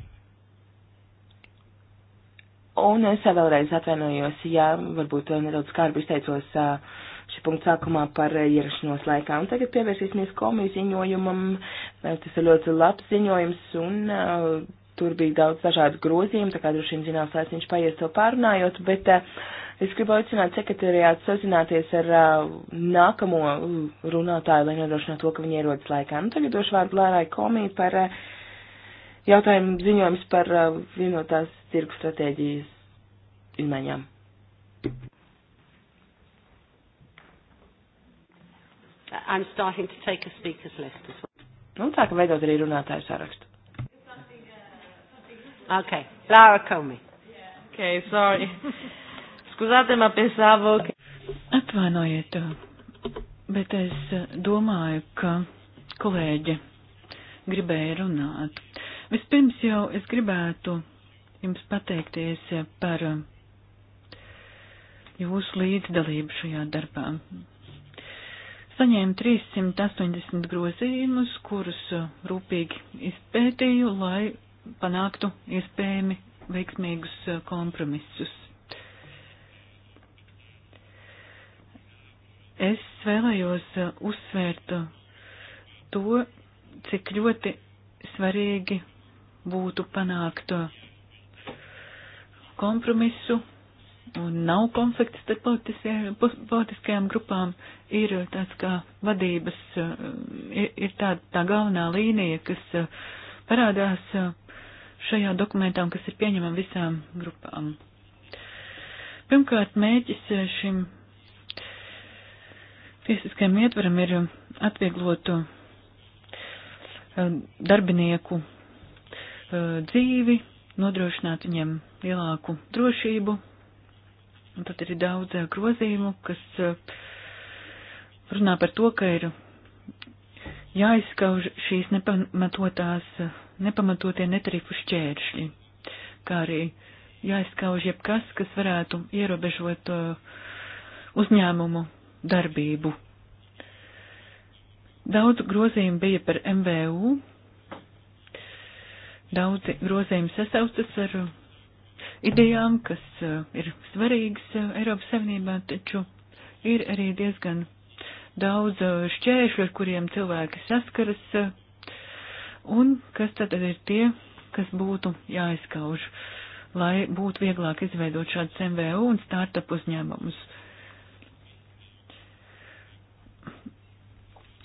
Un es vēlreiz atvainojos, ja varbūt nedaudz skarbi izteicos šī punkta sākumā par ierašanos laikā. Un tagad pievērsīsimies komiju ziņojumam. Tas ir ļoti labs ziņojums un uh, tur bija daudz dažādu grozījumu, tā kā droši vien zinās, lai viņš paies to pārunājot, bet uh, Es gribu aicināt sekretariātu sazināties ar uh, nākamo uh, runātāju, lai nodrošinātu to, ka viņi ierodas laikā. Nu, tagad došu vārdu Lērai Komī par uh, jautājumu ziņojums par uh, vienotās tirgu stratēģijas izmaiņām.
I'm starting to take a speaker's list as well.
Nu, tā ka veidot arī runātāju sarakstu.
Okay, Lara Comey. Yeah. Okay, sorry. [LAUGHS] Scusate, ma pensavo che. Atvainojiet,
bet es domāju, ka kolēģi gribēja runāt. Vispirms jau es gribētu jums pateikties par jūsu līdzdalību šajā darbā. Saņēmu 380 grozījumus, kurus rūpīgi izpētīju, lai panāktu iespējami veiksmīgus kompromisus. Es vēlējos uh, uzsvērt uh, to, cik ļoti svarīgi būtu panākt uh, kompromisu un nav konflikts starp politiskajām grupām, ir tāds kā vadības, ir, ir tā, tā galvenā līnija, kas parādās šajā dokumentā un kas ir pieņemama visām grupām. Pirmkārt, mēģis šim tiesiskajam ietveram ir um, atvieglot um, um, darbinieku uh, dzīvi, nodrošināt viņiem lielāku drošību. Un tad ir daudz uh, grozījumu, kas uh, runā par to, ka ir jāizskauž šīs nepamatotās, nepamatotie netarifu šķēršļi, kā arī jāizskauž jebkas, kas varētu ierobežot uzņēmumu darbību. Daudz grozījumu bija par MVU, daudzi grozījumi sasaucas ar uh, idejām, kas uh, ir svarīgas uh, Eiropas Savienībā, taču ir arī diezgan daudz šķēršļu, ar kuriem cilvēki saskaras, un kas tad ir tie, kas būtu jāizkauž, lai būtu vieglāk izveidot šādus MVU un startup uzņēmumus.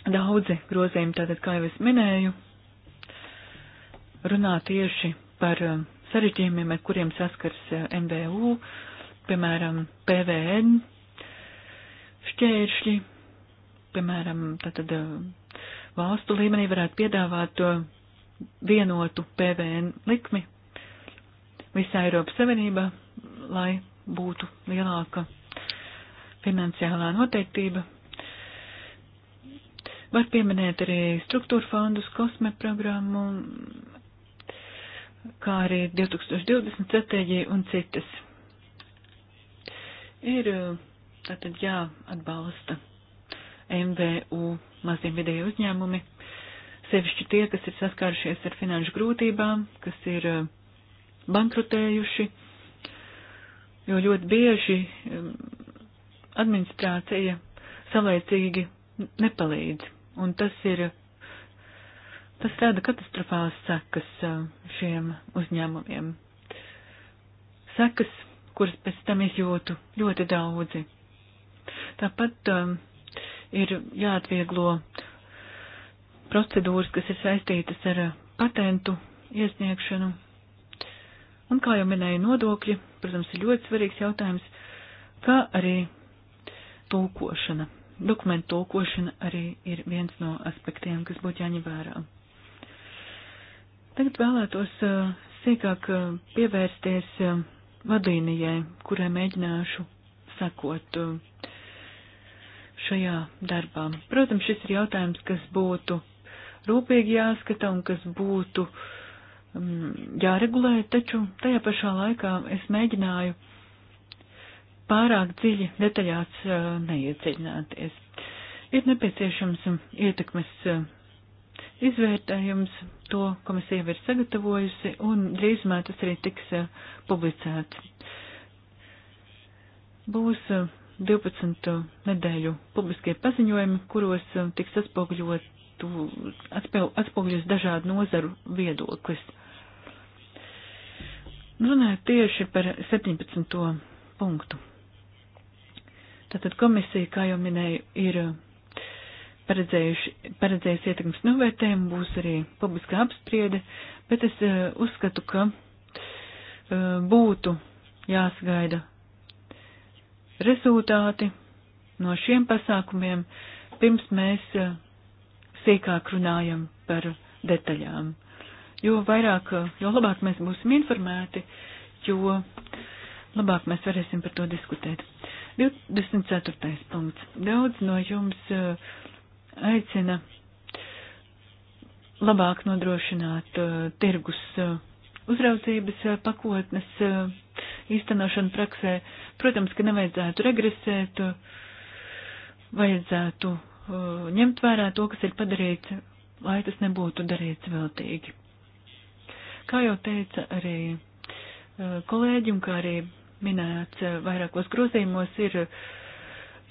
Daudzi grozījumi, tātad, kā jau es minēju, runā tieši par um, sarežģījumiem, ar kuriem saskars uh, MVU, piemēram, PVN šķēršļi, piemēram, tātad uh, valstu līmenī varētu piedāvāt uh, vienotu PVN likmi visā Eiropas Savienībā, lai būtu lielāka finansiālā noteiktība Var pieminēt arī struktūra fondus, kosme programmu, kā arī 2020 stratēģiju un citas. Ir tātad jāatbalsta MVU maziem vidēju uzņēmumi, sevišķi tie, kas ir saskārušies ar finanšu grūtībām, kas ir bankrutējuši, jo ļoti bieži um, administrācija savlaicīgi nepalīdz un tas ir, tas rada katastrofāls sekas šiem uzņēmumiem. Sekas, kuras pēc tam izjūtu ļoti daudzi. Tāpat um, ir jāatvieglo procedūras, kas ir saistītas ar patentu iesniegšanu. Un, kā jau minēju, nodokļi, protams, ir ļoti svarīgs jautājums, kā arī tūkošana dokumentu tulkošana arī ir viens no aspektiem, kas būtu jāņem vērā. Tagad vēlētos eh, sīkāk eh, pievērsties eh, vadlīnijai, kurai mēģināšu sakot šajā darbā. Protams, šis ir jautājums, kas būtu rūpīgi jāskata un kas būtu um, jāregulē, taču tajā pašā laikā es mēģināju pārāk dziļi detaļās neiedziļināties. Ir nepieciešams ietekmes izvērtējums, to komisija jau ir sagatavojusi, un drīzumā tas arī tiks publicēts. Būs 12 nedēļu publiskie paziņojumi, kuros tiks atspoguļots dažādu nozaru viedoklis. Runājot tieši par 17. punktu. Tātad komisija, kā jau minēju, ir paredzējusi ietekmes novērtējumu, būs arī publiska apspriede, bet es eh, uzskatu, ka eh, būtu jāsagaida rezultāti no šiem pasākumiem, pirms mēs eh, sīkāk runājam par detaļām. Jo vairāk, jo labāk mēs būsim informēti, jo labāk mēs varēsim par to diskutēt. 24. punkts. Daudz no jums eh, aicina labāk nodrošināt eh, tirgus eh, uzraudzības pakotnes īstenošanu praksē. Protams, ka nevajadzētu regresēt, vajadzētu ņemt vērā to, kas ir padarīts, lai tas nebūtu darīts veltīgi. Kā jau teica arī kolēģi un kā arī minēts eh, vairākos grozījumos, ir eh,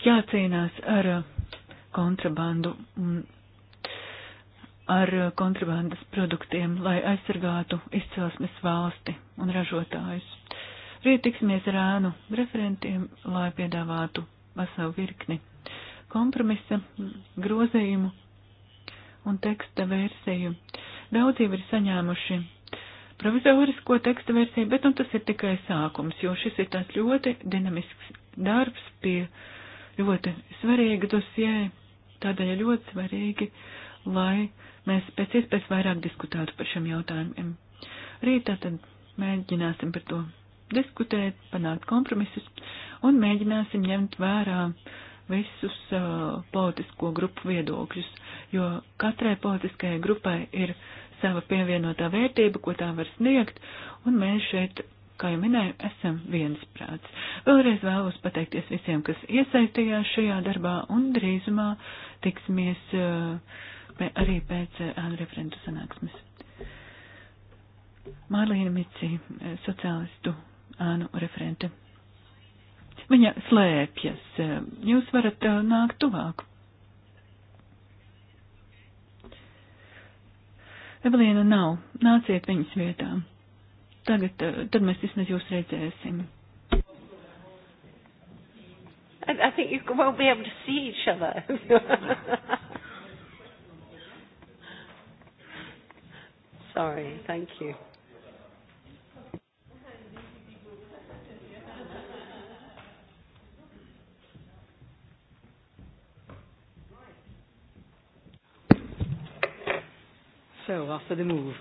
jācīnās ar eh, kontrabandu un ar kontrabandas produktiem, lai aizsargātu izcelsmes valsti un ražotājus. Rīt tiksimies ar ēnu referentiem, lai piedāvātu veselu virkni kompromisa grozījumu un teksta versiju. Daudz jau ir saņēmuši provizorisko teksta versiju, bet nu, tas ir tikai sākums, jo šis ir tāds ļoti dinamisks darbs pie ļoti svarīga dosijai. Tādēļ ir ļoti svarīgi, lai mēs pēc iespējas vairāk diskutētu par šiem jautājumiem. Rītā tad mēģināsim par to diskutēt, panākt kompromisus un mēģināsim ņemt vērā visus uh, politisko grupu viedokļus, jo katrai politiskajai grupai ir uh, sava pievienotā vērtība, ko tā var sniegt, un mēs šeit, kā jau minēju, esam viensprāts. Vēlreiz vēlos pateikties visiem, kas iesaistījās šajā darbā, un drīzumā tiksimies eh, arī pēc ēnu eh, referentu sanāksmes. Mārlīna Mici, eh, sociālistu ēnu referente. Viņa slēpjas. Jūs varat nākt tuvāk. Evelīna nav. Nāciet viņas vietā. Tagad, eh, tad mēs vismaz jūs redzēsim.
I, I think you won't be able to see each other. [LAUGHS] Sorry, thank you.
So, after the move.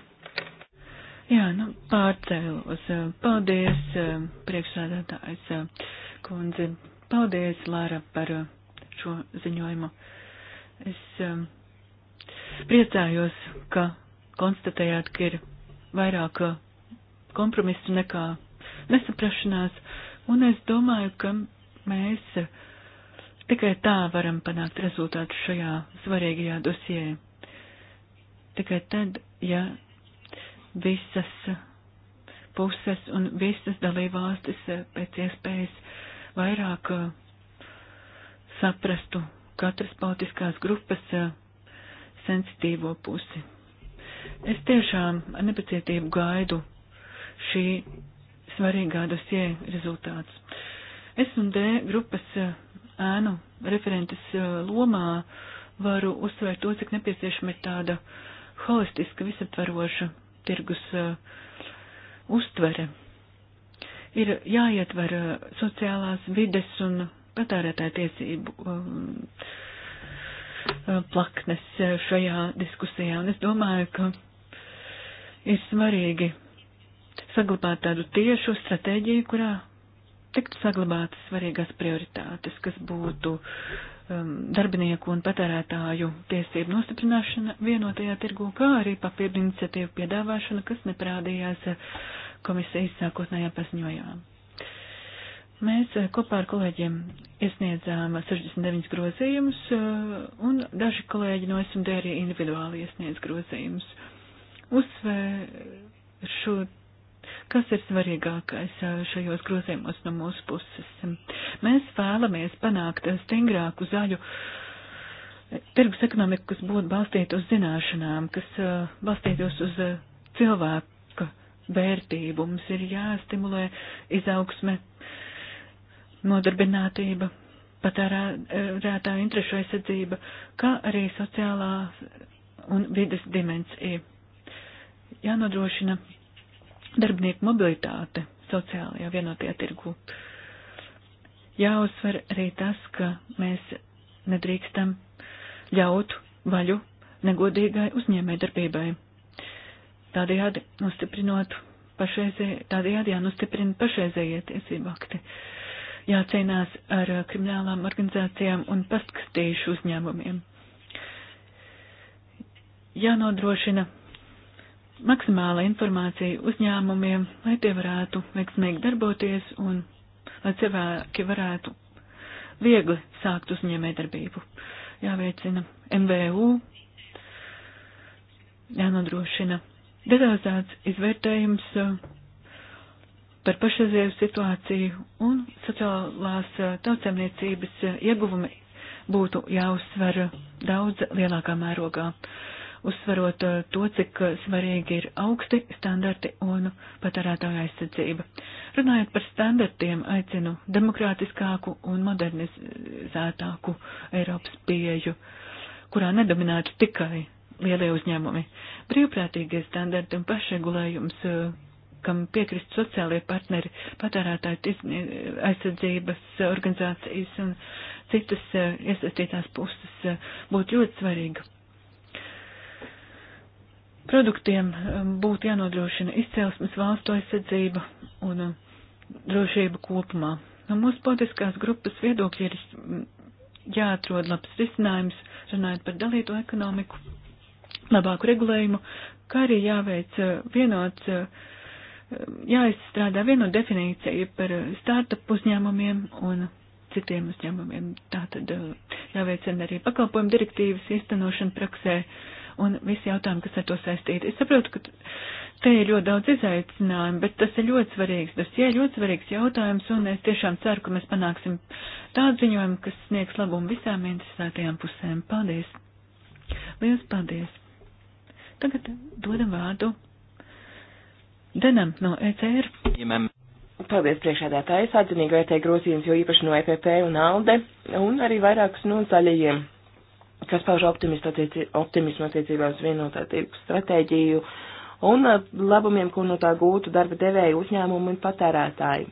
Jā, nu, pārcēlos. Eh, paldies, eh, priekšsādātājs eh, kundze. Paldies, Lāra, par šo ziņojumu. Es priecājos, ka konstatējāt, ka ir vairāk kompromisu nekā nesaprašanās, un es domāju, ka mēs tikai tā varam panākt rezultātu šajā svarīgajā dosijā tikai tad, ja visas puses un visas dalībvalstis eh, pēc iespējas vairāk eh, saprastu katras politiskās grupas eh, sensitīvo pusi. Es tiešām ar nepacietību gaidu šī svarīgā dosie rezultāts. Es un D grupas ēnu referentes lomā varu uzsvērt to, cik nepieciešama ir tāda uh, holistiska visaptvaroša tirgus uh, uztvere. Ir jāietver uh, sociālās vides un patērētāja tiesību um, uh, plaknes šajā diskusijā, un es domāju, ka ir svarīgi saglabāt tādu tiešu stratēģiju, kurā tiktu saglabātas svarīgās prioritātes, kas būtu uh, Um, darbinieku un patērētāju tiesību nostiprināšana vienotajā tirgu, kā arī papildu iniciatīvu piedāvāšana, kas neprādījās komisijas sākotnējā paziņojumā. Mēs uh, kopā ar kolēģiem iesniedzām 69 grozījumus, uh, un daži kolēģi no SMD arī individuāli iesniedz grozījumus. Uzsvēršu Kas ir svarīgākais šajos grozījumos no mūsu puses? Mēs vēlamies panākt stingrāku zaļu tirgus ekonomiku, kas būtu balstīta uz zināšanām, kas balstītos uz cilvēka vērtību. Mums ir jāstimulē izaugsme, nodarbinātība, patērētāja interešu aizsardzība, kā arī sociālā un vidas dimensija. Jānodrošina darbinieku mobilitāte sociālajā vienotajā tirgu. Jāuzsver arī tas, ka mēs nedrīkstam ļaut vaļu negodīgai uzņēmē darbībai. Tādējādi nostiprinot pašreizēji, tādējādi jānostiprina pašreizējie tiesību akti. Jācīnās ar kriminālām organizācijām un pastkastījušu uzņēmumiem. Jānodrošina maksimāla informācija uzņēmumiem, lai tie varētu veiksmīgi darboties un lai cilvēki varētu viegli sākt uzņēmē darbību. Jāveicina MVU, jānodrošina detalizēts izvērtējums uh, par pašreizēju situāciju un sociālās uh, tautsēmniecības uh, ieguvumi būtu jāuzsver daudz lielākā mērogā uzsvarot eh, to, cik eh, svarīgi ir augsti standarti un patērētāja aizsardzība. Runājot par standartiem, aicinu demokrātiskāku un modernizētāku Eiropas pieju, kurā nedominātu tikai lielie uzņēmumi. Brīvprātīgie standarti un pašregulējums, eh, kam piekrist sociālie partneri, patērētāji aizsardzības organizācijas un citas iesaistītās puses, būtu ļoti svarīga Produktiem um, būtu jānodrošina izcelsmes valstu aizsardzība un um, drošība kopumā. No mūsu politiskās grupas viedokļi ir mm, jāatrod labs risinājums, runājot par dalīto ekonomiku, labāku regulējumu, kā arī jāveic uh, vienots, uh, um, jāizstrādā vienota definīcija par uh, startup uzņēmumiem un citiem uzņēmumiem. Tātad jāveicina arī pakalpojumu direktīvas īstenošana praksē. Uh, un visi jautājumi, kas ar to saistīti. Es saprotu, ka te ir ļoti daudz izaicinājumu, bet tas ir ļoti svarīgs dosie, ļoti svarīgs jautājums, un es tiešām ceru, ka mēs panāksim tādu ziņojumu, kas sniegs labumu visām interesētajām pusēm. Paldies! Lielas paldies! Tagad dodam vārdu Denam no ECR.
Paldies priekšādātājs, atzinīgi vērtēju grozījums, jo īpaši no EPP un ALDE, un arī vairākus no zaļajiem kas pauž optimismu attiecībā uz vienotā tirgus stratēģiju un uh, labumiem, ko no tā gūtu darba devēja uzņēmumi un patērētāji.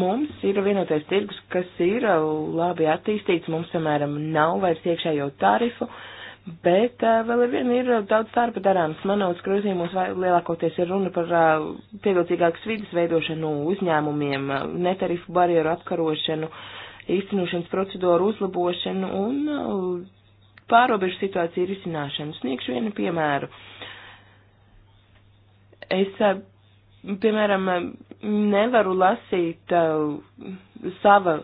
Mums ir vienotais tirgus, kas ir uh, labi attīstīts, mums, piemēram, nav vairs iekšējo tarifu, bet uh, vēl ar vienu ir uh, daudz darba darāms. Manos grozījumos lielākoties ir runa par uh, pievilcīgākas vidas veidošanu uzņēmumiem, uh, netarifu barjeru apkarošanu, īstenošanas procedūru uzlabošanu un uh, pārobežu situāciju risināšanu. Sniegšu vienu piemēru. Es, eh, piemēram, nevaru lasīt eh, sava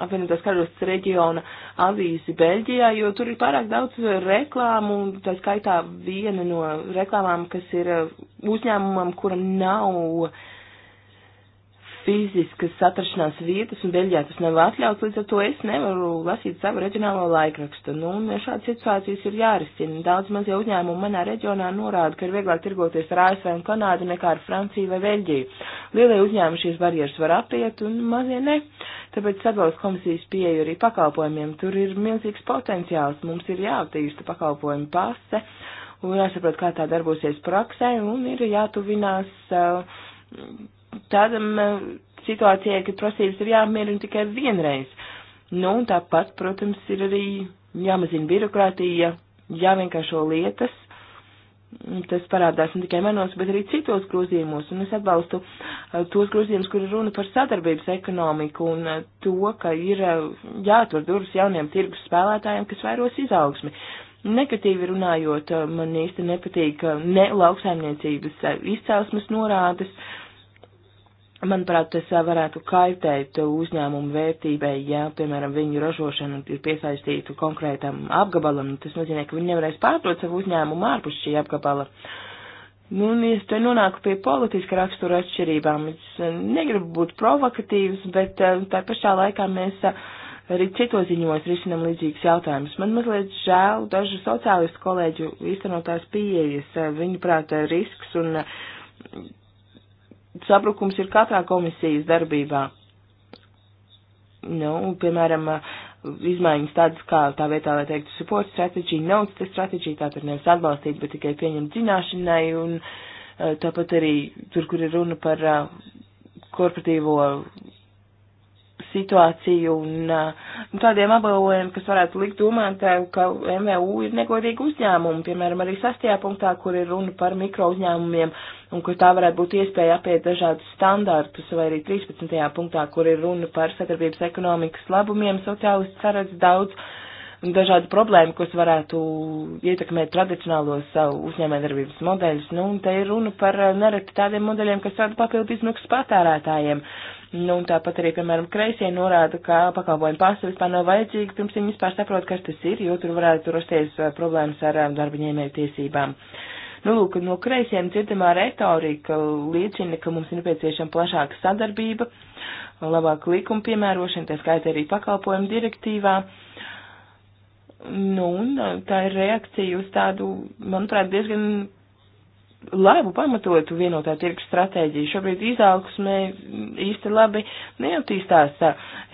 apvienotās karalistas reģiona avīzi Beļģijā, jo tur ir pārāk daudz reklāmu, un tā skaitā viena no reklāmām, kas ir eh, uzņēmumam, kuram nav uh, fiziskas atrašanās vietas, un Beļģijā tas nav atļauts, līdz ar to es nevaru lasīt savu reģionālo laikrakstu. Nu, un šādas situācijas ir jārisina. Daudz mazie uzņēmumi manā reģionā norāda, ka ir vieglāk tirgoties ar ASV un Kanādu nekā ar Franciju vai Beļģiju. Lielie uzņēmumi šīs barjeras var apiet, un mazie ne. Tāpēc sadalās komisijas pieeja arī pakalpojumiem. Tur ir milzīgs potenciāls. Mums ir jāattīsta pakalpojumu pase, un jāsaprot, kā tā darbosies praksē, un ir jātuvinās. Uh, tādam mm, situācijai, ka prasības ir jāapmierina tikai vienreiz. Nu, un tāpat, protams, ir arī jāmazina birokrātija, jāvienkāršo lietas. Tas parādās ne tikai manos, bet arī citos grozījumos, un es atbalstu eh, tos grozījumus, kur ir runa par sadarbības ekonomiku un eh, to, ka ir eh, jāatver durvis jauniem tirgus spēlētājiem, kas vairos izaugsmi. Negatīvi runājot, man īsti nepatīk ne lauksaimniecības izcelsmes norādes, uh, Manuprāt, tas varētu kaitēt uzņēmumu vērtībai, ja, piemēram, viņu ražošana ir piesaistīta konkrētam apgabalam. Tas nozīmē, ka viņi nevarēs pārdot savu uzņēmumu ārpus šī apgabala. Nu, un es te nonāku pie politiska rakstura atšķirībām. Es negribu būt provokatīvs, bet tā pašā laikā mēs arī citos ziņos risinam līdzīgas jautājumas. Man mazliet žēl dažu sociālistu kolēģu īstenotās pieejas. Viņuprāt, risks un sabrukums ir katrā komisijas darbībā. Nu, piemēram, izmaiņas tādas, kā tā vietā, lai teiktu, support strategy, notes strategy, tātad nevis atbalstīt, bet tikai pieņemt zināšanai, un eh, tāpat arī tur, kur ir runa par eh, korporatīvo situāciju un uh, tādiem apbalvojumiem, kas varētu likt domāt, ka MVU ir negodīgi uzņēmumi, piemēram, arī sastajā punktā, kur ir runa par mikro uzņēmumiem un kur tā varētu būt iespēja apiet dažādus standartus, vai arī 13. punktā, kur ir runa par sadarbības ekonomikas labumiem, sociālists saredz daudz dažādu problēmu, kas varētu ietekmēt tradicionālos uzņēmējdarbības modeļus. Nu, un te ir runa par uh, nereti tādiem modeļiem, kas rada papildu izmaksas patērētājiem. Nu, un tāpat arī, piemēram, kreisie norāda, ka pakalpojumu pasta vispār nav vajadzīga, pirms viņi vispār saprot, kas tas ir, jo tur varētu rasties eh, problēmas ar um, darba ņēmēju tiesībām. Nu, lūk, no kreisiem dzirdamā retorika liecina, ka mums ir nepieciešama plašāka sadarbība, labāka likuma piemērošana, tā skaita arī pakalpojumu direktīvā. Nu, un uh, tā ir reakcija uz tādu, manuprāt, diezgan labu pamatotu vienotā tirgus stratēģiju. Šobrīd izaugsmē īsti labi neattīstās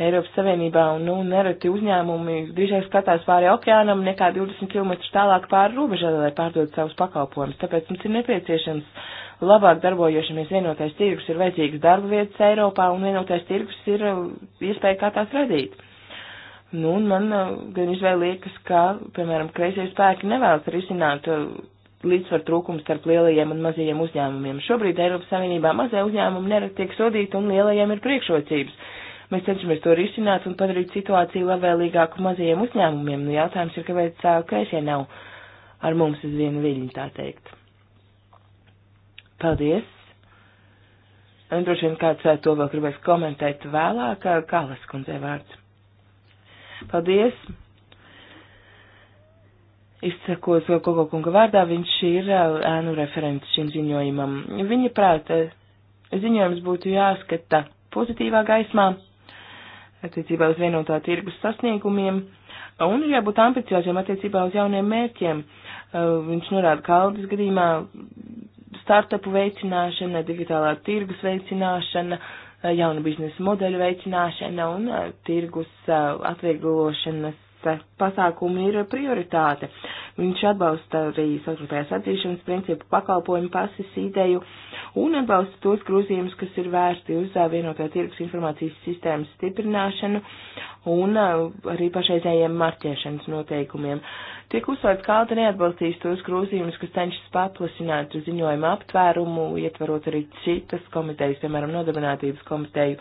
Eiropas Savienībā, un nu, nereti uzņēmumi drīzāk skatās pāri okeānam nekā 20 km tālāk pāri robežai, lai pārdod savus pakalpojumus. Tāpēc mums ir nepieciešams labāk darbojošamies vienotais tirgus, ir vajadzīgs darba vietas Eiropā, un vienotais tirgus ir iespēja kā tās radīt. Nu, un man gan izvēl liekas, ka, piemēram, kreisie spēki nevēlas risināt līdzsvar trūkums starp lielajiem un mazajiem uzņēmumiem. Šobrīd Eiropas Savienībā mazie uzņēmumi nerad tiek sodīti un lielajiem ir priekšrocības. Mēs cenšamies to risināt un padarīt situāciju labvēlīgāku mazajiem uzņēmumiem. Nu, jautājums ir, kāpēc kreisie nav ar mums uz vienu viļņu, tā teikt. Paldies! Un droši vien kāds to vēl gribēs komentēt vēlāk, Kalas kundze vārds. Paldies! izsakos Gogo kunga vārdā, viņš ir uh, ēnu referents šim ziņojumam. Viņa prāta uh, ziņojums būtu jāskata pozitīvā gaismā, attiecībā uz vienotā tirgus sasniegumiem, un ir jābūt ambicioziem attiecībā uz jauniem mērķiem. Uh, viņš norāda kaldas gadījumā startupu veicināšana, digitālā tirgus veicināšana, jaunu biznesa modeļu veicināšana un tirgus atvieglošanas pasākumi ir prioritāte. Viņš atbalsta arī savstarpējās atzīšanas principu pakalpojumu pasis ideju un atbalsta tos grozījumus, kas ir vērsti uz vienotā tirgus informācijas sistēmas stiprināšanu un arī pašreizējiem marķēšanas noteikumiem. Tiek uzsvērts, ka Alta neatbalstīs tos grozījumus, kas cenšas paplašināt ziņojumu aptvērumu, ietvarot arī citas komitejas, piemēram, nodarbinātības komiteju.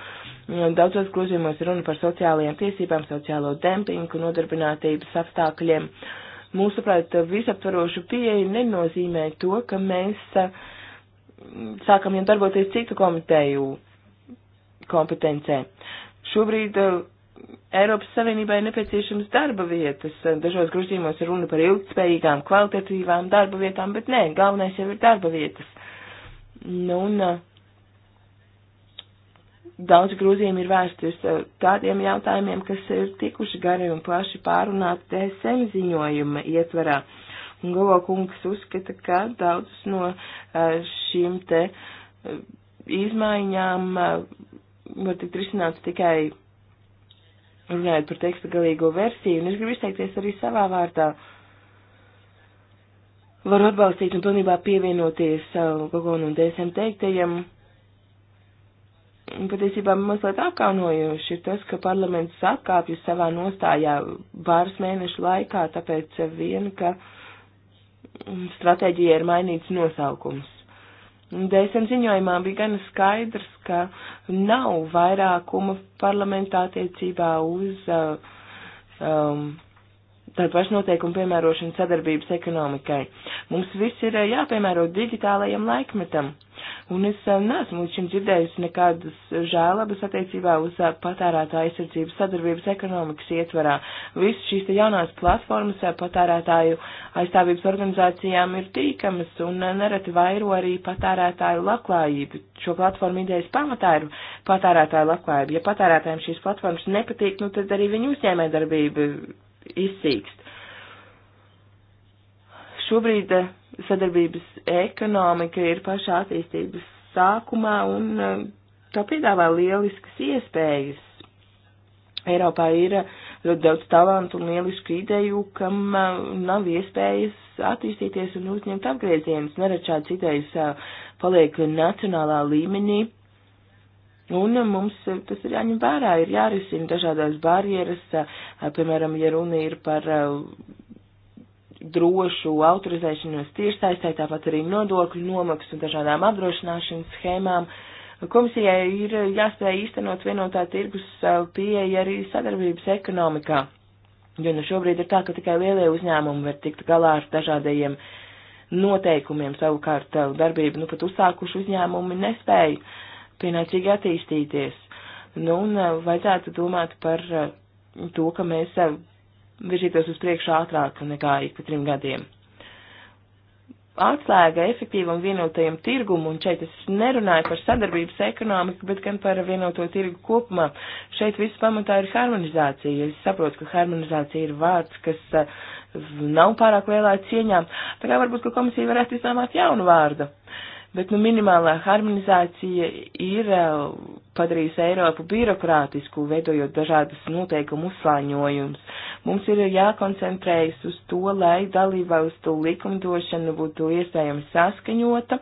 Daudzos grozījumos runa par sociālajām tiesībām, sociālo dempingu, nodarbinātības apstākļiem. Uh, Mūsuprāt, visaptvarošu pieeja nenozīmē to, ka mēs mm, sākam jau darboties citu komiteju kompetencē. Šobrīd eh, Eiropas Savienībai nepieciešams darba vietas. Dažos grozījumos ir runa par ilgtspējīgām, kvalitatīvām darba vietām, bet nē, galvenais jau ir darba vietas. Nu, un eh, daudz grūzījumu ir vēsti uz eh, tādiem jautājumiem, kas ir tikuši gari un plaši pārunāti TSM ziņojuma ietvarā. Un Golo kungs uzskata, ka daudz no eh, šīm te eh, izmaiņām var tikt risināts tikai runājot par teksta galīgo versiju, un es gribu izteikties arī savā vārdā. Varu atbalstīt un pilnībā pievienoties Gogonu un DSM teiktajam patiesībā mazliet apkaunojoši ir tas, ka parlaments atkāpjas savā nostājā pāris mēnešu laikā, tāpēc vien, ka stratēģija ir mainīts nosaukums. Dēsen ziņojumā bija gan skaidrs, ka nav vairākuma parlamentā attiecībā uz uh, um, tādu pašnoteikumu piemērošanu sadarbības ekonomikai. Mums viss ir uh, jāpiemēro digitālajam laikmetam un es eh, neesmu līdz šim dzirdējusi nekādas žēlabas attiecībā uz eh, patērētāju aizsardzības sadarbības ekonomikas ietvarā. Viss šīs te jaunās platformas eh, patērētāju aizstāvības organizācijām ir tīkamas un nereti vairo arī patērētāju labklājību. Šo platformu idejas pamatā ir patērētāju labklājība. Ja patērētājiem šīs platformas nepatīk, nu tad arī viņu uzņēmē darbība izsīkst. Šobrīd sadarbības ekonomika ir pašā attīstības sākumā un eh, tā piedāvā lieliskas iespējas. Eiropā ir eh, ļoti daudz talantu un lielisku ideju, kam eh, nav iespējas attīstīties un uzņemt apgriezienus. Nerad šāds idejas paliek nacionālā līmenī. Un mums tas ir jāņem vērā, ir jārisina dažādās barjeras, piemēram, ja runa ir par drošu autorizēšanos tiešsaistē, tāpat arī nodokļu nomaksu un dažādām apdrošināšanas schēmām. Komisijai ir jāspēj īstenot vienotā tirgus pieeja arī sadarbības ekonomikā, jo nu šobrīd ir tā, ka tikai lielie uzņēmumi var tikt galā ar dažādajiem noteikumiem, savukārt eh, darbību, nu pat uzsākuši uzņēmumi nespēja pienācīgi attīstīties. Nu, un eh, vajadzētu domāt par eh, to, ka mēs virzītos uz priekšu ātrāk nekā ik pa trim gadiem. Atslēga efektīvam vienotajam tirgumu, un šeit es nerunāju par sadarbības ekonomiku, bet gan par vienoto tirgu kopumā. Šeit viss pamatā ir harmonizācija. Es saprotu, ka harmonizācija ir vārds, kas eh, nav pārāk lielā cieņā, tā kā varbūt, ka komisija varētu izdomāt jaunu vārdu. Uh, Bet nu, minimālā harmonizācija ir eh, padarījusi Eiropu birokrātisku, veidojot dažādas noteikumu uzslāņojumus. Mums ir jākoncentrējas uz to, lai dalībvalstu likumdošana būtu iespējami saskaņota.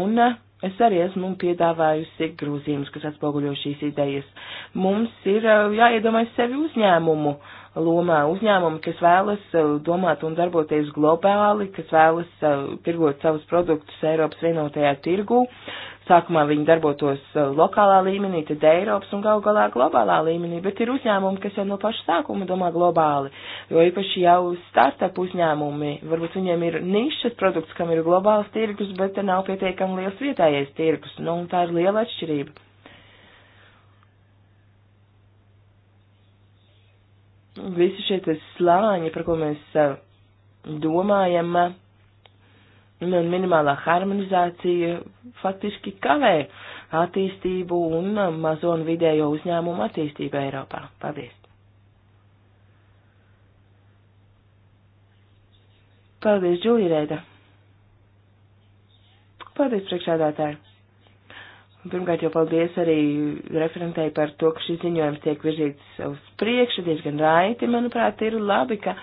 Un eh, es arī esmu piedāvājusi grozījumus, kas atspoguļo šīs idejas. Mums ir eh, jāiedomājas sevi uzņēmumu. Uh, lomā uzņēmumi, kas vēlas eh, domāt un darboties globāli, kas vēlas eh, tirgot savus produktus Eiropas vienotajā tirgū. Sākumā viņi darbotos eh, lokālā līmenī, tad Eiropas un gal galā globālā līmenī, bet ir uzņēmumi, kas jau no paša sākuma domā globāli, jo īpaši jau startup uzņēmumi, varbūt viņiem ir nišas produkts, kam ir globāls tirgus, bet nav pietiekami liels vietējais tirgus, nu, un tā ir liela atšķirība. visi šie slāņi, par ko mēs domājam, nu, un minimālā harmonizācija faktiski kavē attīstību un mazo un vidējo uzņēmumu attīstību Eiropā. Paldies! Paldies, Džulija Reida! Paldies, priekšādātāji! Pirmkārt, jau paldies arī referentēji par to, ka šis ziņojums tiek virzīts uz priekšu, diezgan raiti, manuprāt, ir labi, ka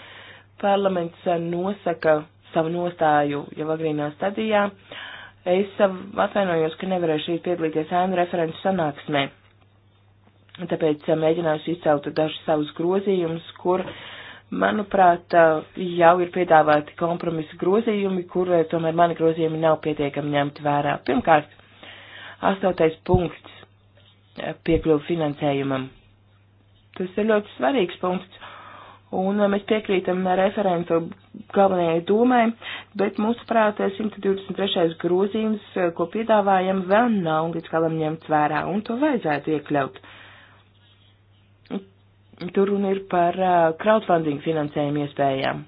parlaments nosaka savu nostāju jau agrīnā stadijā. Es atvainojos, ka nevarēšu piedalīties ēnu referentu sanāksmē. Tāpēc uh, mēģināšu izcelt dažus savus grozījumus, kur, manuprāt, uh, jau ir piedāvāti kompromisa grozījumi, kur uh, tomēr mani grozījumi nav pietiekami ņemti vērā. Pirmkārt, Astotais punkts eh, - piekļuvu finansējumam. Tas ir ļoti svarīgs punkts, un eh, mēs piekrītam referentu galvenajai domai, bet mūsu prātā 123. grozījums, eh, ko piedāvājam, vēl nav līdz galam ņemts vērā, un to vajadzētu iekļaut. Tur runa ir par crowdfunding finansējumu iespējām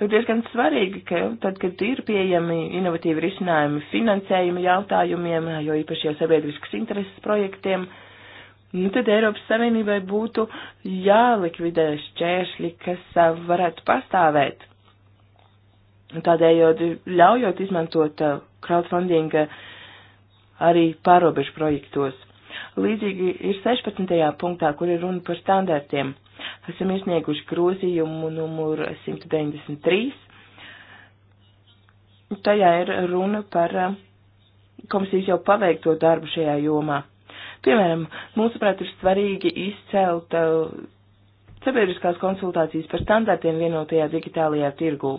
ir nu, diezgan svarīgi, ka tad, kad ir pieejami inovatīvi risinājumi finansējuma jautājumiem, jo īpaši jau sabiedriskas intereses projektiem, nu, tad Eiropas Savienībai būtu jālikvidē šķēršļi, kas varētu pastāvēt. Tādējādi ļaujot izmantot crowdfunding arī pārobežu projektos. Līdzīgi ir 16. punktā, kur ir runa par standartiem esam iesnieguši grozījumu numur 193. Tajā ir runa par eh, komisijas jau paveikto darbu šajā jomā. Piemēram, mūsuprāt, ir svarīgi izcelt eh, sabiedriskās konsultācijas par standartiem vienotajā digitālajā tirgū.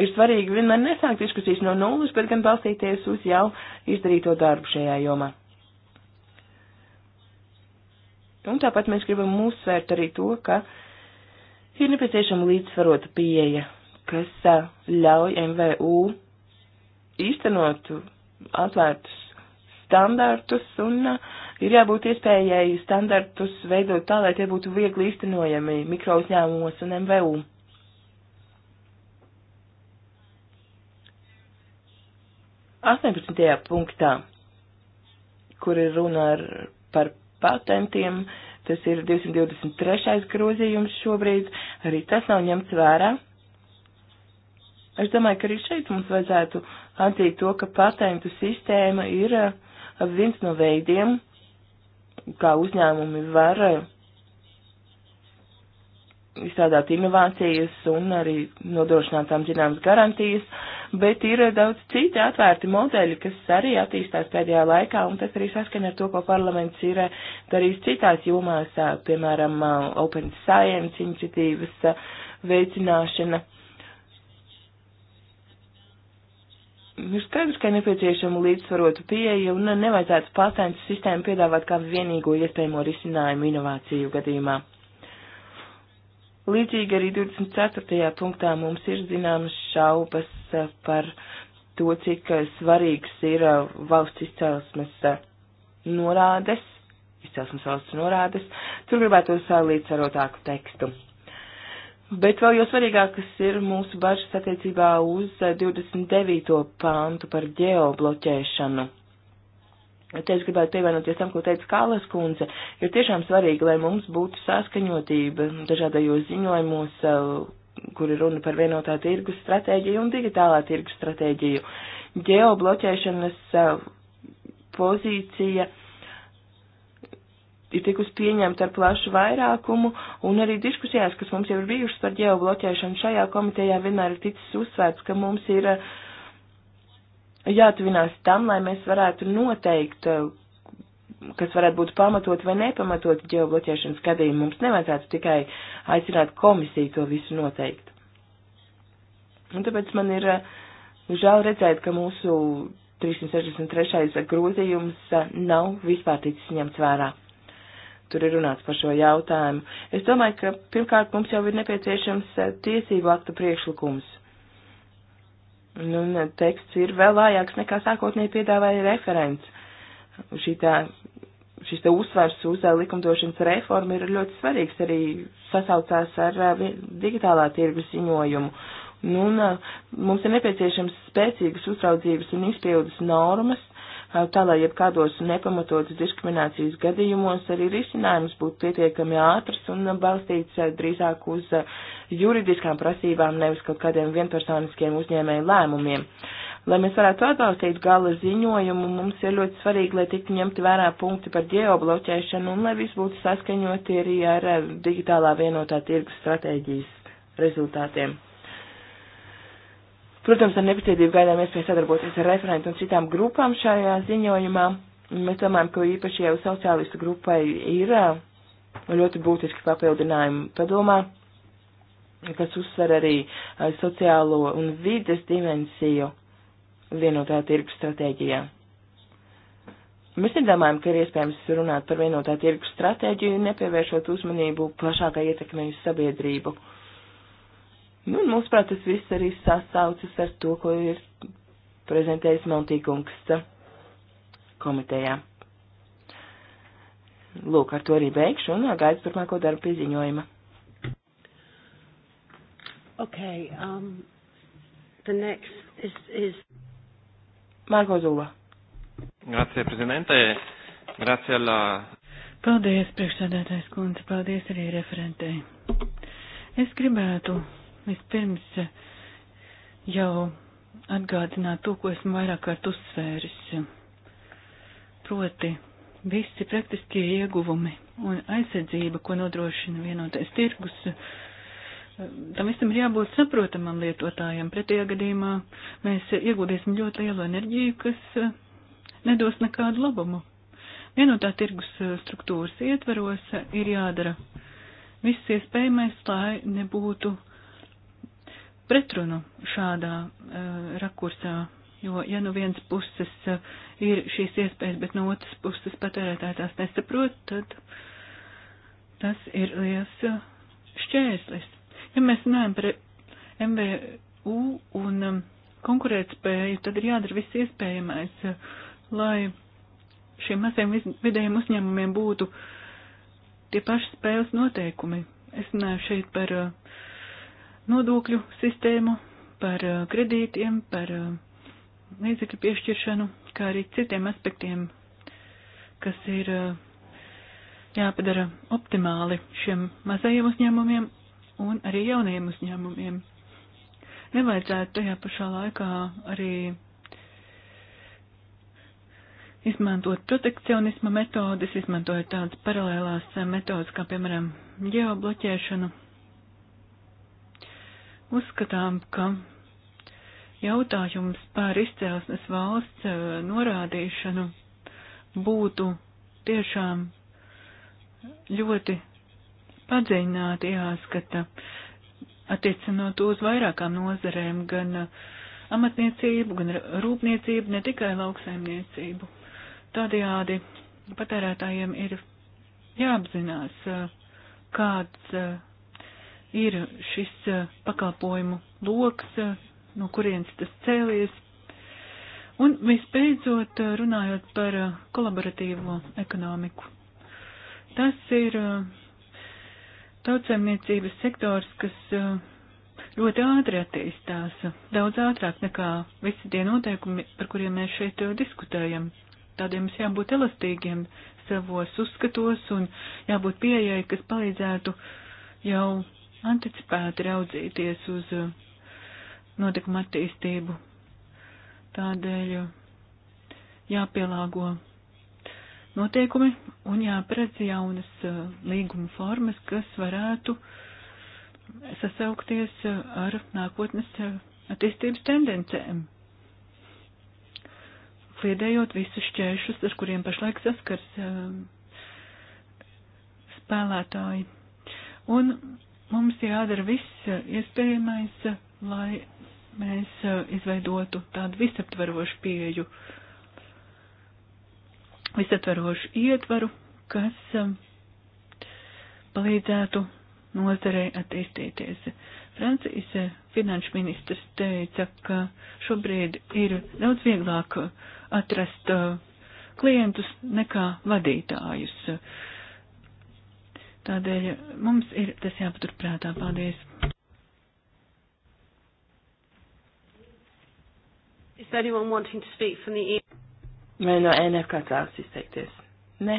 Ir svarīgi vienmēr nesākt diskusijas no nulles, bet gan balstīties uz jau izdarīto darbu šajā jomā. Un tāpat mēs gribam uzsvērt arī to, ka ir nepieciešama līdzsvarota pieeja, kas ļauj MVU īstenot atvērtus standartus un ir jābūt iespējai standartus veidot tā, lai tie būtu viegli īstenojami mikro uzņēmumos un MVU. Astoņpadsmitajā punktā, kur ir runa ar, par patentiem. Tas ir 223. grozījums šobrīd, arī tas nav ņemts vērā. Es domāju, ka arī šeit mums vajadzētu atzīt to, ka patentu sistēma ir eh, viens no veidiem, kā uzņēmumi var eh, izstrādāt inovācijas un arī nodrošināt tām zināmas garantijas. Uh, bet ir eh, daudz citi atvērti modeļi, kas arī attīstās pēdējā laikā, un tas arī saskaņa ar to, ko parlaments ir eh, darījis citās jomās, eh, piemēram, Open Science iniciatīvas veicināšana. ir skaidrs, ka nepieciešama līdzsvarota pieeja un nevajadzētu patentu sistēmu piedāvāt kā vienīgo iespējamo risinājumu inovāciju gadījumā. Līdzīgi arī 24. punktā mums ir zināmas šaubas eh, par to, cik eh, svarīgs ir eh, valsts izcelsmes norādes, izcelsmes valsts norādes. Tur gribētos līdzsvarotāku tekstu. Bet vēl jau svarīgākas ir mūsu bažas attiecībā uz 29. pāntu par ģeobloķēšanu. Te es gribētu pievienoties tam, ko teica Kālas kundze, jo tiešām svarīgi, lai mums būtu saskaņotība dažādajos ziņojumos, eh, kur ir runa par vienotā tirgus stratēģiju un digitālā tirgus stratēģiju. Geobloķēšanas eh, pozīcija ir tikusi pieņemta ar plašu vairākumu, un arī diskusijās, kas mums jau ir bijušas par ģeobloķēšanu šajā komitejā, vienmēr ir ticis uzsvērts, ka mums ir uh, jātuvinās tam, lai mēs varētu noteikt, eh, kas varētu būt pamatot vai nepamatot ģeobloķēšanas gadījumu. Mums nevajadzētu tikai aicināt komisiju to visu noteikt. Un tāpēc man ir eh, žēl redzēt, ka mūsu 363. grozījums eh, nav vispār ticis ņemts vērā. Tur ir runāts par šo jautājumu. Es domāju, ka pirmkārt mums jau ir nepieciešams tiesību aktu priekšlikums Nu, un teksts ir vēl vājāks nekā sākotnēji piedāvāja referents. Šitā, šis te uzsvars uz eh, likumdošanas reformu ir ļoti svarīgs, arī sasaucās ar eh, digitālā tirgus ziņojumu. Nu, un eh, mums ir nepieciešams spēcīgas uzraudzības un izpildes normas, tā lai jebkādos nepamatotas diskriminācijas gadījumos arī risinājums būtu pietiekami ātrs un balstīts drīzāk uz juridiskām prasībām, nevis kaut kādiem vienpersoniskiem uzņēmēju lēmumiem. Lai mēs varētu atbalstīt gala ziņojumu, mums ir ļoti svarīgi, lai tiktu ņemti vērā punkti par ģeobloķēšanu un lai viss būtu saskaņoti arī ar digitālā vienotā tirgus stratēģijas rezultātiem. Protams, ar nepacietību gaidām iespēju sadarboties ar referentu un citām grupām šajā ziņojumā. Mēs domājam, ka īpaši jau sociālistu grupai ir ļoti būtiski papildinājumi padomā, kas uzsver arī sociālo un vides dimensiju vienotā tirgus stratēģijā. Mēs nedomājam, ka ir iespējams runāt par vienotā tirgus stratēģiju, nepievēršot uzmanību plašākai ietekmei uz sabiedrību. Uh, Nu, un mūsuprāt, tas viss arī sasaucas ar to, ko ir prezentējis Montīkungs komitejā. Lūk, ar to arī beigšu un gaidu turpmāko darbu pie ziņojuma.
Okay, um, the next is, is...
Marko Zula.
Grazie, prezidente. Grazie alla...
Paldies, priekšsādātājs kundze.
Paldies arī referentei. Es gribētu Vispirms eh, jau atgādināt to, ko esmu vairāk kārt uzsvēris. Proti, visi praktiskie ieguvumi un aizsardzība, ko nodrošina vienotais tirgus, tam visam ir jābūt saprotamam lietotājam. Pretējā gadījumā mēs ieguldīsim ļoti lielu enerģiju, kas eh, nedos nekādu labumu. Vienotā tirgus eh, struktūras ietveros ir jādara viss iespējamais, lai nebūtu pretrunu šādā uh, rakursā, jo ja nu viens puses uh, ir šīs iespējas, bet no otras puses patērētāji tās nesaprot, tad tas ir liels uh, šķērslis. Ja mēs runājam par MVU un um, konkurētspēju, tad ir jādara viss iespējamais, uh, lai šiem maziem vidējiem uzņēmumiem būtu tie paši spēles noteikumi. Es runāju šeit par uh, nodokļu sistēmu, par uh, kredītiem, par uh, līdzekļu piešķiršanu, kā arī citiem aspektiem, kas ir uh, jāpadara optimāli šiem mazajiem uzņēmumiem un arī jaunajiem uzņēmumiem. Nevajadzētu tajā pašā laikā arī izmantot protekcionisma metodes, izmantojot tādas paralēlās metodas, kā piemēram geobloķēšanu Uzskatām, ka jautājums par izcelsmes valsts eh, norādīšanu būtu tiešām ļoti padziļināti jāskata, attiecinot uz vairākām nozarēm, gan eh, amatniecību, gan rūpniecību, ne tikai lauksaimniecību. Tādējādi patērētājiem ir jāapzinās, eh, kāds ir šis pakalpojumu loks, no kurienes tas cēlies. Un vispēcot runājot par kolaboratīvo ekonomiku. Tas ir tautsēmniecības sektors, kas ļoti ātri attīstās, daudz ātrāk nekā visi tie noteikumi, par kuriem mēs šeit diskutējam. Tādiem mums jābūt elastīgiem savos uzskatos un jābūt pieejai, kas palīdzētu jau anticipēti raudzīties uz uh, notikuma attīstību. Tādēļ uh, jāpielāgo noteikumi un jāparedz jaunas uh, līguma formas, kas varētu sasaukties ar nākotnes attīstības tendencēm, kliedējot visus šķēršus, ar kuriem pašlaik saskars spēlētāji. Un Mums jādara viss iespējamais, lai mēs izveidotu tādu visaptverošu pieju, visaptverošu ietvaru, kas palīdzētu nozarei attīstīties. Francijas finanšu ministrs teica, ka šobrīd ir daudz vieglāk atrast klientus nekā vadītājus. Uh, Tādēļ mums ir tas jāpaturprātā. Paldies!
Is anyone wanting to speak from the e-
Vai no e NF kāds vēlas izteikties? Nē.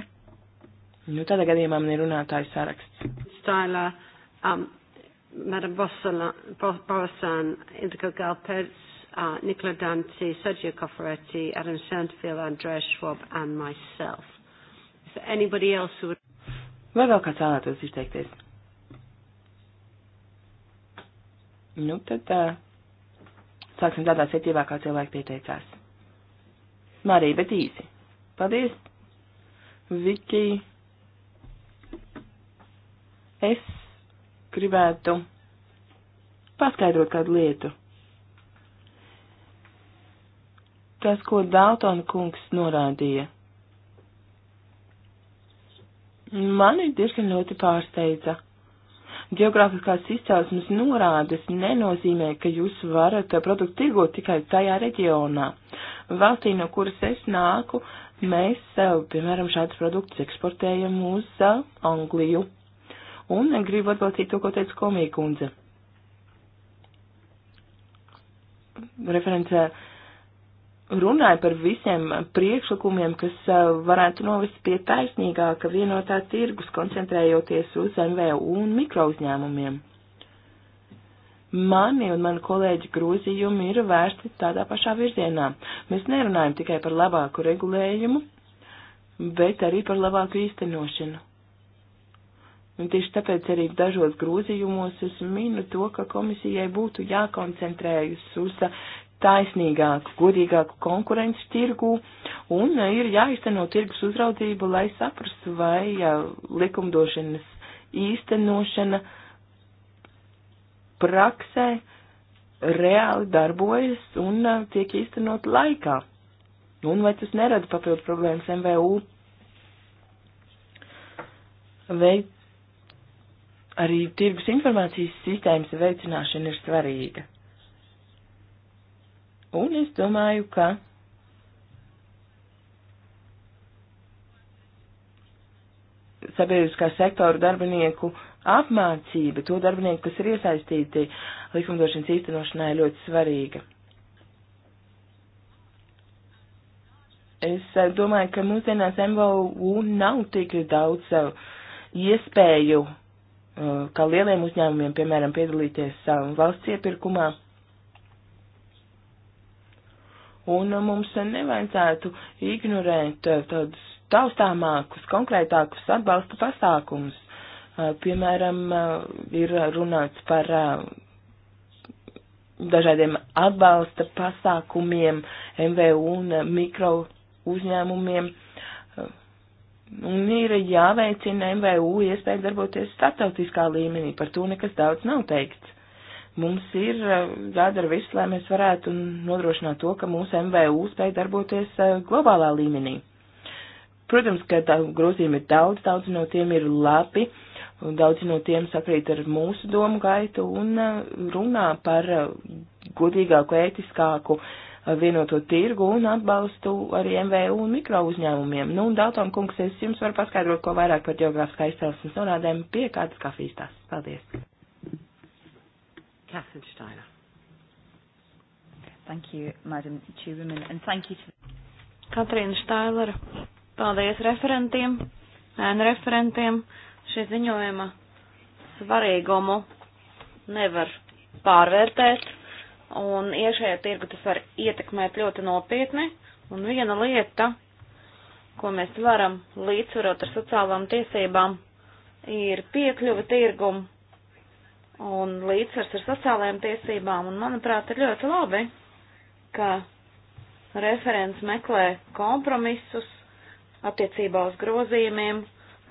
Nu, tādā gadījumā man ir runātāju saraksts.
Stālā, um, Madam Borosan, Indigo Galpēc, uh, Nicola Dante, Sergio Cofferetti, Adam Sandfield, Andrea Schwab and myself. Is there anybody else who would... Vai vēl kāds vēlētos izteikties?
Nu, tad tā. Sāksim tādā secībā, kā cilvēki pieteicās. Marija, bet īsi. Paldies. Viki. Es gribētu paskaidrot kādu lietu. Tas, ko Daltona kungs norādīja Mani diezgan ļoti pārsteidza. Geogrāfiskās izcelsmes norādes nenozīmē, ka jūs varat produktu tirgot tikai tajā reģionā. Valstī, no kuras es nāku, mēs, eh, piemēram, šādus produktus eksportējam uz eh, Angliju. Un gribu atbalstīt to, ko teica komija kundze. Referencē runāja par visiem priekšlikumiem, kas eh, varētu novest pie taisnīgāka vienotā tirgus, koncentrējoties uz MVU un mikrouzņēmumiem. Mani un mani kolēģi grozījumi ir vērsti tādā pašā virzienā. Mēs nerunājam tikai par labāku regulējumu, bet arī par labāku īstenošanu. Un tieši tāpēc arī dažos grozījumos es minu to, ka komisijai būtu jākoncentrējas uz taisnīgāku, godīgāku konkurences tirgu un ir jāizteno tirgus uzraudzību, lai saprastu, vai likumdošanas īstenošana praksē reāli darbojas un tiek īstenot laikā. Un vai tas nerada papildu problēmas MVU? Vai arī tirgus informācijas sistēmas veicināšana ir svarīga? Un es domāju, ka sabiedriskā sektora darbinieku apmācība, to darbinieku, kas ir iesaistīti likumdošanas īstenošanā, ir ļoti svarīga. Es eh, domāju, ka mūsdienās MVU nav tik daudz savu eh, iespēju, eh, kā lieliem uzņēmumiem, piemēram, piedalīties valsts iepirkumā un mums nevajadzētu ignorēt eh, tādus taustāmākus, konkrētākus atbalsta pasākumus. Eh, piemēram, eh, ir runāts par dažādiem atbalsta pasākumiem MVU un mikro uzņēmumiem. Un ir jāveicina MVU iespēja darboties starptautiskā līmenī, par to nekas daudz nav teikts. Mums ir eh, jādara viss, lai mēs varētu nodrošināt to, ka mūsu MVU spēj darboties eh, globālā līmenī. Protams, ka tā grozījumi ir daudz, daudz no tiem ir labi, un daudz no tiem sakrīt ar mūsu domu gaitu un eh, runā par godīgāku, ētiskāku uh, vienoto tirgu un atbalstu arī MVU un mikro uzņēmumiem. Nu, un Dalton kungs, es jums varu paskaidrot, ko vairāk par geogrāfiskā izcelsmes norādēm pie kādas
kafijas tās. Paldies! Catherine Steiner. Thank you, Madam Chairwoman, and thank you to Katrīna Štailera. Paldies referentiem, ēnu referentiem. Šī ziņojuma svarīgumu nevar pārvērtēt, un iešējā tirgu tas var ietekmēt ļoti nopietni. Un viena lieta, ko mēs varam līdzsvarot ar sociālām tiesībām, ir piekļuva tirgumu un līdzsvars ar sociālajām tiesībām, un manuprāt, ir ļoti labi, ka referents meklē kompromisus attiecībā uz grozījumiem,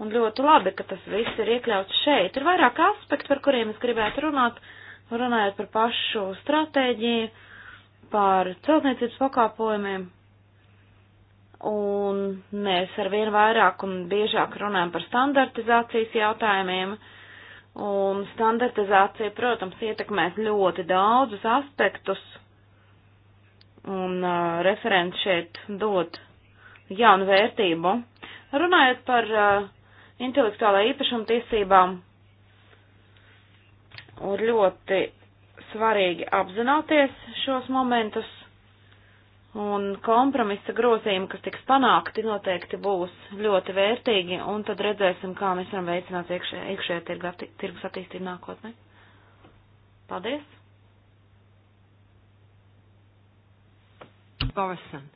un ļoti labi, ka tas viss ir iekļauts šeit. Ir vairāk aspektu, par kuriem es gribētu runāt, runājot par pašu stratēģiju, par celtniecības pakāpojumiem, un mēs ar vien vairāk un biežāk runājam par standartizācijas jautājumiem, uh, Un standartizācija, protams, ietekmēs ļoti daudzus aspektus, un uh, referents šeit dod jaunu vērtību. Runājot par uh, intelektuālā īpašuma tiesībām, ir ļoti svarīgi apzināties šos momentus, un kompromisa grozījumi, kas tiks panākti, noteikti būs ļoti vērtīgi, un tad redzēsim, kā mēs varam veicināt iekšē, iekšējā tirga, tirgus attīstību nākotnē. Paldies!
Borisson.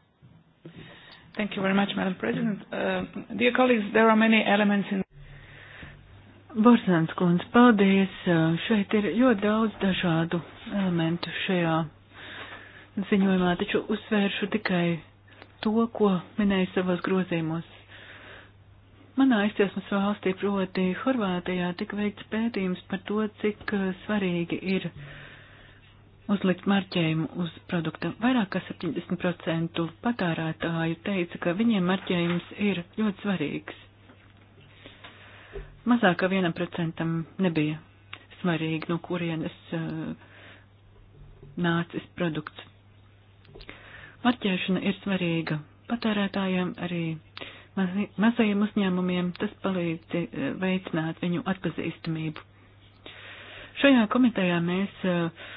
Thank
you very much,
Madam President.
Uh, dear colleagues,
there are many elements in. Borsāns kundze, paldies. Uh, šeit ir ļoti daudz dažādu elementu šajā ziņojumā, taču uzsvēršu tikai to, ko minēju savos grozījumos. Manā izcelsmes valstī, proti Horvātijā, tika veikts pētījums par to, cik eh, svarīgi ir uzlikt marķējumu uz produkta. Vairāk kā 70% patērētāju teica, ka viņiem marķējums ir ļoti svarīgs. Mazāk kā 1% nebija svarīgi, no kurienes uh, nācis produkts. Marķēšana ir svarīga patērētājiem, arī mazajiem uzņēmumiem. Tas palīdz eh, veicināt viņu atpazīstamību. Šajā komitejā mēs eh,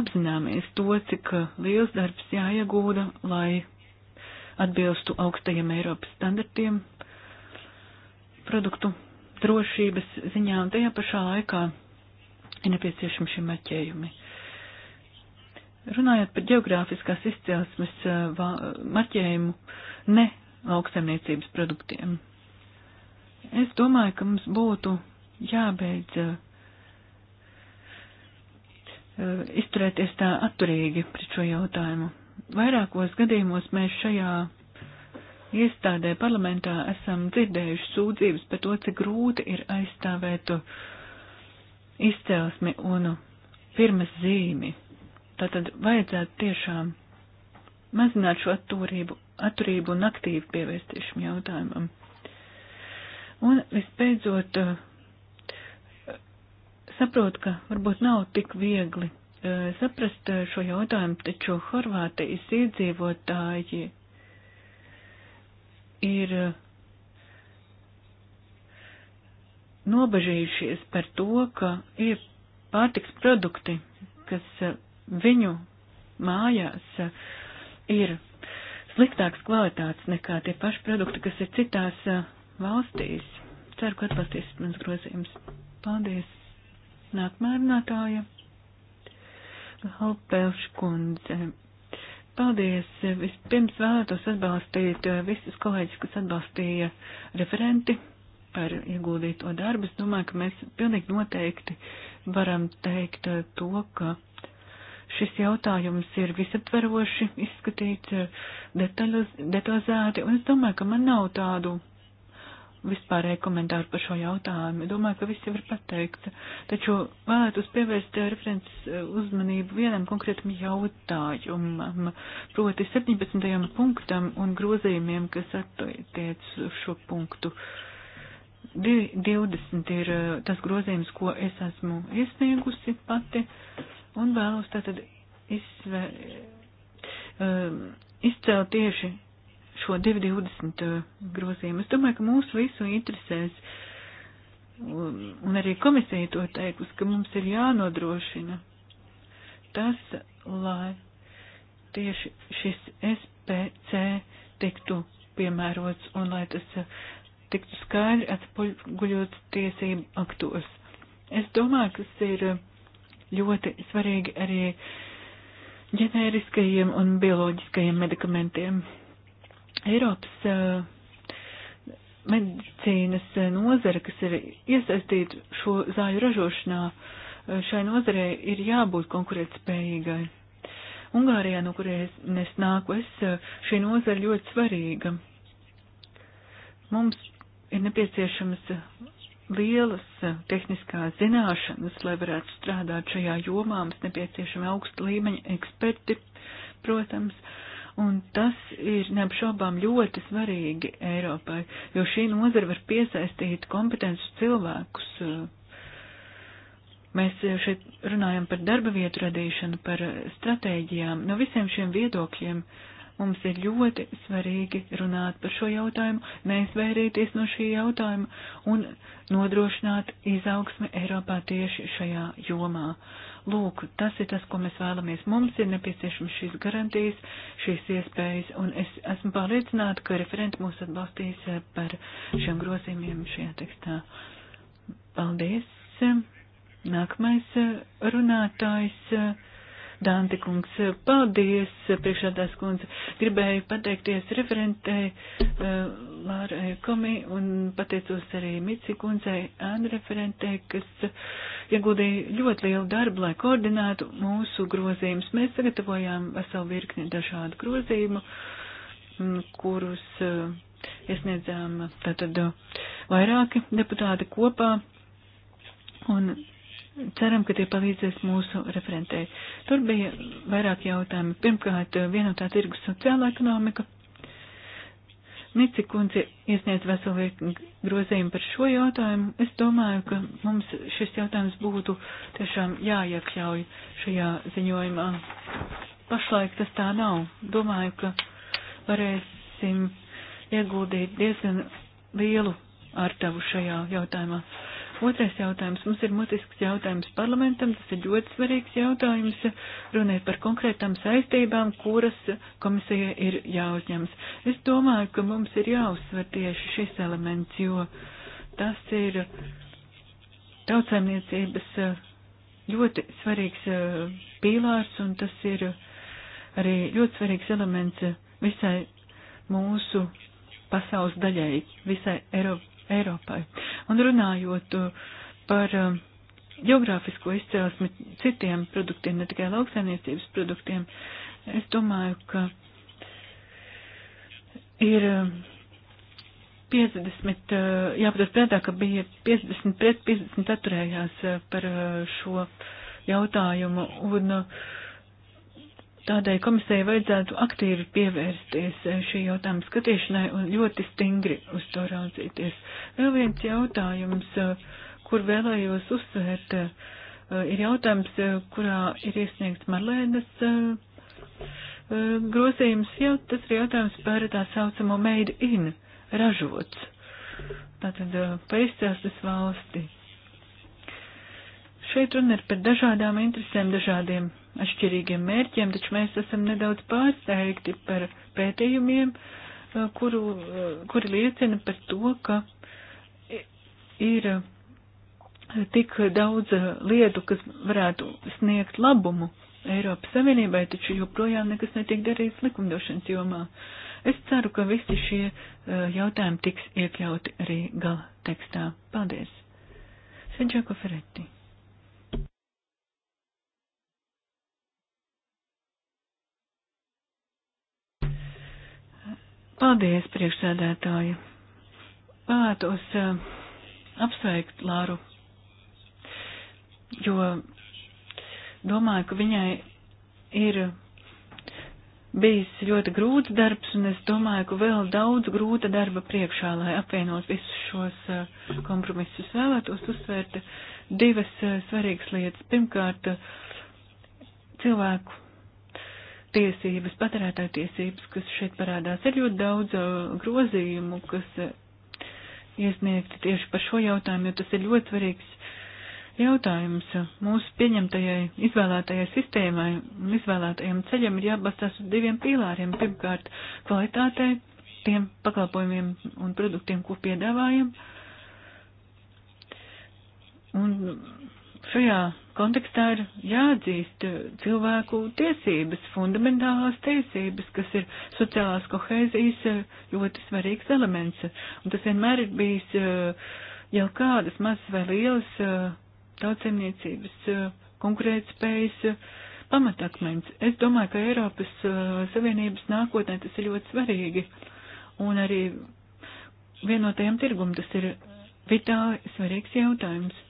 apzināmies to, cik eh, liels darbs jāiegūda, lai atbilstu augstajiem Eiropas standartiem produktu drošības ziņā, un tajā pašā laikā ir nepieciešami šie maķējumi. Runājot par geogrāfiskās izcelsmes eh, marķējumu ne lauksaimniecības produktiem, es domāju, ka mums būtu jābeidz eh, eh, izturēties tā atturīgi pret šo jautājumu. Vairākos gadījumos mēs šajā iestādē parlamentā esam dzirdējuši sūdzības par to, cik grūti ir aizstāvēt izcelsmi un pirmas zīmi Tātad vajadzētu tiešām mazināt šo atturību, atturību un aktīvi pievērsties šim jautājumam. Un visbeidzot, eh, saprotu, ka varbūt nav tik viegli eh, saprast eh, šo jautājumu, taču Horvātijas iedzīvotāji ir nobežījušies par to, ka ir pārtiks produkti, kas viņu mājās ir sliktāks kvalitātes nekā tie paši produkti, kas ir citās eh, valstīs. Ceru, ka atbalstīsiet mans grozījums. Paldies! Nākamā runātāja Halpelškundze. Paldies! Vispirms vēlētos atbalstīt eh, visus kolēģis, kas atbalstīja referenti par ieguldīto darbu. Es domāju, ka mēs pilnīgi noteikti varam teikt eh, to, ka Šis jautājums ir visaptveroši izskatīts, detaļoz, detalizēti, un es domāju, ka man nav tādu vispārēju komentāru par šo jautājumu. Domāju, ka viss jau ir pateikts, taču vēlētos pievērst referents e, uzmanību vienam konkrētam jautājumam, proti 17. punktam un grozījumiem, kas attiec uz šo punktu. 20 ir e, tas grozījums, ko es esmu iesniegusi pati. Uh, un vēlos tātad izsvē, um, izcelt tieši šo 220 uh, grozījumu. Es domāju, ka mūsu visu interesēs, un, un arī komisija to teikusi, ka mums ir jānodrošina tas, lai tieši šis SPC tiktu piemērots un lai tas uh, tiktu skaidri atspoguļots tiesību aktos. Es domāju, ka tas ir uh, ļoti svarīgi arī ģenēriskajiem un bioloģiskajiem medikamentiem. Eiropas uh, medicīnas nozara, kas ir iesaistīta šo zāļu ražošanā, eh, šai nozarei ir jābūt konkurētspējīgai. Ungārijā, no kurienes nāku es, eh, šī nozara ļoti svarīga. Mums ir nepieciešams lielas eh, tehniskās zināšanas, lai varētu strādāt šajā jomā, mums nepieciešami augsta līmeņa eksperti, protams, un tas ir neapšaubām ļoti svarīgi Eiropai, jo šī nozara var piesaistīt kompetentus cilvēkus. Eh. Mēs šeit runājam par darba vietu radīšanu, par eh, stratēģijām, no visiem šiem viedokļiem. Uh, Mums ir ļoti svarīgi runāt par šo jautājumu, neizvairīties no šī jautājuma un nodrošināt izaugsmi Eiropā tieši šajā jomā. Lūk, tas ir tas, ko mēs vēlamies. Mums ir nepieciešams šīs garantijas, šīs iespējas, un es esmu pārliecināta, ka referenti mūs atbalstīs par šiem grozījumiem šajā tekstā. Paldies! Nākamais runātājs. Dantikungs. Paldies, priekšādās kundze. Gribēju pateikties referentei eh, Lārai Komi un pateicos arī Mici kundzei un referentei, kas ieguldīja ļoti lielu darbu, lai koordinētu mūsu grozījumus. Mēs sagatavojām veselu virkni dažādu grozījumu, mm, kurus eh, iesniedzām tātad vairāki deputāti kopā. Un ceram, ka tie palīdzēs mūsu referentē. Tur bija vairāk jautājumi. Pirmkārt, vienotā tirgus sociāla ekonomika. Nici kundze iesniedz veselu grozījumu par šo jautājumu. Es domāju, ka mums šis jautājums būtu tiešām jāiekļauj šajā ziņojumā. Pašlaik tas tā nav. Domāju, ka varēsim ieguldīt diezgan lielu ārtavu šajā jautājumā. Uh, Otrais jautājums. Mums ir mutisks jautājums parlamentam. Tas ir ļoti svarīgs jautājums. Runēt par konkrētām saistībām, kuras komisija ir jāuzņems. Es domāju, ka mums ir jāuzsver tieši šis elements, jo tas ir tautsēmniecības eh, ļoti svarīgs eh, pīlārs un tas ir arī ļoti svarīgs elements eh, visai mūsu pasaules daļai, visai Eiropas Eiropai. Un runājot uh, par um, geogrāfisko izcelsmi citiem produktiem, ne tikai lauksainiecības produktiem, es domāju, ka ir 50, jāpatur prātā, ka bija 50 pret 50 atturējās uh, par uh, šo jautājumu. Un, uh, Tādēļ komisijai vajadzētu aktīvi pievērsties eh, šī jautājuma skatīšanai un ļoti stingri uz to raudzīties. Vēl viens jautājums, eh, kur vēlējos uzsvērt, eh, ir jautājums, kurā ir iesniegts Marlēnas grozījums. Jau tas ir jautājums par tā saucamo made in ražots. Tātad par izcelsmes valsti. Šeit runa ir par dažādām interesēm, dažādiem atšķirīgiem mērķiem, taču mēs esam nedaudz pārsteigti par pētījumiem, eh, kuru, eh, kuri liecina par to, ka ir eh, tik daudz lietu, kas varētu sniegt labumu Eiropas Savienībai, taču joprojām nekas netiek darīts likumdošanas jomā. Es ceru, ka visi šie jautājumi tiks iekļauti arī gala tekstā. Paldies! Sergio Coferetti. Paldies, priekšsēdētāji. Vēlētos uh, eh, apsveikt Lāru, jo domāju, ka viņai ir bijis ļoti grūts darbs, un es domāju, ka vēl daudz grūta darba priekšā, lai apvienot visus šos uh, kompromisus. Vēlētos uzsvērt divas uh, svarīgas lietas. Pirmkārt, cilvēku tiesības, patērētāju tiesības, kas šeit parādās. Ir ļoti daudz uh, grozījumu, kas uh, iesniegti tieši par šo jautājumu, jo tas ir ļoti svarīgs jautājums. Mūsu pieņemtajai izvēlētajai sistēmai un izvēlētajam ceļam ir jābalstās uz diviem pīlāriem. Pirmkārt, kvalitātei, tiem pakalpojumiem un produktiem, ko piedāvājam. Un šajā kontekstā ir jāatzīst cilvēku tiesības, fundamentālās tiesības, kas ir sociālās kohēzijas eh, ļoti svarīgs elements. Un tas vienmēr ir bijis eh, jau kādas mazas vai lielas eh, tautsemniecības konkurētspējas pamatakmens. Es domāju, ka Eiropas Savienības nākotnē tas ir ļoti svarīgi. Un arī vienotajam tirgum tas ir vitāli svarīgs jautājums.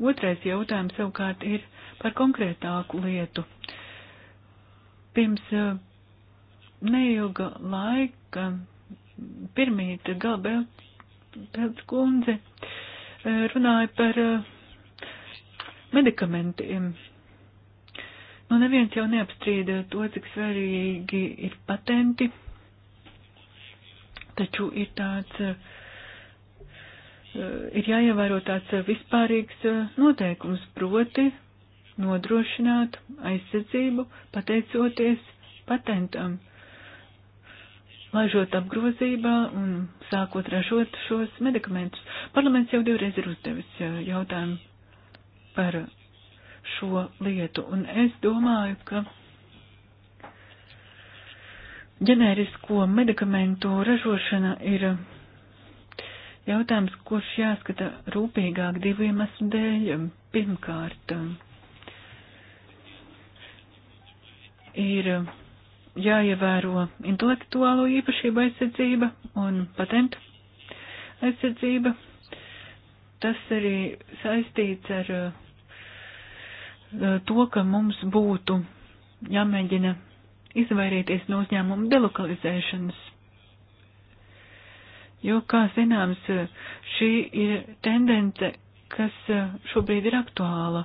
Otrais jautājums savukārt ir par konkrētāku lietu. Pirms eh, neilga laika pirmīt Galbēlts kundze eh, runāja par eh, medikamentiem. Nu, neviens jau neapstrīda to, cik svarīgi ir patenti, taču ir tāds uh, Eh, ir jāievēro tāds eh, vispārīgs eh, noteikums, proti nodrošināt aizsardzību pateicoties patentam, laižot apgrozībā un sākot ražot šos medikamentus. Parlaments jau divreiz ir uzdevis jautājumu par šo lietu, un es domāju, ka ģenērisko medikamentu ražošana ir jautājums, kurš jāskata rūpīgāk divu iemeslu dēļ. Pirmkārt, ir jāievēro intelektuālo īpašību aizsardzība un patentu aizsardzība. Tas arī saistīts ar to, ka mums būtu jāmēģina izvairīties no uzņēmumu delokalizēšanas jo, kā zināms, šī ir tendence, kas eh, šobrīd ir aktuāla.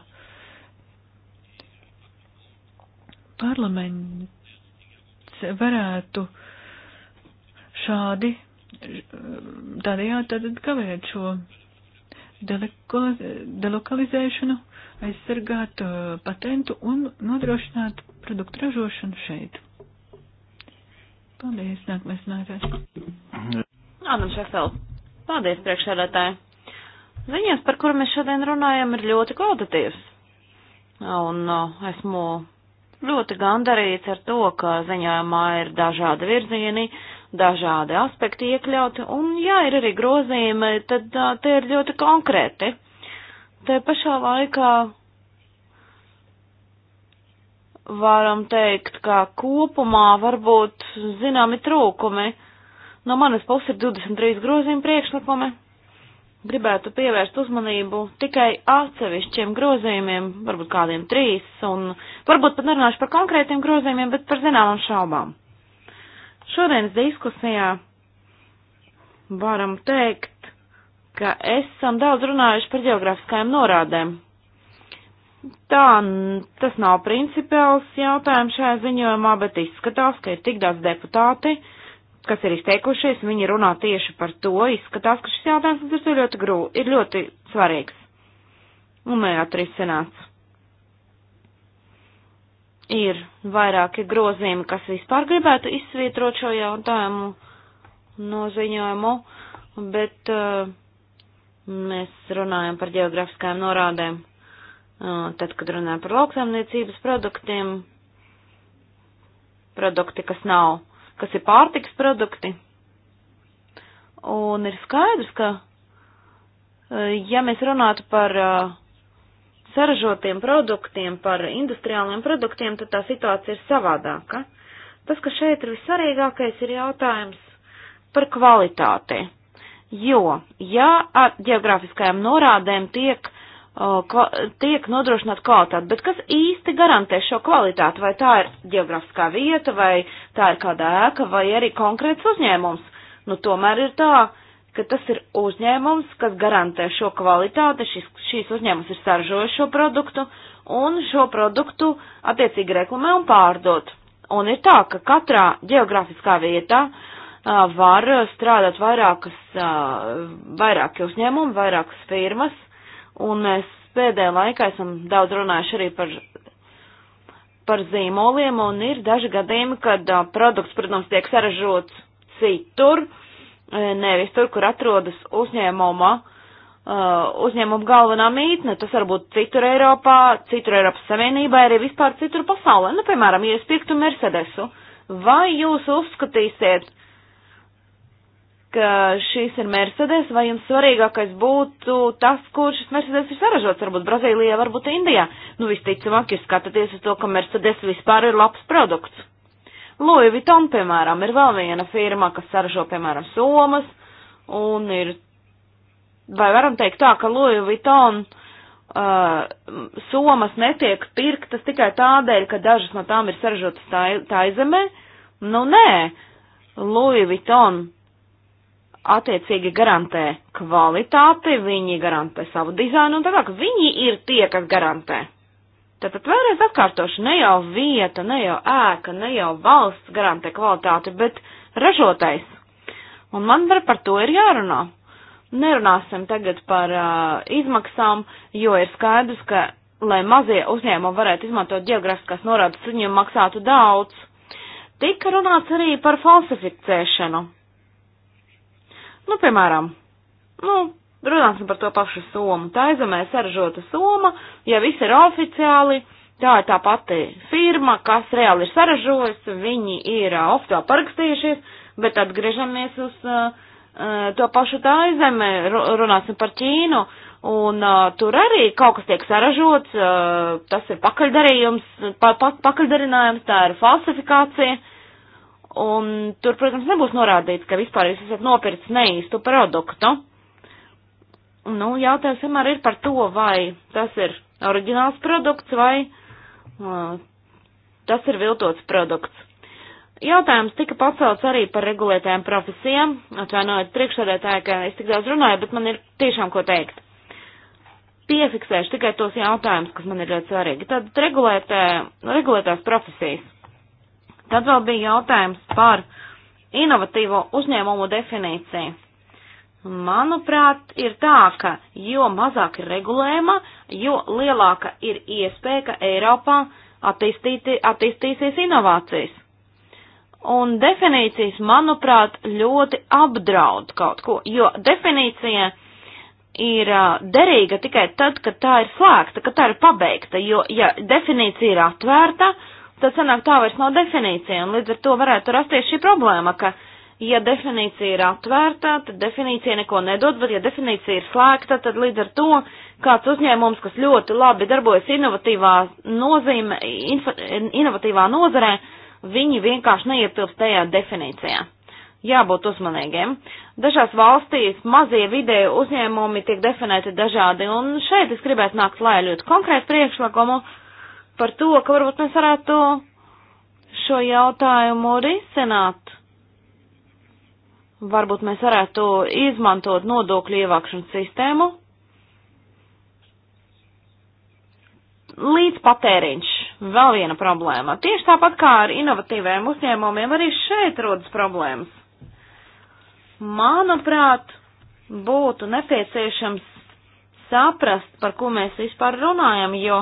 Parlaments varētu šādi, eh, tādējādi tad kavēt šo deleko, delokalizēšanu, aizsargāt eh, patentu un nodrošināt produktu ražošanu šeit. Paldies, nākamais nākās.
Ādam Šefeld. Paldies, priekšsēdētāji. Ziņas, par kuru mēs šodien runājam, ir ļoti kvalitatīvas. Un esmu ļoti gandarīts ar to, ka ziņojumā ir dažādi virzieni, dažādi aspekti iekļauti, un jā, ir arī grozījumi, tad uh, tie ir ļoti konkrēti. Te pašā laikā varam teikt, ka kopumā varbūt zināmi trūkumi No manas puses ir 23 grozījuma priekšlikumi. Gribētu pievērst uzmanību tikai atsevišķiem grozījumiem, varbūt kādiem trīs, un varbūt pat nerunāšu par konkrētiem grozījumiem, bet par zināmām šaubām. Šodienas diskusijā varam teikt, ka esam daudz runājuši par geogrāfiskajām norādēm. Tā, tas nav principiāls jautājums šajā ziņojumā, bet izskatās, ka ir tik daudz deputāti, kas ir izteikušies, viņi runā tieši par to, izskatās, ka šis jautājums ir ļoti, grū, ir ļoti svarīgs un neatrisināts. Ir vairāki grozījumi, kas vispār gribētu izsvītrot šo jautājumu noziņojumu, bet uh, mēs runājam par geografiskajām norādēm. Uh, tad, kad runājam par lauksaimniecības produktiem, produkti, kas nav kas ir pārtiks produkti. Un ir skaidrs, ka, eh, ja mēs runātu par eh, saražotiem produktiem, par industriāliem produktiem, tad tā situācija ir savādāka. Tas, kas šeit ir vissvarīgākais, ir jautājums par kvalitāti. Jo, ja ar geogrāfiskajām norādēm tiek ka, tiek nodrošināta kvalitāte, bet kas īsti garantē šo kvalitāti? Vai tā ir geogrāfiskā vieta, vai tā ir kāda ēka, vai arī konkrēts uzņēmums? Nu, tomēr ir tā, ka tas ir uzņēmums, kas garantē šo kvalitāti, šis, šīs uzņēmums ir saražojis šo produktu, un šo produktu attiecīgi reklamē un pārdot. Un ir tā, ka katrā geogrāfiskā vietā var strādāt vairākas, vairāki uzņēmumi, vairākas firmas, Un mēs pēdējā laikā esam daudz runājuši arī par, par zīmoliem, un ir daži gadījumi, kad uh, produkts, protams, tiek saražots citur, nevis tur, kur atrodas uzņēmuma, uzņēmuma galvenā mītne. Tas var būt citur Eiropā, citur Eiropas Savienībā, arī vispār citur pasaulē. Nu, piemēram, ja es pirktu Mercedesu, vai jūs uzskatīsiet ka šis ir Mercedes, vai jums svarīgākais būtu tas, kur šis Mercedes ir saražots, varbūt Brazīlijā, varbūt Indijā? Nu, visticamāk, jūs skatāties uz to, ka Mercedes vispār ir labs produkts. Louis Vuitton, piemēram, ir vēl viena firma, kas saražo, piemēram, somas, un ir, vai varam teikt tā, ka Louis Vuitton uh, somas netiek pirktas tikai tādēļ, ka dažas no tām ir saražotas tā, tā zemē? Nu, nē, Louis Vuitton attiecīgi garantē kvalitāti, viņi garantē savu dizainu un tā tālāk. Viņi ir tie, kas garantē. Tātad vēlreiz atkārtošu, ne jau vieta, ne jau ēka, ne jau valsts garantē kvalitāti, bet ražotais. Un man var par to ir jārunā. Nerunāsim tagad par uh, izmaksām, jo ir skaidrs, ka, lai mazie uzņēmumi varētu izmantot geogrāfiskās norādes, viņiem maksātu daudz. Tika runāts arī par falsificēšanu Nu, piemēram, nu, runāsim par to pašu somu. Tā aizemē saražota soma, ja viss ir oficiāli, tā ir tā pati firma, kas reāli ir saražojusi, viņi ir uh, oftā parakstījušies, bet atgriežamies uz uh, uh, to pašu tā aizemē, runāsim par Ķīnu. Un uh, tur arī kaut kas tiek saražots, uh, tas ir pakaļdarījums, pa, pa, pakaļdarinājums, tā ir falsifikācija. Uh, Un tur, protams, nebūs norādīts, ka vispār jūs esat nopircis neīstu produktu. Nu, jautājums vienmēr ir par to, vai tas ir oriģināls produkts vai uh, tas ir viltots produkts. Jautājums tika pacelts arī par regulētajām profesijām. Atvainojiet priekšsēdētāju, ka es tik daudz runāju, bet man ir tiešām ko teikt. Piefiksēšu tikai tos jautājumus, kas man ir ļoti svarīgi. Tad regulētā, regulētās profesijas. Tad vēl bija jautājums par inovatīvo uzņēmumu definīciju. Manuprāt, ir tā, ka jo mazāk ir regulējuma, jo lielāka ir iespēja, ka Eiropā attīstīti, attīstīsies inovācijas. Un definīcijas, manuprāt, ļoti apdraud kaut ko, jo definīcija ir uh, derīga tikai tad, kad tā ir slēgta, kad tā ir pabeigta, jo, ja definīcija ir atvērta, uh, tad sanāk tā vairs nav definīcija, un līdz ar to varētu rasties šī problēma, ka, ja definīcija ir atvērta, tad definīcija neko nedod, bet ja definīcija ir slēgta, tad līdz ar to kāds uzņēmums, kas ļoti labi darbojas inovatīvā nozīme, infa, inovatīvā nozarē, viņi vienkārši neietilpst tajā definīcijā. Jābūt uzmanīgiem. Dažās valstīs mazie vidēji uzņēmumi tiek definēti dažādi, un šeit es gribētu nākt klājā ļoti konkrētu priekšlikumu, uh, par to, ka varbūt mēs varētu šo jautājumu risināt. Varbūt mēs varētu izmantot nodokļu ievākšanas sistēmu līdz patēriņš. Vēl viena problēma. Tieši tāpat kā ar inovatīviem uzņēmumiem, arī šeit rodas problēmas. Manuprāt, būtu nepieciešams saprast, par ko mēs vispār runājam, jo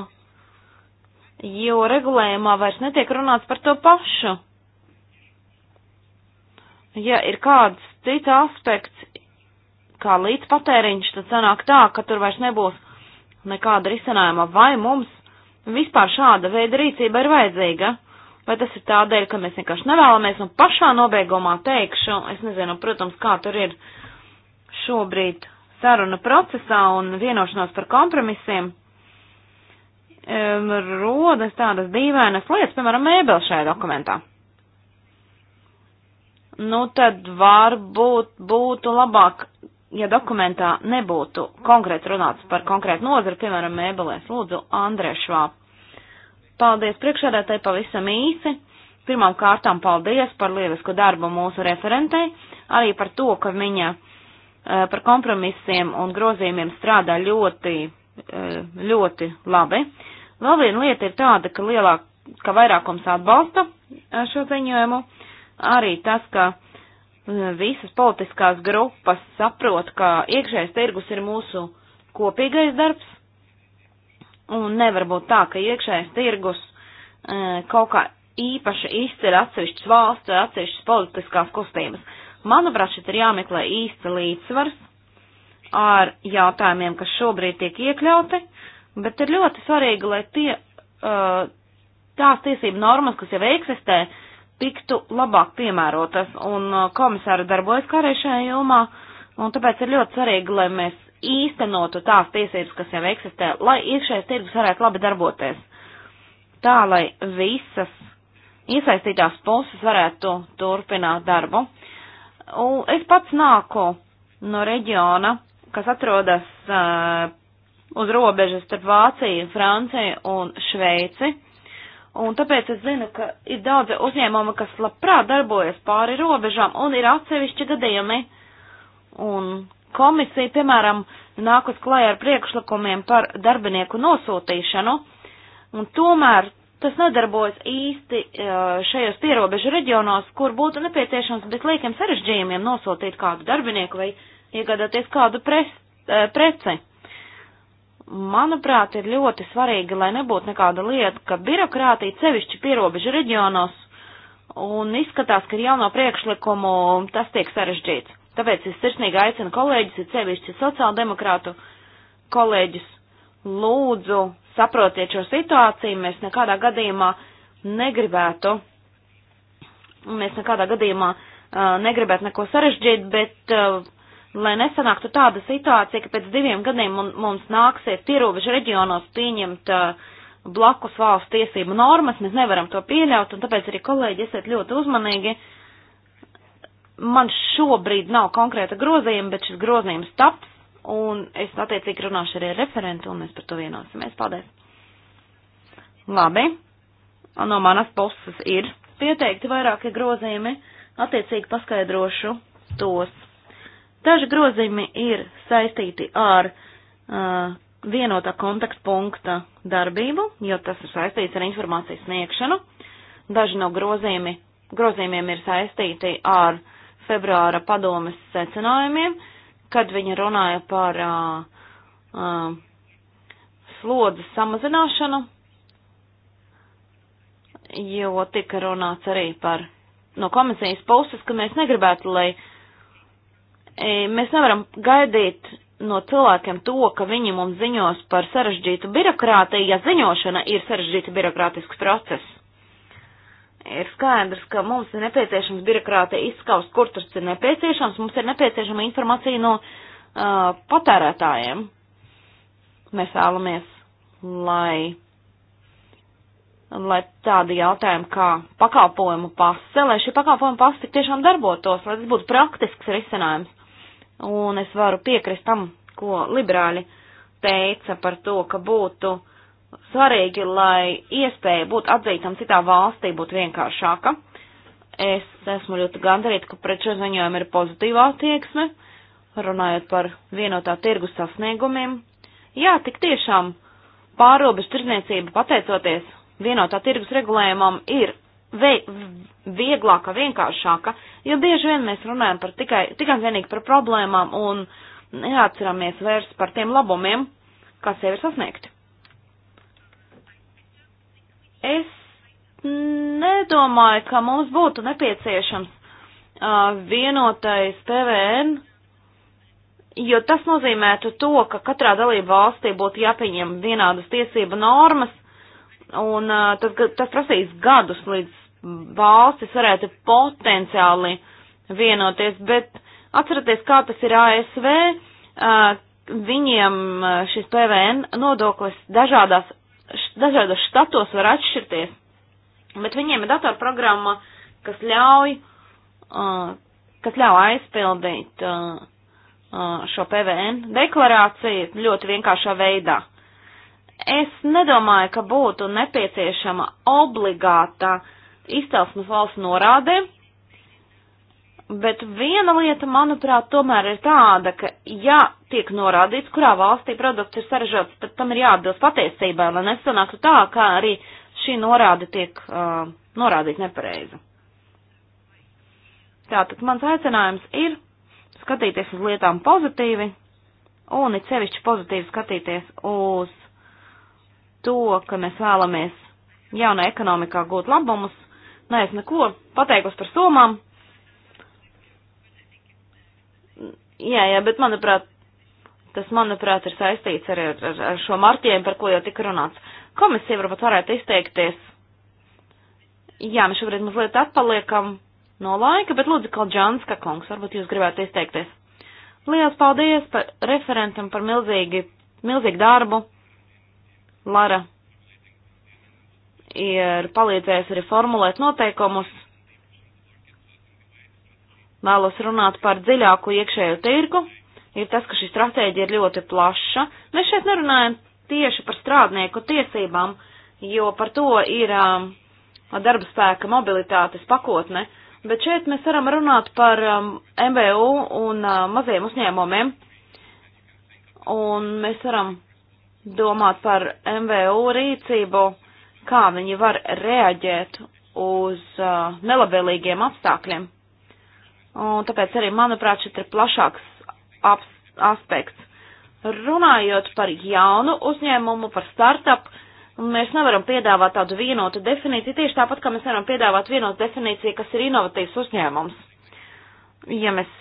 jo regulējumā vairs netiek runāts par to pašu. Ja ir kāds cits aspekts, kā līdz patēriņš, tad sanāk tā, ka tur vairs nebūs nekāda risinājuma, vai mums vispār šāda veida rīcība ir vajadzīga, vai tas ir tādēļ, ka mēs vienkārši nevēlamies, un pašā nobeigumā teikšu, es nezinu, protams, kā tur ir šobrīd saruna procesā un vienošanās par kompromisiem um, rodas tādas dīvainas lietas, piemēram, mēbeles šajā dokumentā. Nu, tad varbūt būtu labāk, ja dokumentā nebūtu konkrēti runāts par konkrētu nozari, piemēram, mēbelēs. Lūdzu, Andrē Švāb. Paldies priekšādātai pavisam īsi. Pirmām kārtām paldies par lielisku darbu mūsu referentei, arī par to, ka viņa eh, par kompromisiem un grozījumiem strādā ļoti, eh, ļoti labi. Vēl viena lieta ir tāda, ka lielāk, ka vairākums atbalsta šo ziņojumu, arī tas, ka visas politiskās grupas saprot, ka iekšējais tirgus ir mūsu kopīgais darbs, un nevar būt tā, ka iekšējais tirgus kaut kā īpaši izceļ atsevišķas valsts vai atsevišķas politiskās kustības. Manuprāt, šeit ir jāmeklē īsta līdzsvars ar jautājumiem, kas šobrīd tiek iekļauti, Bet ir ļoti svarīgi, lai tie, uh, tās tiesību normas, kas jau eksistē, tiktu labāk piemērotas, un uh, komisāri darbojas kā arī šajā jomā, un tāpēc ir ļoti svarīgi, lai mēs īstenotu tās tiesības, kas jau eksistē, lai iekšējais tirgus varētu labi darboties. Tā, lai visas iesaistītās puses varētu turpināt darbu. Un es pats nāku no reģiona, kas atrodas uh, uz robežas starp Vāciju, Franciju un Šveici. Un tāpēc es zinu, ka ir daudzi uzņēmumi, kas labprāt darbojas pāri robežām un ir atsevišķi gadījumi. Un komisija, piemēram, nāk uz klājā ar priekšlikumiem par darbinieku nosūtīšanu, un tomēr tas nedarbojas īsti e, šajos pierobežu reģionos, kur būtu nepieciešams bez liekiem sarežģījumiem nosūtīt kādu darbinieku vai iegādāties kādu pres, e, preci manuprāt, ir ļoti svarīgi, lai nebūtu nekāda lieta, ka birokrātija sevišķi pierobežu reģionos un izskatās, ka ar jauno priekšlikumu tas tiek sarežģīts. Tāpēc es sirsnīgi aicinu kolēģis, ir sevišķi sociāldemokrātu kolēģis, lūdzu, saprotiet šo situāciju, mēs nekādā gadījumā negribētu, mēs nekādā gadījumā uh, negribētu neko sarežģīt, bet uh, lai nesanāktu tāda situācija, ka pēc diviem gadiem mums nāksies pierobežu reģionos pieņemt uh, blakus valsts tiesību normas, mēs nevaram to pieļaut, un tāpēc arī kolēģi esiet ļoti uzmanīgi. Man šobrīd nav konkrēta grozījuma, bet šis grozījums taps, un es attiecīgi runāšu arī ar referentu, un mēs par to vienosimies. Paldies! Labi, no manas puses ir pieteikti vairāki grozījumi, attiecīgi paskaidrošu tos. Daži grozījumi ir saistīti ar uh, vienotā kontaktpunkta darbību, jo tas ir saistīts ar informācijas sniegšanu. Daži no grozījumi, grozījumiem ir saistīti ar februāra padomes secinājumiem, kad viņi runāja par uh, uh, slodzes samazināšanu, jo tika runāts arī par no komisijas puses, ka mēs negribētu, lai uh, E, mēs nevaram gaidīt no cilvēkiem to, ka viņi mums ziņos par sarežģītu birokrātiju, ja ziņošana ir sarežģīta birokrātisks process. Ir skaidrs, ka mums ir nepieciešams birokrātija izskaust, kur tas ir nepieciešams, mums ir nepieciešama informācija no uh, patērētājiem. Mēs vēlamies, lai, lai tādi jautājumi kā pakalpojumu pase, lai šī pakalpojumu pase tik tiešām darbotos, lai tas būtu praktisks risinājums un es varu piekrist tam, ko liberāļi teica par to, ka būtu svarīgi, lai iespēja būt atzītam citā valstī būtu vienkāršāka. Es esmu ļoti gandarīta, ka pret šo ziņojumu ir pozitīvā attieksme, runājot par vienotā tirgus sasniegumiem. Jā, tik tiešām pārobežu tirdzniecība pateicoties vienotā tirgus regulējumam ir vieglāka, vienkāršāka, jo bieži vien mēs runājam par tikai, tikai vienīgi par problēmām un neatceramies vairs par tiem labumiem, kas jau ir sasniegti. Es nedomāju, ka mums būtu nepieciešams uh, vienotais PVN, jo tas nozīmētu to, ka katrā dalība valstī būtu jāpieņem vienādas tiesība normas, un uh, tas, tas prasīs gadus, līdz valstis varētu potenciāli vienoties, bet atceraties, kā tas ir ASV, viņiem šis PVN nodoklis dažādās, dažādos štatos var atšķirties, bet viņiem ir datorprogramma, kas ļauj, kas ļauj aizpildīt šo PVN deklarāciju ļoti vienkāršā veidā. Es nedomāju, ka būtu nepieciešama obligāta uh, izcelsmes valsts norādēm, bet viena lieta, manuprāt, tomēr ir tāda, ka, ja tiek norādīts, kurā valstī produkts ir saražots, tad tam ir jāatbilst patiesībai, lai nesanāktu tā, kā arī šī norāde tiek uh, norādīta nepareizi. Tātad mans aicinājums ir skatīties uz lietām pozitīvi un it sevišķi pozitīvi skatīties uz to, ka mēs vēlamies jaunā ekonomikā gūt labumus Nē, es neko pateikos par somām. Jā, jā, bet manuprāt, tas, manuprāt, ir saistīts arī ar, ar, ar šo marķējumu, par ko jau tika runāts. Komisija varbūt varētu izteikties. Jā, mēs šobrīd mazliet atpaliekam no laika, bet lūdzu, Kalģanska kungs, varbūt jūs gribētu izteikties. Lielas paldies par referentam, par milzīgi, milzīgu darbu. Lara ir palīdzējis arī formulēt noteikumus. Vēlos runāt par dziļāku iekšējo tirgu. Ir tas, ka šī stratēģija ir ļoti plaša. Mēs šeit nerunājam tieši par strādnieku tiesībām, jo par to ir um, darba spēka mobilitātes pakotne, bet šeit mēs varam runāt par um, MBU un uh, maziem uzņēmumiem. Un mēs varam domāt par MVU rīcību kā viņi var reaģēt uz uh, nelabvēlīgiem apstākļiem. Un tāpēc arī, manuprāt, šeit ir plašāks aspekts. Runājot par jaunu uzņēmumu, par startup, mēs nevaram piedāvāt tādu vienotu definīciju, tieši tāpat, kā mēs nevaram piedāvāt vienotu definīciju, kas ir inovatīvs uzņēmums. Ja mēs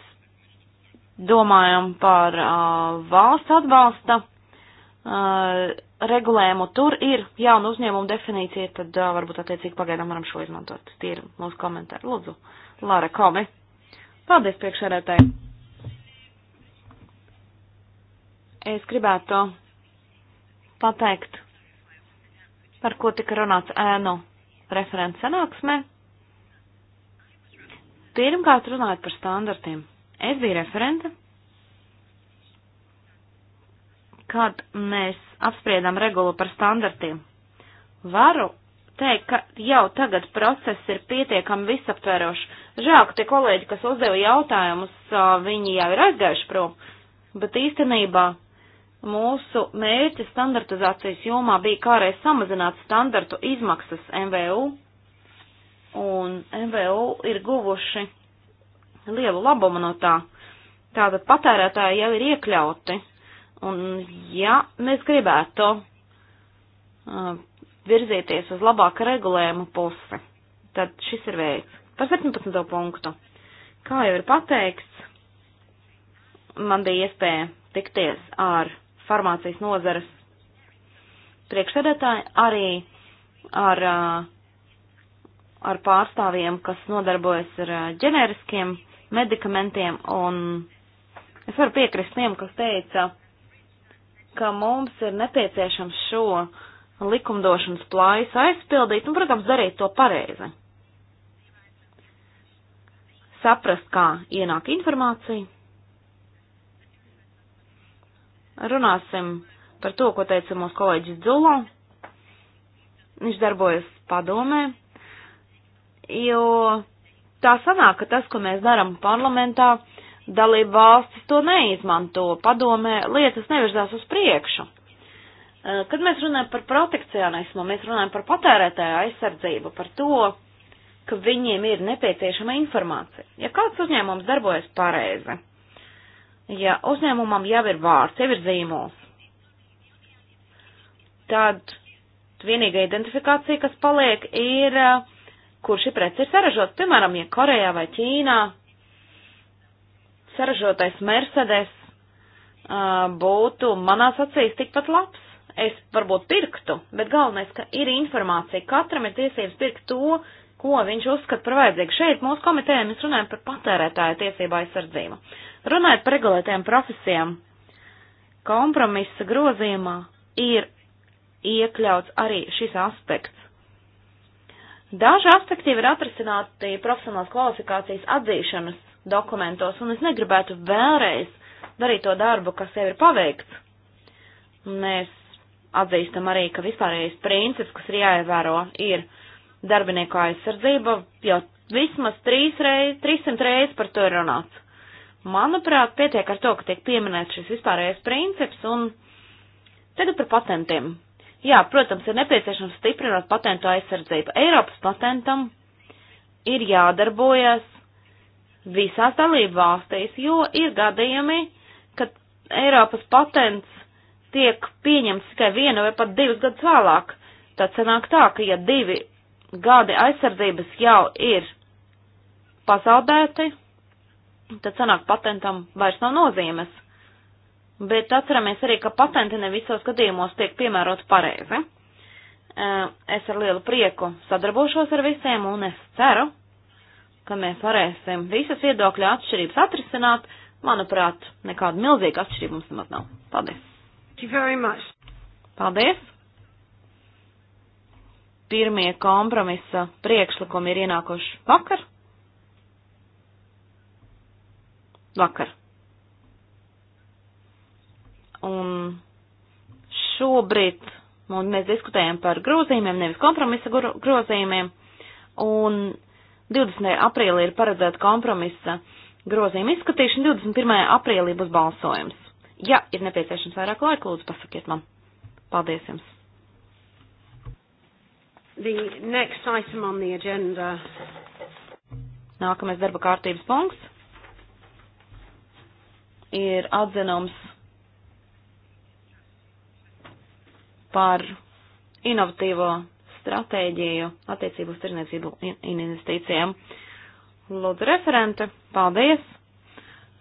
domājam par uh, valsts atbalsta uh, regulējumu tur ir jauna uzņēmuma definīcija, tad uh, varbūt attiecīgi pagaidām varam šo izmantot. Tie ir mūsu komentāri. Lūdzu, Lāra Kome. Paldies priekšsēdētāji. Es gribētu pateikt, par ko tika runāts ēnu referents sanāksmē. Pirmkārt runājot par standartiem. Es biju referente kad mēs apspriedām regulu par standartiem. Varu teikt, ka jau tagad process ir pietiekami visaptverošs. Žēl, ka tie kolēģi, kas uzdeva jautājumus, viņi jau ir aizgājuši prom, bet īstenībā mūsu mērķis standartizācijas jomā bija kāreiz samazināt standartu izmaksas MVU, un MVU ir guvuši lielu labumu no tā. Tātad patērētāji jau ir iekļauti Un ja mēs gribētu uh, virzīties uz labāku regulējumu pusi, tad šis ir veids. Par 17. punktu. Kā jau ir pateikts, man bija iespēja tikties ar farmācijas nozares priekšsēdētāju, arī ar, uh, ar pārstāvjiem, kas nodarbojas ar uh, ģeneriskiem medikamentiem, un es varu piekrist tiem, kas teica, ka mums ir nepieciešams šo likumdošanas plājas aizpildīt un, protams, darīt to pareizi. Saprast, kā ienāk informācija. Runāsim par to, ko teica mūsu kolēģis Dzulo. Viņš darbojas padomē, jo tā sanāk, ka tas, ko mēs darām parlamentā, dalība valstis to neizmanto. Padomē, lietas nevirzās uz priekšu. Eh, kad mēs runājam par protekcionismu, mēs runājam par patērētāju aizsardzību, par to, ka viņiem ir nepieciešama informācija. Ja kāds uzņēmums darbojas pareizi, ja uzņēmumam jau ir vārds, jau ir zīmols, tad vienīgā identifikācija, kas paliek, ir, eh, kurš ir preci ir saražots. Piemēram, ja Korejā vai Ķīnā saražotais Mercedes uh, būtu manās acīs tikpat labs. Es varbūt pirktu, bet galvenais, ka ir informācija. Katram ir tiesības pirkt to, ko viņš uzskata par vajadzīgu. Šeit mūsu komitējiem mēs runājam par patērētāju tiesību aizsardzību. Runājot par regulētajām profesijām, kompromisa grozījumā ir iekļauts arī šis aspekts. Daži aspekti ir atrisināti profesionālās kvalifikācijas atzīšanas dokumentos, un es negribētu vēlreiz darīt to darbu, kas jau ir paveikts. Mēs atzīstam arī, ka vispārējais princips, kas ir jāievēro, ir darbinieku aizsardzība, jau vismaz reiz, 300 reizes par to ir runāts. Manuprāt, pietiek ar to, ka tiek pieminēts šis vispārējais princips, un tagad par patentiem. Jā, protams, ir nepieciešams stiprināt patentu aizsardzību. Eiropas patentam ir jādarbojas visās dalību valstīs, jo ir gadījumi, kad Eiropas patents tiek pieņemts tikai vienu vai pat divus gadus vēlāk. Tad sanāk tā, ka ja divi gadi aizsardzības jau ir pazaudēti, tad sanāk patentam vairs nav nozīmes. Bet atceramies arī, ka patenti ne visos gadījumos tiek piemērot pareizi. Eh, es ar lielu prieku sadarbošos ar visiem un es ceru, ka mēs varēsim visas viedokļa atšķirības atrisināt, manuprāt, nekāda milzīga atšķirība mums nemaz nav.
Paldies!
Paldies! Pirmie kompromisa priekšlikumi ir ienākuši vakar. Vakar. Un šobrīd un mēs diskutējam par grozījumiem, nevis kompromisa grozījumiem. Un 20. aprīlī ir paredzēta kompromisa grozījuma izskatīšana, 21. aprīlī būs balsojums. Ja ir nepieciešams vairāk laika, lūdzu pasakiet man. Paldies jums.
The next item on the agenda.
Nākamais darba kārtības punkts ir atzinums par inovatīvo stratēģiju attiecību uz tirniecību un investīcijām. Lūdzu, referente, paldies!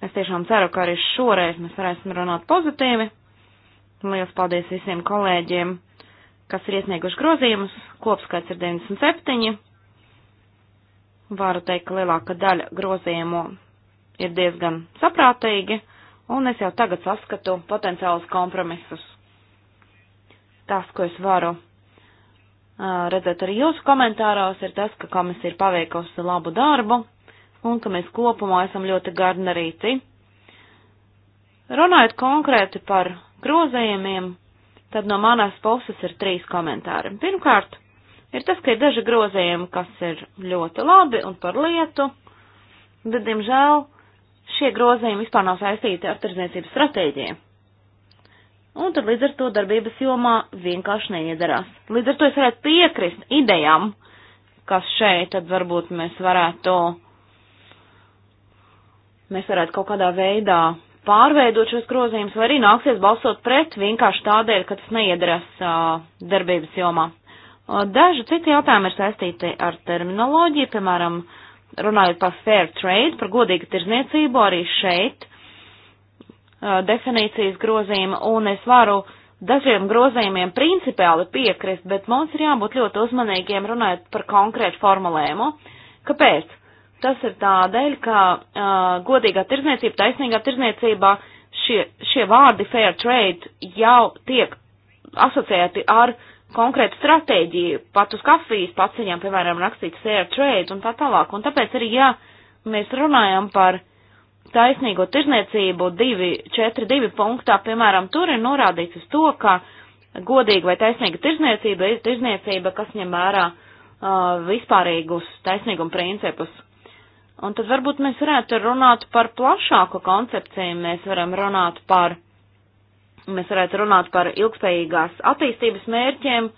Es tiešām ceru, ka arī šoreiz mēs varēsim runāt pozitīvi. Lielas paldies visiem kolēģiem, kas ir iesnieguši grozījumus. Kopskaits ir 97. Varu teikt, ka lielāka daļa grozījumu ir diezgan saprātīgi, un es jau tagad saskatu potenciālus kompromisus. Tas, ko es varu redzēt arī jūsu komentāros, ir tas, ka komisija ir paveikusi labu darbu un ka mēs kopumā esam ļoti garnerīti. Runājot konkrēti par grozējumiem, tad no manās puses ir trīs komentāri. Pirmkārt, ir tas, ka ir daži grozējumi, kas ir ļoti labi un par lietu, bet, diemžēl, šie grozējumi vispār nav saistīti ar tirdzniecības stratēģiju un tad līdz ar to darbības jomā vienkārši neiedarās. Līdz ar to es varētu piekrist idejām, kas šeit, tad varbūt mēs varētu, mēs varētu kaut kādā veidā pārveidot šos grozījumus, vai arī nāksies balsot pret vienkārši tādēļ, ka tas neiedarās uh, darbības jomā. Uh, daži citi jautājumi ir saistīti ar terminoloģiju, piemēram, runājot par fair trade, par godīgu tirzniecību, arī šeit definīcijas grozījuma, un es varu dažiem grozījumiem principiāli piekrist, bet mums ir jābūt ļoti uzmanīgiem runājot par konkrētu formulējumu. Kāpēc? Tas ir tādēļ, ka uh, godīgā tirzniecība, taisnīgā tirzniecībā šie, šie vārdi fair trade jau tiek asociēti ar konkrētu stratēģiju, pat uz kafijas paciņām, piemēram, rakstīts fair trade un tā tālāk. Un tāpēc arī, ja mēs runājam par taisnīgo tirzniecību 4.2 punktā, piemēram, tur ir norādīts uz to, ka godīga vai taisnīga tirzniecība ir tirzniecība, kas ņem vērā uh, vispārīgus taisnīguma principus. Un tad varbūt mēs varētu runāt par plašāku koncepciju, mēs varam runāt par, mēs varētu runāt par ilgspējīgās attīstības mērķiem,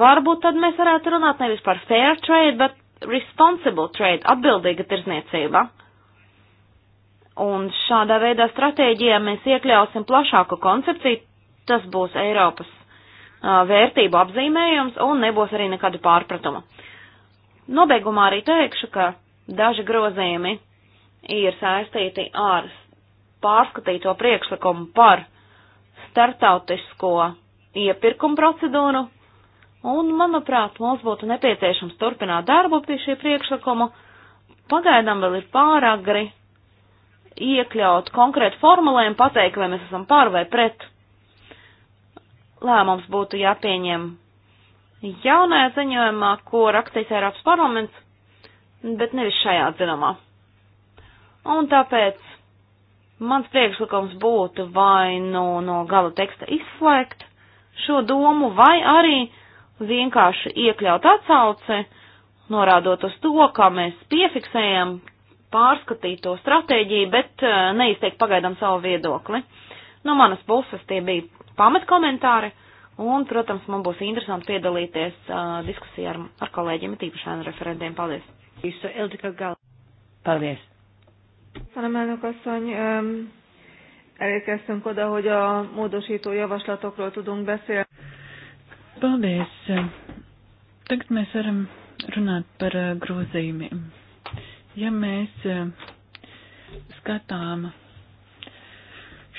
varbūt tad mēs varētu runāt nevis par fair trade, bet responsible trade, atbildīga tirzniecība. Un šādā veidā stratēģijā mēs iekļausim plašāku koncepciju, tas būs Eiropas uh, vērtību apzīmējums un nebūs arī nekādu pārpratumu. Nobeigumā arī teikšu, ka daži grozījumi ir saistīti ar pārskatīto priekšlikumu par startautisko iepirkumu procedūru, un, manuprāt, mums būtu nepieciešams turpināt darbu pie šī priekšlikuma. Pagaidām vēl ir pārāk gari iekļaut konkrētu formulējumu, pateikt, vai mēs esam par vai pret. Lēmums būtu jāpieņem jaunajā ziņojumā, ko rakstīs Eiropas parlaments, bet nevis šajā dzinumā. Un tāpēc mans priekšlikums būtu vai nu no, no gala teksta izslēgt šo domu, vai arī vienkārši iekļaut atsauci, norādot uz to, kā mēs piefiksējam pārskatīto stratēģiju, bet eh, neizteikt pagaidām savu viedokli. No manas puses tie bija pamatkomentāri, un, protams, man būs interesanti piedalīties uh, diskusijā ar, ar kolēģiem, tīpaši ar referentiem. Paldies! Visu Eldika Gal. Paldies!
Szanemelnök asszony, elérkeztünk oda, hogy a módosító javaslatokról tudunk beszélni. Paldies! Tagad mēs varam runāt par eh, grozījumiem. Ja mēs e, skatām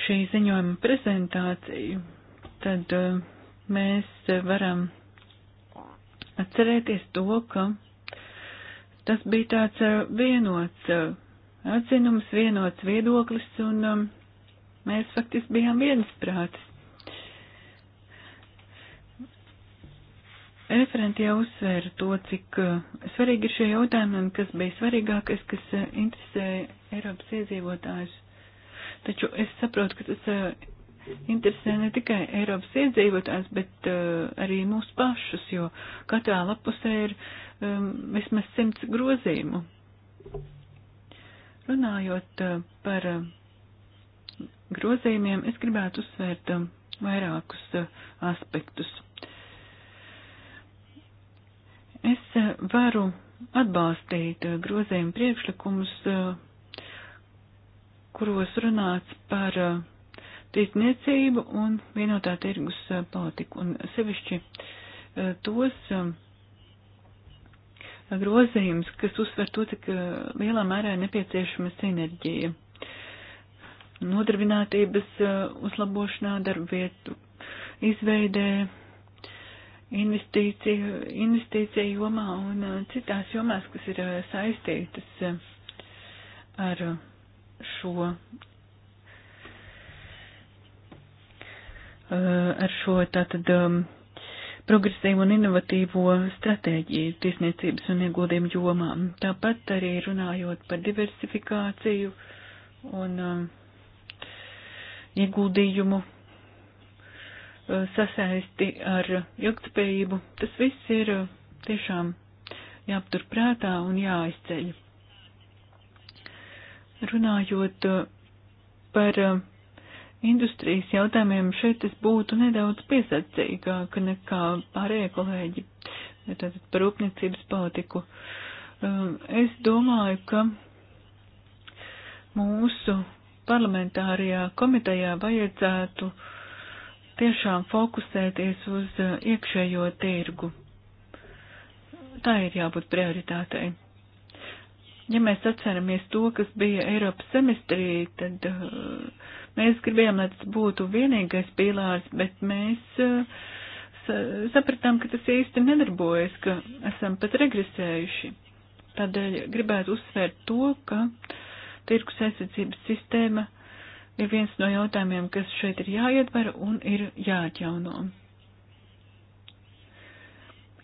šī ziņojuma prezentāciju, tad e, mēs varam atcerēties to, ka tas bija tāds e, vienots atzinums, vienots viedoklis, un mēs faktiski bijām viensprātis. Referenti jau uzsvēra to, cik uh, svarīgi ir šie jautājumi un kas bija svarīgākais, kas uh, interesēja Eiropas iedzīvotājus. Taču es saprotu, ka tas uh, interesē ne tikai Eiropas iedzīvotājus, bet arī mūs pašus, jo katrā lapusē ir um, vismaz simts grozījumu. Runājot par grozījumiem, es gribētu uzsvērt um, vairākus aspektus. Es eh, varu atbalstīt eh, grozījumu priekšlikumus, eh, kuros runāts par tītniecību un vienotā tirgus politiku, un sevišķi tos grozījums, kas uzsver to, cik lielā mērā ir nepieciešama sinerģija. Nodarbinātības uzlabošanā, darbvietu izveidē, investīciju, investīciju jomā un uh, citās jomās, kas ir uh, saistītas uh, ar šo, ar šo tātad um, progresīvu un inovatīvo stratēģiju tiesniecības un ieguldījumu jomām. Tāpat arī runājot par diversifikāciju un ieguldījumu sasaisti ar ilgtspējību, tas viss ir uh, tiešām jāaptur prātā un jāizceļ. Runājot uh, par uh, industrijas jautājumiem, šeit es būtu nedaudz piesardzīgāka nekā pārējie kolēģi tātad par rūpniecības politiku. Um, es domāju, ka mūsu parlamentārajā komitejā vajadzētu uh, tiešām fokusēties uz eh, iekšējo tirgu. Tā ir jābūt prioritātei. Ja mēs atceramies to, kas bija Eiropas semestrī, tad uh, mēs gribējām, lai tas būtu vienīgais pīlārs, bet mēs uh, sapratām, ka tas īsti nedarbojas, ka esam pat regresējuši. Tādēļ gribētu uzsvērt to, ka tirkus aizsardzības sistēma uh, ir viens no jautājumiem, kas šeit ir jāietver un ir jāatjauno.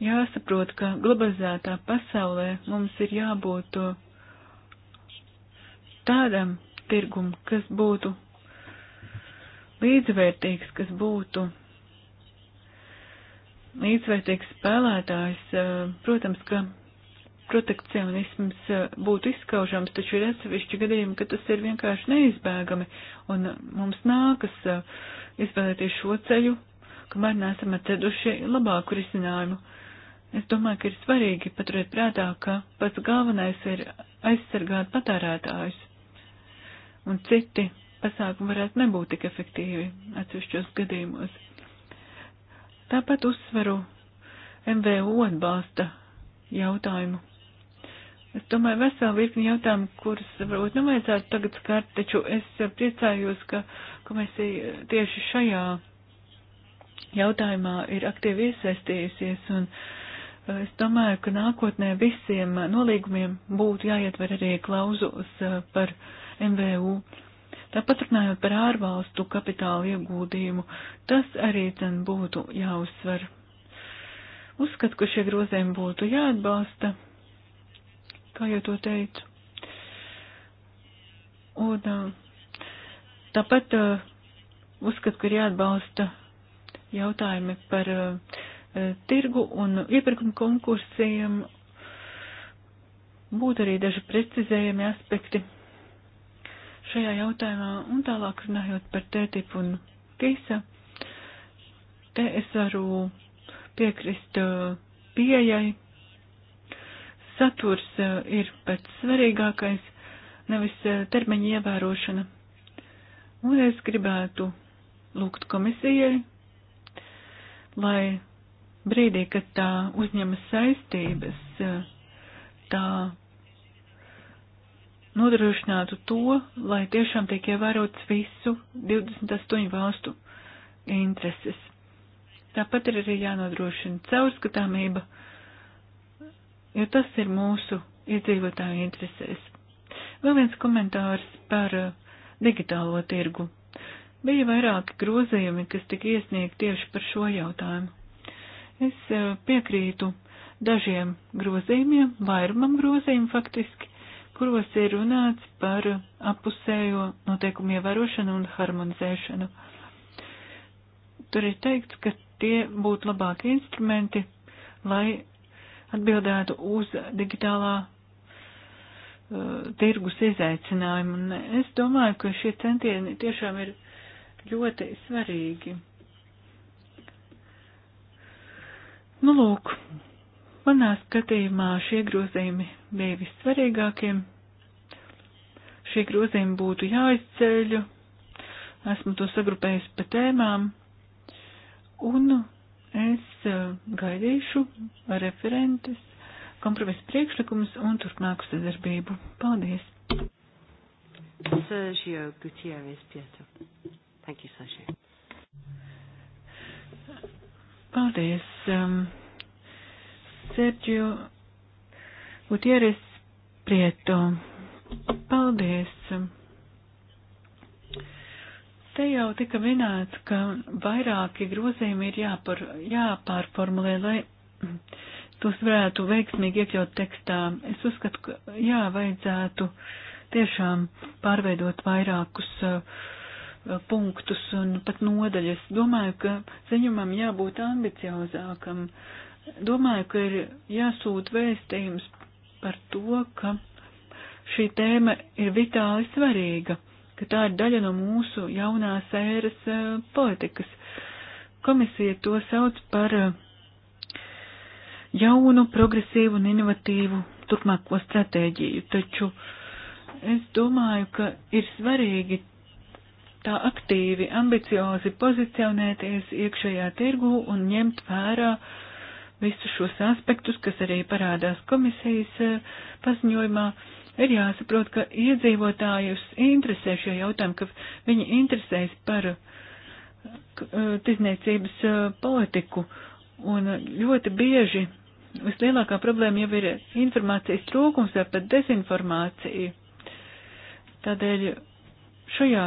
Jāsaprot, ka globalizētā pasaulē mums ir jābūt tādam tirgum, kas būtu līdzvērtīgs, kas būtu līdzvērtīgs spēlētājs. Protams, ka protekcionisms eh, būtu izskaužams, taču ir atsevišķi gadījumi, ka tas ir vienkārši neizbēgami, un eh, mums nākas eh, izvēlēties šo ceļu, kamēr nesam atraduši labāku risinājumu. Es domāju, ka ir svarīgi paturēt prātā, ka pats galvenais ir aizsargāt patērētājus, un citi pasākumi varētu nebūt tik efektīvi atsevišķos gadījumos. Tāpat uzsveru MVO atbalsta jautājumu Es domāju, veselu virkni jautājumu, kurus varbūt nevajadzētu tagad skart, taču es priecājos, ka komisija tieši šajā jautājumā ir aktīvi iesaistījusies, un uh, es domāju, ka nākotnē visiem nolīgumiem būtu jāietver arī klauzulas uh, par MVU. Tāpat runājot par ārvalstu kapitāla ieguldījumu, tas arī ten būtu jāuzsver. Uzskatu, ka šie grozējumi būtu jāatbalsta kā jau to teicu. Un tāpat uzskatu, ka ir jāatbalsta jautājumi par tirgu un iepirkumu konkursiem. Būtu arī daži precizējami aspekti šajā jautājumā, un tālāk runājot par TTIP un TISA, te es varu piekrist pieejai, saturs eh, ir pats svarīgākais, nevis eh, termiņa ievērošana. Un es gribētu lūgt komisijai, lai brīdī, kad tā uzņemas saistības, eh, tā nodrošinātu to, lai tiešām tiek ievērots visu 28 valstu intereses. Tāpat ir arī jānodrošina caurskatāmība jo tas ir mūsu iedzīvotāju interesēs. Vēl viens komentārs par eh, digitālo tirgu. Bija vairāki grozījumi, kas tika iesniegti tieši par šo jautājumu. Es eh, piekrītu dažiem grozījumiem, vairumam grozījumu faktiski, kuros ir runāts par eh, apusējo noteikumu ievērošanu un harmonizēšanu. Tur ir teikts, ka tie būtu labāki instrumenti, lai atbildētu uz digitālā uh, tirgus izaicinājumu. Un es domāju, ka šie centieni tiešām ir ļoti svarīgi. Nu, lūk, manā skatījumā šie grozījumi bija vissvarīgākie. Šie grozījumi būtu jāizceļ. Esmu to sagrupējis pa tēmām. Un Es eh, gaidīšu referentes kompromisa priekšlikumus un turpmāku sadarbību.
Paldies! Sergio Gutierrez Pieto. Thank you, Sergio.
Paldies. Um, Sergio Gutierrez Prieto. Paldies. Um, Te jau tika minēts, ka vairāki grozījumi ir jāpar, jāpārformulē, lai tos varētu veiksmīgi iekļaut tekstā. Es uzskatu, ka jā, vajadzētu tiešām pārveidot vairākus uh, punktus un pat nodaļas. Domāju, ka ziņumam jābūt ambiciozākam. Domāju, ka ir jāsūt vēstījums par to, ka šī tēma ir vitāli svarīga ka tā ir daļa no mūsu jaunās ēras eh, politikas. Komisija to sauc par eh, jaunu, progresīvu un inovatīvu turpmāko stratēģiju, taču es domāju, ka ir svarīgi tā aktīvi, ambiciozi pozicionēties iekšējā tirgu un ņemt vērā visus šos aspektus, kas arī parādās komisijas eh, paziņojumā, uh, Ir jāsaprot, ka iedzīvotājus interesē šie jautājumi, ka viņi interesēs par tirzniecības politiku. Un ļoti bieži vislielākā problēma jau ir informācijas trūkums vai pat dezinformācija. Tādēļ šajā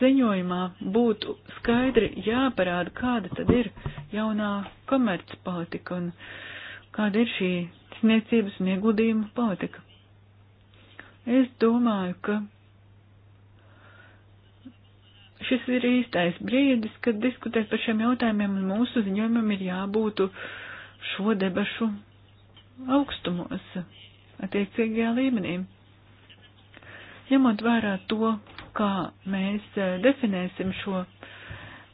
ziņojumā būtu skaidri jāparāda, kāda tad ir jaunā komercpolitika un kāda ir šī tirsniecības un ieguldījuma politika. Es domāju, ka šis ir īstais brīdis, kad diskutēt par šiem jautājumiem, un mūsu ziņojumam ir jābūt šo debašu augstumos, attiecīgajā līmenī. Ņemot vērā to, kā mēs eh, definēsim šo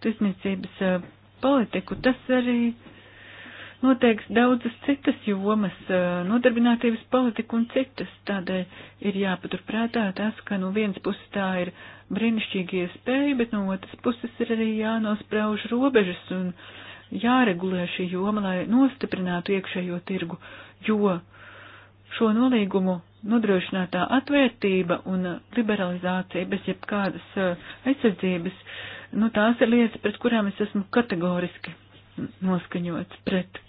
tirsniecības eh, politiku, tas arī uh, noteiks daudzas citas jomas, eh, nodarbinātības politika un citas. Tādēļ ir jāpaturprātā tas, ka no vienas puses tā ir brīnišķīga iespēja, bet no otras puses ir arī jānosprauž robežas un jāregulē šī joma, lai nostiprinātu iekšējo tirgu, jo šo nolīgumu nodrošinātā atvērtība un liberalizācija bez jebkādas eh, aizsardzības, nu tās ir lietas, pret kurām es esmu kategoriski noskaņots pret.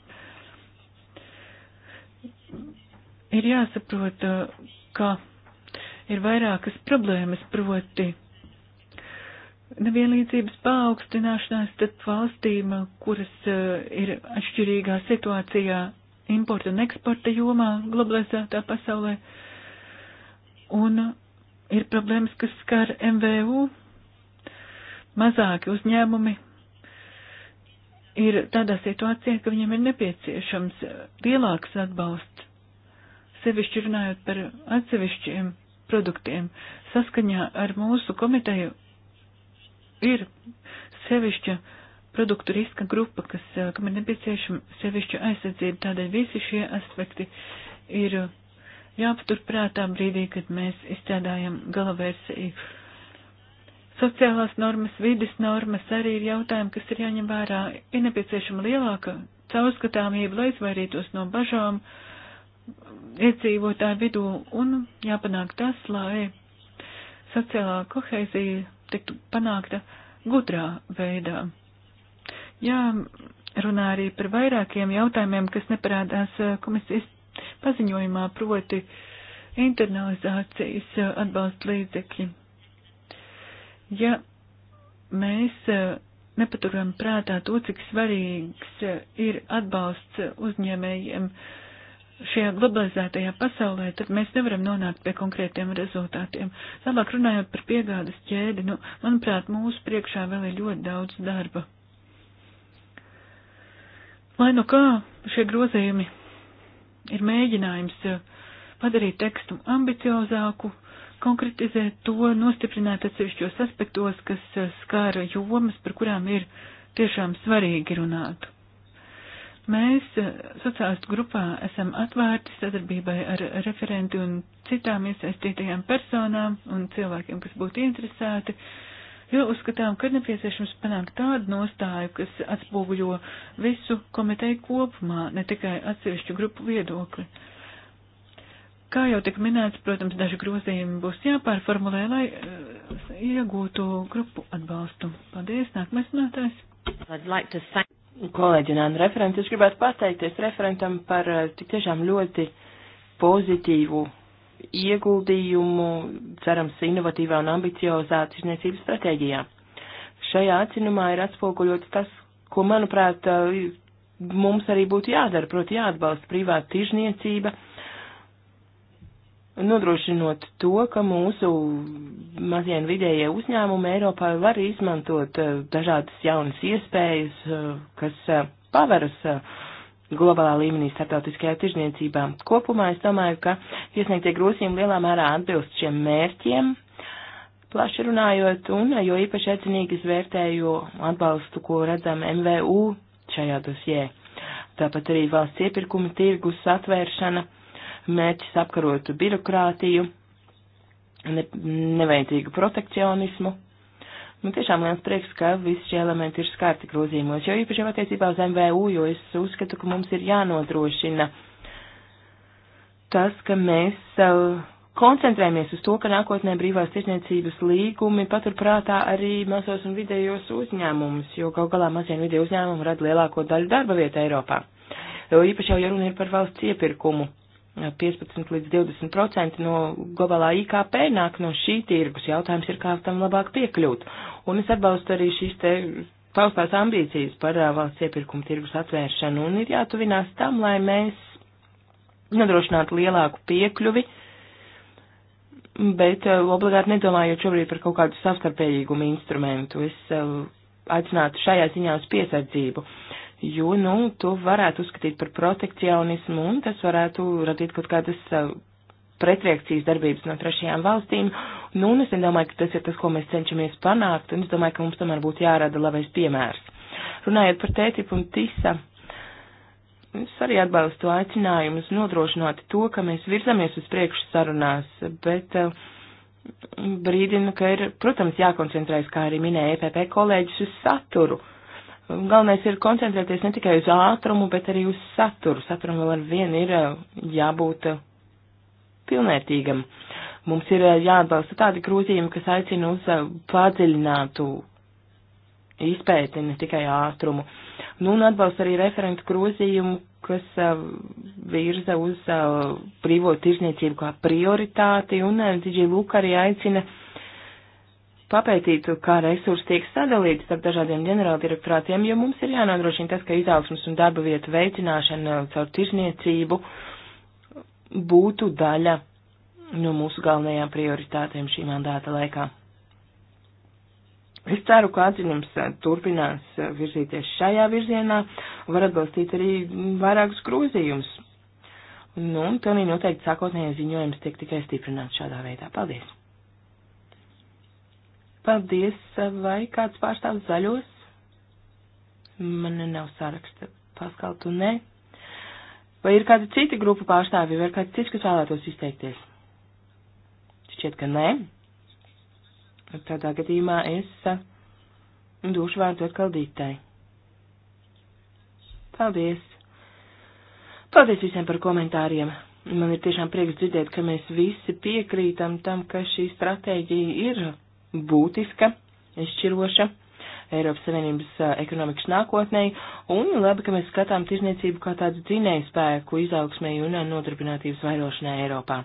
ir jāsaprot, ka ir vairākas problēmas, proti nevienlīdzības paaugstināšanās starp valstīm, kuras eh, ir atšķirīgā situācijā importa un eksporta jomā globalizētā pasaulē, un ir problēmas, kas skar MVU, mazāki uzņēmumi, ir tādā situācijā, ka viņiem ir nepieciešams lielāks atbalsts sevišķi runājot par atsevišķiem produktiem, saskaņā ar mūsu komiteju ir sevišķa produktu riska grupa, kas, eh, kam ir nepieciešama sevišķa aizsardzība. Tādēļ visi šie aspekti ir jāpaturprātā brīdī, kad mēs izstrādājam galaversiju. Sociālās normas, vidas normas arī ir jautājumi, kas ir jāņem vērā. Ir nepieciešama lielāka caurskatāmība, lai izvairītos no bažām, uh, iedzīvotāju vidū un jāpanāk tas, lai sociālā kohēzija tiktu panākta gudrā veidā. Jā, runā arī par vairākiem jautājumiem, kas neparādās eh, komisijas paziņojumā, proti internalizācijas eh, atbalsta līdzekļi. Ja mēs eh, nepaturam prātā to, cik svarīgs ir atbalsts uzņēmējiem, uh, šajā globalizētajā pasaulē, tad mēs nevaram nonākt pie konkrētiem rezultātiem. Labāk runājot par piegādas ķēdi, nu, manuprāt, mūsu priekšā vēl ir ļoti daudz darba. Lai nu kā šie grozījumi ir mēģinājums eh, padarīt tekstu ambiciozāku, konkretizēt to, nostiprināt atsevišķos aspektos, kas eh, skāra jomas, par kurām ir tiešām svarīgi runāt. Mēs eh, sociālistu grupā esam atvērti sadarbībai ar referenti un citām iesaistītajām personām un cilvēkiem, kas būtu interesēti, jo uzskatām, ka nepieciešams panākt tādu nostāju, kas atspoguļo visu komiteju kopumā, ne tikai atsevišķu grupu viedokli. Kā jau tika minēts, protams, daži grozījumi būs jāpārformulē, lai eh, iegūtu grupu atbalstu. Paldies, nākamais
runātājs kolēģi un referenti. Es gribētu pateikties referentam par eh, tik tiešām ļoti pozitīvu ieguldījumu, cerams, inovatīvā un ambiciozā tirzniecības stratēģijā. Šajā atzinumā ir atspoguļots tas, ko, manuprāt, eh, mums arī būtu jādara, proti jāatbalsta privāta tirzniecība nodrošinot to, ka mūsu mazie un vidējie uzņēmumi Eiropā var izmantot eh, dažādas jaunas iespējas, eh, kas eh, paveras globālā līmenī starptautiskajā tirzniecībā. Kopumā es domāju, ka iesniegtie grozījumi lielā mērā atbilst šiem mērķiem, plaši runājot, un jo īpaši atzinīgi es vērtēju atbalstu, ko redzam MVU šajā dosjē. Tāpat arī valsts iepirkuma tirgus atvēršana mērķis apkarot birokrātiju, ne, nevajadzīgu protekcionismu. Man tiešām liels prieks, ka visi šie elementi ir skārti grozījumos, jo īpaši jau attiecībā uz MVU, jo es uzskatu, ka mums ir jānodrošina tas, ka mēs uh, koncentrējamies uz to, ka nākotnē brīvās tirsniecības līgumi paturprātā arī mazos un vidējos uzņēmumus, jo gal galā mazie un vidēji uzņēmumi rada lielāko daļu darba vietu Eiropā. Jo īpaši jau runa ir par valsts iepirkumu. 15 līdz 20% no globālā IKP nāk no šī tirgus. Jautājums ir, kā tam labāk piekļūt. Un es atbalstu arī šīs te paustās ambīcijas par valsts iepirkuma tirgus atvēršanu un ir jātuvinās tam, lai mēs nodrošinātu lielāku piekļuvi, bet obligāti nedomājot šobrīd par kaut kādu savstarpējīgumu instrumentu. Es aicinātu šajā ziņā uz piesardzību. Uh, jo, nu, to varētu uzskatīt par protekcionismu un tas varētu radīt kaut kādas uh, pretreakcijas darbības no trešajām valstīm. Nu, un es nedomāju, ka tas ir tas, ko mēs cenšamies panākt, un es domāju, ka mums tomēr būtu jārada labais piemērs. Runājot par tētipu un tisa, es arī atbalstu aicinājumus nodrošināt to, ka mēs virzamies uz priekšu sarunās, bet uh, brīdinu, ka ir, protams, jākoncentrējas, kā arī minēja EPP kolēģis, uz saturu. Uh, Galvenais ir koncentrēties ne tikai uz ātrumu, bet arī uz saturu. Saturam vēl ar vienu ir uh, jābūt uh, pilnvērtīgam. Mums ir uh, jāatbalsta tādi grozījumi, kas aicina uz padziļinātu izpēti, ne tikai ātrumu. Nu, un atbalsta arī referentu grozījumu, kas uh, virza uz uh, brīvo tirzniecību kā prioritāti, un uh, Digi Luka arī aicina uh, papētītu, kā resursi tiek sadalīti starp dažādiem ģenerāldirektorātiem, jo mums ir jānodrošina tas, ka izaugsmas un darba vietu veicināšana caur tirzniecību būtu daļa no mūsu galvenajām prioritātēm šī mandāta laikā. Es ceru, ka atzinums turpinās virzīties šajā virzienā un var atbalstīt arī vairākus grozījumus. Nu, un Tonī noteikti sākotnējais ziņojums tiek tikai stiprināts šādā veidā. Paldies! Paldies, vai kāds pārstāv zaļos? Man nav saraksta. Paskal, tu ne. Vai ir kāda cita grupa pārstāvja, vai ir kāds cits, kas vēlētos izteikties? Šķiet, ka nē. Tādā gadījumā es došu vārdu atkal dītai. Paldies! Paldies visiem par komentāriem! Man ir tiešām prieks dzirdēt, ka mēs visi piekrītam tam, ka šī stratēģija ir būtiska, izšķiroša Eiropas Savienības ekonomikas nākotnei, un labi, ka mēs skatām tirzniecību kā tādu dzinēju spēku izaugsmēju un nodarbinātības vairošanai Eiropā.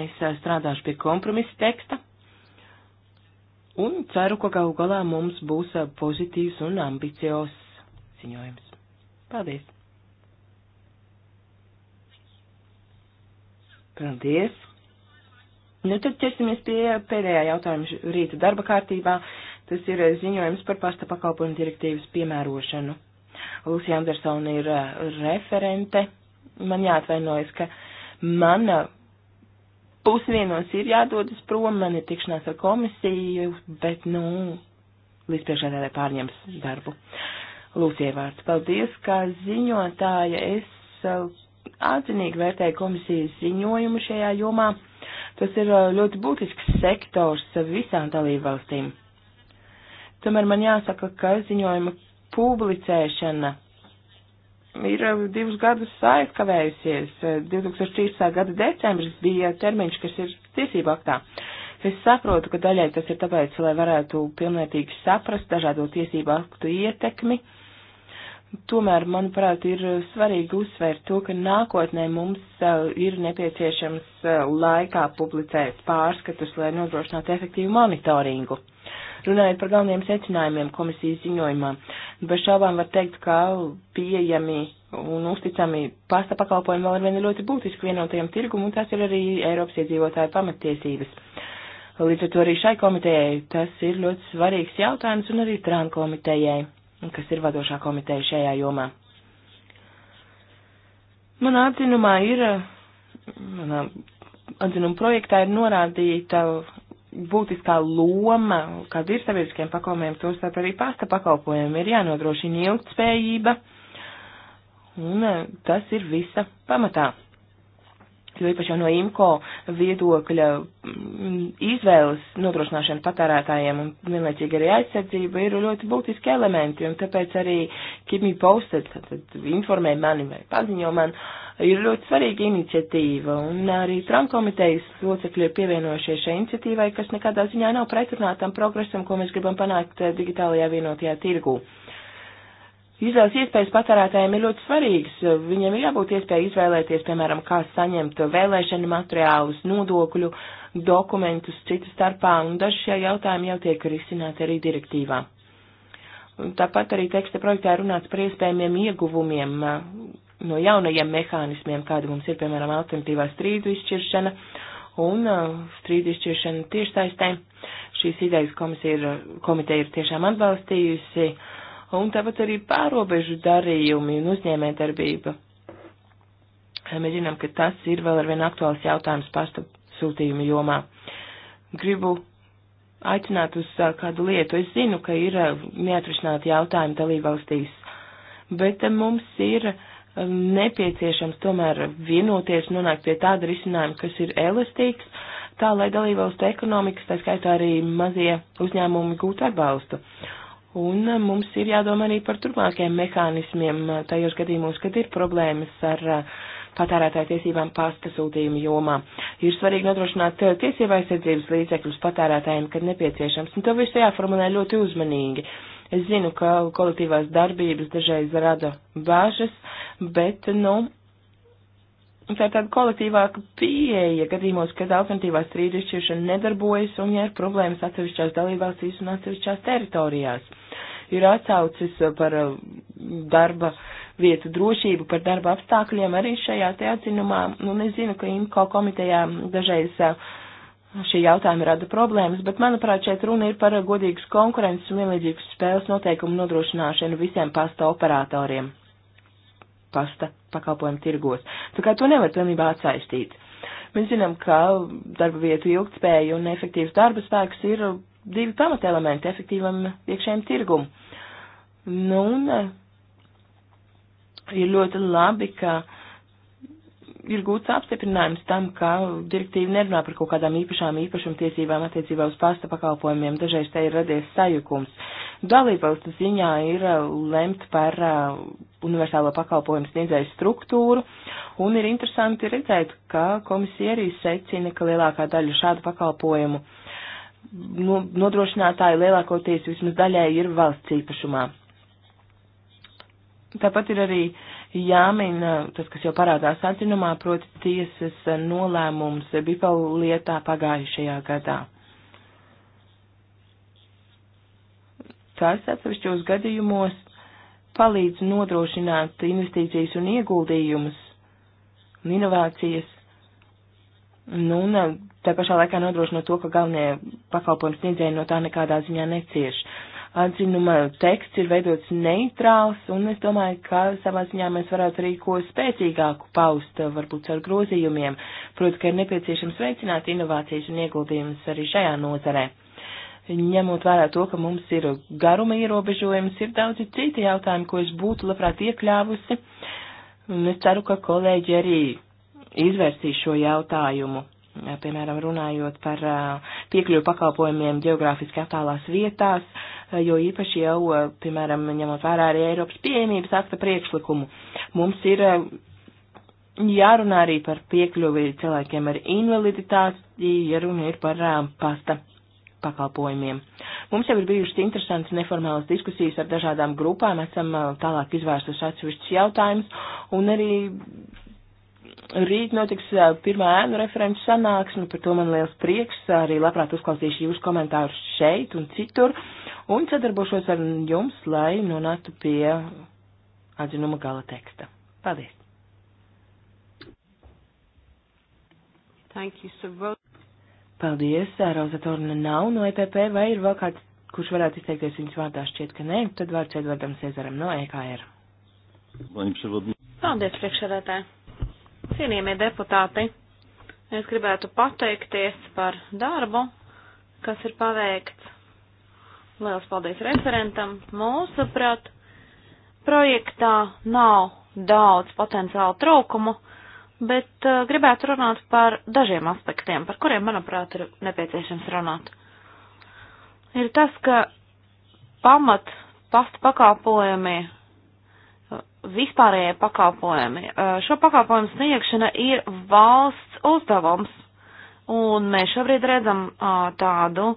Es strādāšu pie kompromisa teksta un ceru, ka galu galā mums būs pozitīvs un ambiciozs ziņojums. Paldies! Paldies! Nu, tad ķersimies pie pēdējā jautājuma rīta darba kārtībā. Tas ir eh, ziņojums par pasta pakalpojumu direktīvas piemērošanu. Lūsija Andersona ir eh, referente. Man jāatvainojas, ka mana eh, pusvienos ir jādodas prom, man ir tikšanās ar komisiju, bet, nu, līdz priekšādādā pārņems darbu. Lūsija vārds. Paldies, kā ziņotāja. Es atzinīgi vērtēju komisijas ziņojumu šajā jomā. Tas ir ļoti būtisks sektors visām dalībvalstīm. Tomēr man jāsaka, ka ziņojuma publicēšana ir divus gadus aizkavējusies. 2013. gada decembris bija termiņš, kas ir tiesība aktā. Es saprotu, ka daļai tas ir tāpēc, lai varētu pilnvērtīgi saprast dažādo tiesību aktu ietekmi. Uh, Tomēr, manuprāt, ir eh, svarīgi uzsvērt to, ka nākotnē mums eh, ir nepieciešams eh, laikā publicēt pārskatus, lai nodrošinātu efektīvu monitoringu. Runājot par galvenajiem secinājumiem komisijas ziņojumā, bez šaubām var teikt, ka pieejami un uzticami pasta pakalpojumi vēl ar vienu ļoti būtisku vienotajam tirgumu, un tas ir arī Eiropas iedzīvotāju pamatiesības. Līdz ar to arī šai komitejai tas ir ļoti svarīgs jautājums un arī trām komitejai kas ir vadošā komiteja šajā jomā. Manā atzinumā ir, manā atzinuma projektā ir norādīta būtiskā loma, kāda ir sabiedriskiem pakalpojumiem, tostarp arī pasta pakalpojumiem, ir jānodrošina ilgtspējība, un tas ir visa pamatā jo īpaši jau no IMCO viedokļa mm, izvēles nodrošināšana patērētājiem un vienlaicīgi arī aizsardzība ir ļoti būtiski elementi, un tāpēc arī keep me posted, tad informē mani vai paziņo man, ir ļoti svarīga iniciatīva, un arī Trump komitejas locekļi ir pievienojušies šai iniciatīvai, kas nekādā ziņā nav pretrunā tam progresam, ko mēs gribam panākt eh, digitālajā vienotajā tirgū. Izvēles iespējas patērētājiem ir ļoti svarīgas. Viņiem ir jābūt iespēja izvēlēties, piemēram, kā saņemt vēlēšana materiālus, nodokļu, dokumentus citu starpā, un daži šie jautājumi jau tiek risināti arī direktīvā. Tāpat arī teksta projektā runāts par iespējamiem ieguvumiem uh, no jaunajiem mehānismiem, kāda mums ir, piemēram, alternatīvā strīdu izšķiršana un uh, strīdu izšķiršana tiešsaistē. Šīs idejas komisija ir, komiteja ir tiešām atbalstījusi. Uh, un tāpat arī pārobežu darījumi un uzņēmējdarbība. Mēs zinām, ka tas ir vēl ar vien aktuāls jautājums pasta sūtījumu jomā. Gribu aicināt uz uh, kādu lietu. Es zinu, ka ir uh, neatrisināti jautājumi dalībvalstīs, bet uh, mums ir um, nepieciešams tomēr vienoties un nonākt pie tāda risinājuma, kas ir elastīgs, tā lai dalībvalstu ekonomikas, tā skaitā arī mazie uzņēmumi gūtu atbalstu. Uh, Un mums ir jādomā arī par turpmākajiem mehānismiem tajos gadījumos, kad ir problēmas ar uh, patērētāju tiesībām pastasūtījumu jomā. Ir svarīgi nodrošināt uh, tiesību aizsardzības līdzekļus patērētājiem, kad nepieciešams, un to visu jāformulē ļoti uzmanīgi. Es zinu, ka kolektīvās darbības dažreiz rada bāžas, bet, nu, Un tā ir tāda kolektīvāka pieeja gadījumos, kad alternatīvā strīdu izšķiršana nedarbojas un ja ir problēmas atsevišķās dalībvalstīs un atsevišķās teritorijās. Ir atsaucis par uh, darba vietu drošību, par darba apstākļiem arī šajā te atzinumā. Un es zinu, ka IMCO komitejā dažreiz uh, šī jautājuma rada problēmas, bet manuprāt šeit runa ir par uh, godīgas konkurences un vienlīdzīgas spēles noteikumu nodrošināšanu visiem pasta operatoriem. Pasta pakalpojumu tirgos. Tā kā to nevar pilnībā atsaistīt. Mēs zinām, ka darba vietu ilgtspēja un efektīvs darba spēks ir divi pamatelementi efektīvam iekšējiem tirgum. Nu, un eh, ir ļoti labi, ka uh, ir gūts apstiprinājums tam, ka direktīva nerunā par kaut kādām īpašām īpašumtiesībām attiecībā uz pasta pakalpojumiem. Dažreiz te ir radies sajukums. Dalībvalstu ziņā ir uh, lemt par uh, universālo pakalpojumu sniedzēju struktūru, un ir interesanti redzēt, ka komisija arī secina, ka lielākā daļa šādu pakalpojumu nodrošinātāji lielākoties vismaz daļai ir valsts īpašumā. Tāpat ir arī jāmin uh, tas, kas jau parādās atzinumā, proti tiesas uh, nolēmums Bipel lietā pagājušajā gadā. Tas atsevišķos gadījumos palīdz nodrošināt investīcijas un ieguldījumus un inovācijas, nu, un uh, tā pašā laikā nodrošinot to, ka galvenie pakalpojums sniedzēji no tā nekādā ziņā necieš atzinuma teksts ir veidots neitrāls, un es domāju, ka savā ziņā mēs varētu arī ko spēcīgāku paust, varbūt ar grozījumiem. Protams, ka ir nepieciešams veicināt inovācijas un ieguldījumus arī šajā nozarē. Ņemot vērā to, ka mums ir garuma ierobežojums, ir daudzi citi jautājumi, ko es būtu labprāt iekļāvusi, un es ceru, ka kolēģi arī izvērsīs šo jautājumu. Eh, piemēram, runājot par eh, piekļuvu pakalpojumiem geogrāfiski attālās vietās, eh, jo īpaši jau, piemēram, ņemot vērā arī Eiropas pieejamības akta priekšlikumu, mums ir jārunā arī par piekļuvi cilvēkiem ar invaliditāti, ja runa ir par pasta pakalpojumiem. Mums jau ir bijušas interesantas neformālas diskusijas ar dažādām grupām, esam tālāk izvērsuši atsevišķus jautājumus un arī Rīt notiks pirmā ēnu referenču sanāksme, par to man liels prieks, arī labprāt uzklausīšu jūsu komentārus šeit un citur, un sadarbošos ar jums, lai nonāktu pie atzinuma gala teksta. Paldies! Thank you, so Paldies, Roza Torna nav no EPP, vai ir vēl kāds, kurš varētu izteikties viņas vārdā šķiet, ka nē, tad vārds Edvardam Cezaram no EKR.
Paldies, priekšsēdētāji! Cienījamie deputāti, es gribētu pateikties par darbu, kas ir paveikts. Lielas paldies referentam. Mūsuprāt, projektā nav daudz potenciālu trūkumu, bet uh, gribētu runāt par dažiem aspektiem, par kuriem, manuprāt, ir nepieciešams runāt. Ir tas, ka pamat pasta pakāpojumi vispārējie pakalpojumi. Šo pakalpojumu sniegšana ir valsts uzdevums, un mēs šobrīd redzam tādu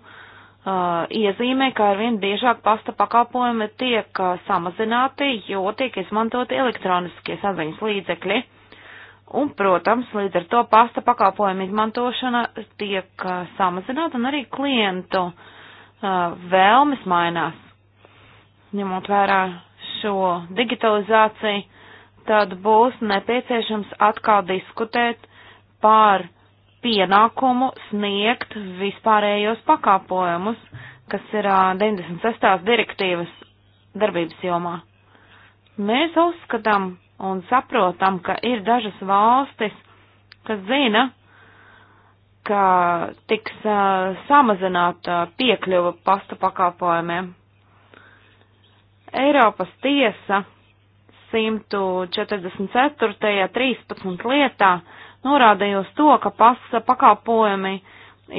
iezīmē, ka arvien biežāk pasta pakalpojumi tiek samazināti, jo tiek izmantoti elektroniskie saziņas līdzekļi. Un, protams, līdz ar to pasta pakalpojumu izmantošana tiek samazināta un arī klientu vēlmes mainās. Ņemot vērā šo digitalizāciju, tad būs nepieciešams atkal diskutēt par pienākumu sniegt vispārējos pakāpojumus, kas ir 96. direktīvas darbības jomā. Mēs uzskatām un saprotam, ka ir dažas valstis, kas zina, ka tiks uh, samazināta piekļuva pasta pakāpojumiem. Eiropas tiesa 144.13 lietā norādīja uz to, ka pasa pakalpojumi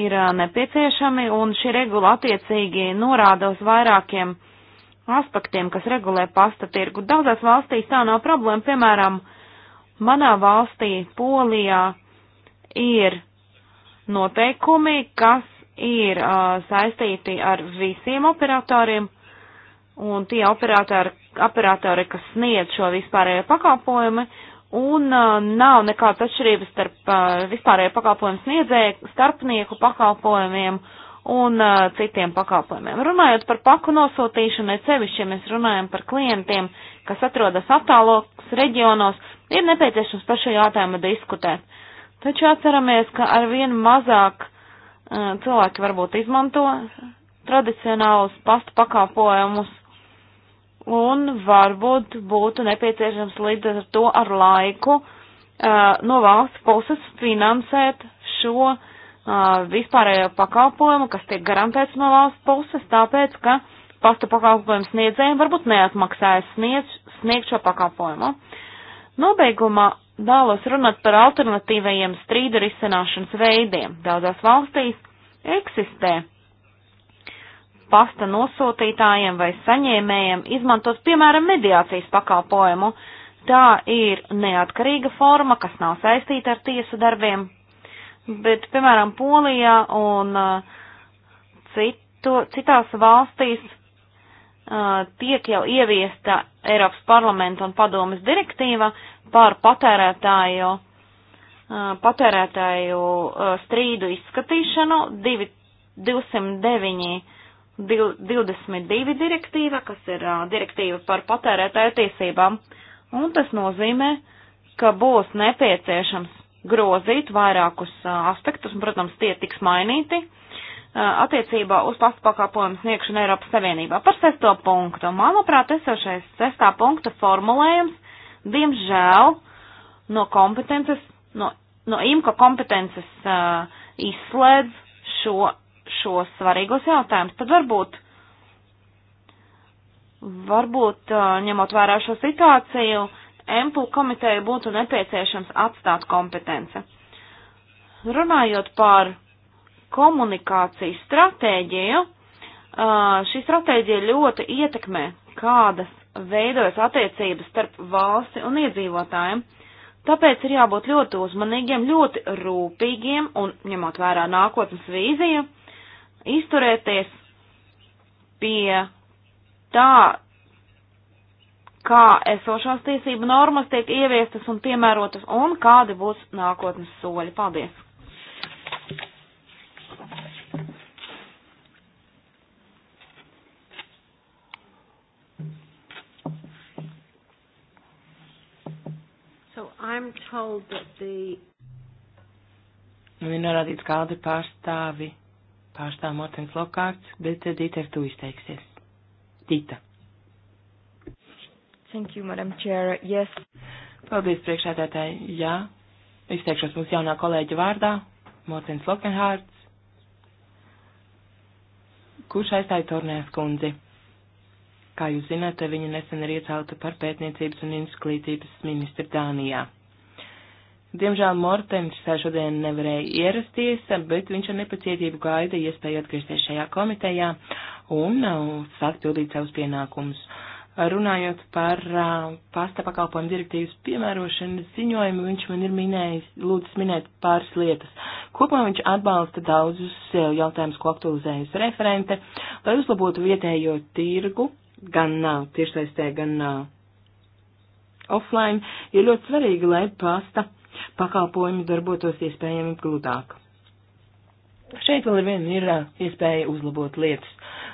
ir nepieciešami, un šī regula attiecīgi norāda uz vairākiem aspektiem, kas regulē pasta tirgu. Daudzās valstīs tā nav problēma, piemēram, manā valstī, Polijā, ir noteikumi, kas ir uh, saistīti ar visiem operatoriem, uh, un tie operatori, operatori kas sniedz šo vispārējo pakalpojumu, un uh, nav nekādas atšķirības starp uh, vispārējo pakalpojumu sniedzēju, starpnieku pakalpojumiem un uh, citiem pakalpojumiem. Runājot par paku nosūtīšanu, sevišķi, ja mēs runājam par klientiem, kas atrodas attālos reģionos, ir nepieciešams par šo jautājumu diskutēt. Taču atceramies, ka arvien mazāk uh, cilvēki varbūt izmanto tradicionālus pastu pakalpojumus, un varbūt būtu nepieciešams līdz ar to ar laiku uh, no valsts puses finansēt šo uh, vispārējo pakalpojumu, kas tiek garantēts no valsts puses, tāpēc, ka pasta pakalpojumu sniedzējiem varbūt neatmaksājas sniedz, sniegt šo pakalpojumu. Nobeigumā vēlos runāt par alternatīvajiem strīdu risināšanas veidiem. Daudzās valstīs eksistē pasta nosūtītājiem vai saņēmējiem izmantot, piemēram, mediācijas pakalpojumu. Tā ir neatkarīga forma, kas nav saistīta ar tiesu darbiem, bet, piemēram, Polijā un uh, citu, citās valstīs uh, tiek jau ieviesta Eiropas parlamenta un padomas direktīva par patērētāju uh, patērētāju uh, strīdu izskatīšanu, 209 22 direktīva, kas ir uh, direktīva par patērētāju tiesībām, un tas nozīmē, ka būs nepieciešams grozīt vairākus uh, aspektus, un, protams, tie tiks mainīti uh, attiecībā uz pastu pakāpojumu sniegšanu Eiropas Savienībā. Par sesto punktu, manuprāt, esošais sestā punkta formulējums, diemžēl, no kompetences, no, no IMCO kompetences uh, izslēdz šo šos svarīgos jautājumus. Tad varbūt, varbūt uh, ņemot vērā šo situāciju, Empul komiteja būtu nepieciešams atstāt kompetence. Runājot par komunikācijas stratēģiju, uh, šī stratēģija ļoti ietekmē, kādas veidojas attiecības starp valsti un iedzīvotājiem. Tāpēc ir jābūt ļoti uzmanīgiem, ļoti rūpīgiem un, ņemot vērā nākotnes vīziju, izturēties pie tā, kā esošās tiesību normas tiek ieviestas un piemērotas un kādi būs nākotnes soļi. Paldies!
So I'm told that the...
Nu ir norādīts, kādi pārstāvi pārstāv Mortens Lokārts, bet eh, Dīter, tu izteiksies. Dīta. Thank you, Madam Chair. Yes. Paldies, priekšādātāji. Jā, izteikšos mūsu jaunā kolēģa vārdā, Mortens Lokenhārds, kurš aizstāja Tornēs kundzi. Kā jūs zināt, viņa nesen ir iecelta par pētniecības un izglītības ministru Dānijā. Diemžēl Mortens šodien nevarēja ierasties, bet viņš ar nepacietību gaida iespēju atgriezties šajā komitejā un uh, sākt pildīt savus pienākumus. Runājot par uh, pasta pakalpojumu direktīvas piemērošanas ziņojumu, viņš man ir minējis, lūdzis minēt pāris lietas. Kopumā viņš atbalsta daudzus uh, jautājumus, ko aktualizējas referente, lai uzlabotu vietējo tirgu, gan tiešsaistē, gan offline, ir ļoti svarīgi, lai pasta pakalpojumi darbotos iespējami grūtāk. Šeit vēl ir viena ir iespēja uzlabot lietas.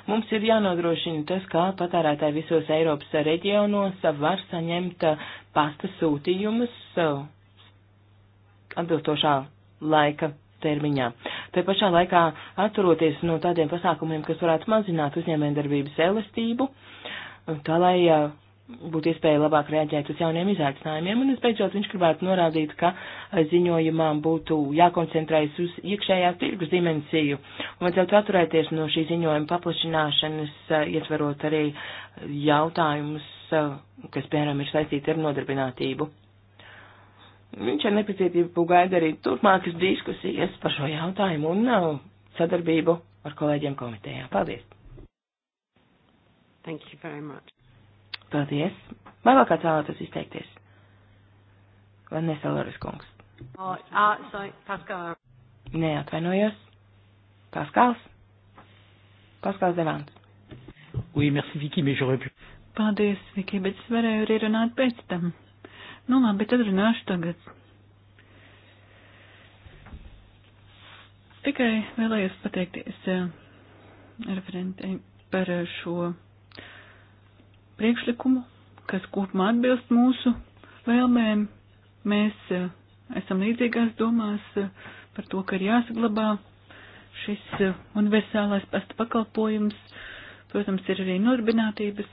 Mums ir jānodrošina tas, kā patērētāji visos Eiropas reģionos var saņemt pasta sūtījumus atbilstošā laika termiņā. Te pašā laikā atturoties no tādiem pasākumiem, kas varētu mazināt uzņēmējdarbības elastību, tā lai būtu iespēja labāk reaģēt uz jauniem izaicinājumiem, un es beidzot viņš gribētu norādīt, ka eh, ziņojumā būtu jākoncentrējas uz iekšējās tirgus dimensiju, un vajadzētu atturēties no šī ziņojuma paplašināšanas, eh, ietverot arī jautājumus, eh, kas, piemēram, ir saistīti ar nodarbinātību. Viņš ar nepacietību gaida arī turpmākas diskusijas par šo jautājumu un sadarbību ar kolēģiem komitejā. Paldies!
Thank you very much.
Paldies. Vai vēl kāds vēlētos izteikties? Vai nesaloras kungs?
Oh, uh, sorry, Pascal.
Neatvainojos. Paskals. Paskals Devants.
Oui, merci Viki, mais j'aurais pu. Paldies, Viki, bet es varēju arī runāt pēc tam. Nu labi, tad runāšu tagad. Tikai vēlējos pateikties eh, referentei par eh, šo priekšlikumu, kas kopumā atbilst mūsu vēlmēm. Mēs eh, esam līdzīgās domās eh, par to, ka ir jāsaglabā šis eh, universālais pasta pakalpojums. Protams, ir arī norbinātības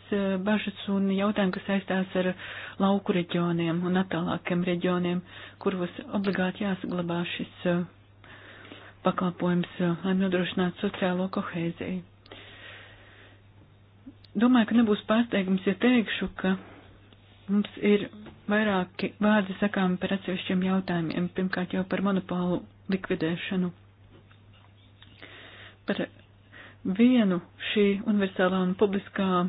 bažas un jautājumi, kas saistās ar lauku reģioniem un attālākiem reģioniem, kuros obligāti jāsaglabā šis pakalpojums, lai nodrošinātu sociālo kohēziju. Domāju, ka nebūs pārsteigums, ja teikšu, ka mums ir vairāki vārdi sakām par atsevišķiem jautājumiem. Pirmkārt jau par monopolu likvidēšanu. Par vienu šī universālā un publiskā um,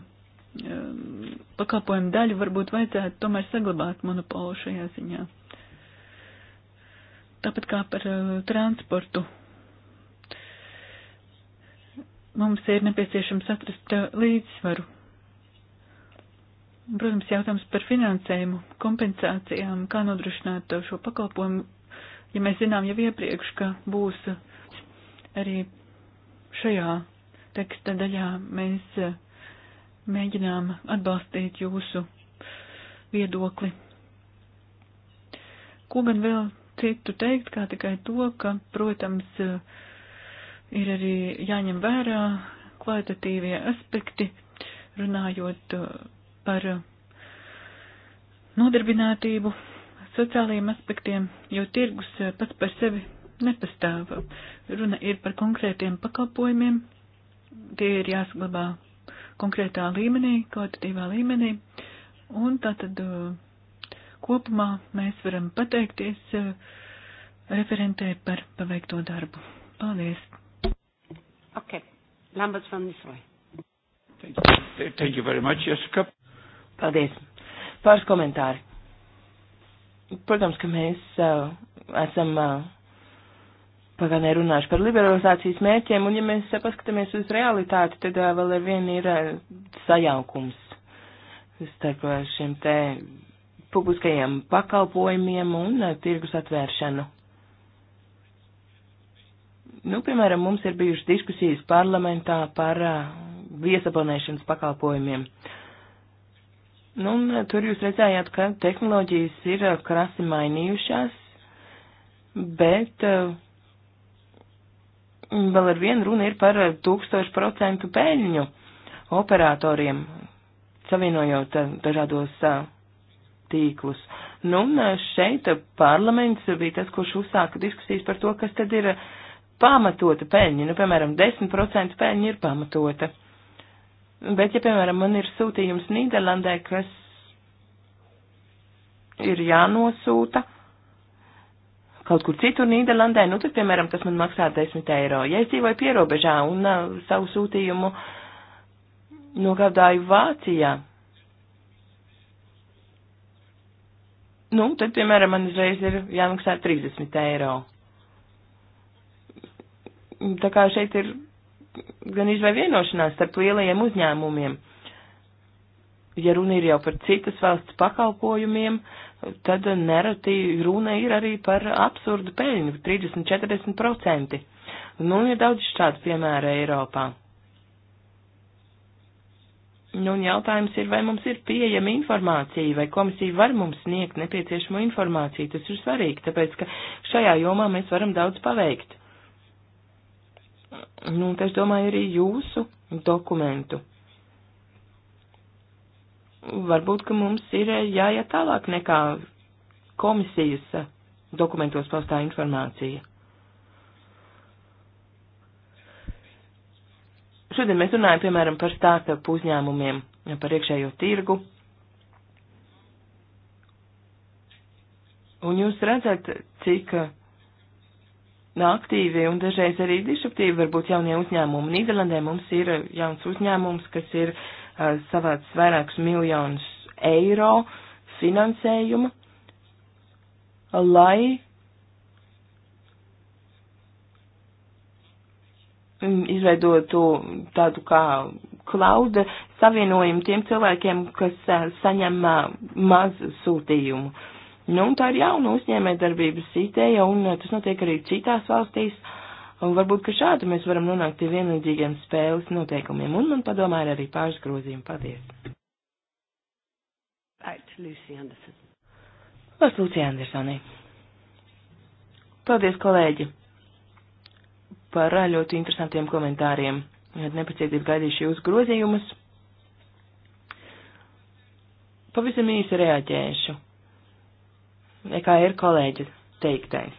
pakalpojuma daļu varbūt vajadzētu tomēr saglabāt monopolu šajā ziņā. Tāpat kā par uh, transportu mums ir nepieciešams atrast uh, līdzsvaru. Protams, jautājums par finansējumu, kompensācijām, kā nodrošināt šo pakalpojumu, ja mēs zinām jau iepriekš, ka būs uh, arī šajā teksta daļā mēs uh, mēģinām atbalstīt jūsu viedokli. Ko gan vēl citu teikt, kā tikai to, ka, protams, uh, Ir arī jāņem vērā kvalitatīvie aspekti, runājot uh, par uh, nodarbinātību, sociālajiem aspektiem, jo tirgus uh, pats par sevi nepastāv. Runa ir par konkrētiem pakalpojumiem, tie ir jāsaglabā konkrētā līmenī, kvalitatīvā līmenī, un tātad kopumā mēs varam pateikties referentē par paveikto
darbu. Paldies! Okay.
Lamberts van Nisroy.
Thank you. Thank you very much, Jessica.
Paldies. Pāris komentāri. Protams, ka mēs uh, esam uh, pagānē runājuši par liberalizācijas mērķiem, un ja mēs uh, paskatāmies uz realitāti, tad uh, vēl ar vienu ir uh, sajaukums starp uh, šiem te publiskajiem pakalpojumiem un uh, tirgus atvēršanu. Nu, piemēram, mums ir bijušas diskusijas parlamentā par uh, viesabonēšanas pakalpojumiem. Nu, un tur jūs redzējāt, ka tehnoloģijas ir uh, krasi mainījušās, bet uh, vēl ar vienu runa ir par tūkstošu procentu peļņu operatoriem, savienojot dažādos tīklus. Nu, un šeit parlaments bija tas, kurš uzsāka diskusijas par to, kas tad ir uh, pamatota peļņa, nu, piemēram, 10% peļņa ir pamatota. Bet, ja, piemēram, man ir sūtījums Nīderlandē, kas ir jānosūta kaut kur citur Nīderlandē, nu, tad, piemēram, tas man maksā 10 eiro. Ja es dzīvoju pierobežā un uh, savu sūtījumu nogādāju Vācijā, nu, tad, piemēram, man uzreiz ir jāmaksā 30 eiro tā kā šeit ir gan izvai vienošanās starp lielajiem uzņēmumiem. Ja runa ir jau par citas valsts pakalpojumiem, tad nereti runa ir arī par absurdu peļņu - 30-40%. Nu, ir daudz šādu piemēru Eiropā. Nu, un jautājums ir, vai mums ir pieejama informācija, vai komisija var mums sniegt nepieciešamo informāciju. Tas ir svarīgi, tāpēc, ka šajā jomā mēs varam daudz paveikt. Nu, es domāju, arī jūsu dokumentu. Varbūt, ka mums ir jāiet tālāk nekā komisijas dokumentos paustā informācija. Šodien mēs runājam, piemēram, par startup uzņēmumiem, par iekšējo tirgu. Un jūs redzat, cik aktīvi un dažreiz arī disruptīvi varbūt jaunie uzņēmumi. Nīderlandē mums ir uh, jauns uzņēmums, kas ir uh, savāds vairākus miljonus eiro finansējumu, lai mm, izveidotu tādu kā klauda savienojumu tiem cilvēkiem, kas uh, saņem uh, maz sūtījumu. Uh, Nu, tā ir jauna uzņēmējdarbības ideja, un eh, tas notiek arī citās valstīs. Un varbūt, ka šādi mēs varam nonākt pie vienlīdzīgiem spēles noteikumiem. Un man padomā ir arī pāris grozījumi. Paldies! Vārds Lūcija Andersonī. Paldies, kolēģi, par ļoti interesantiem komentāriem. Nepacietību gaidīšu jūsu grozījumus. Pavisam īsi reaģēšu nekā ir kolēģis teiktais.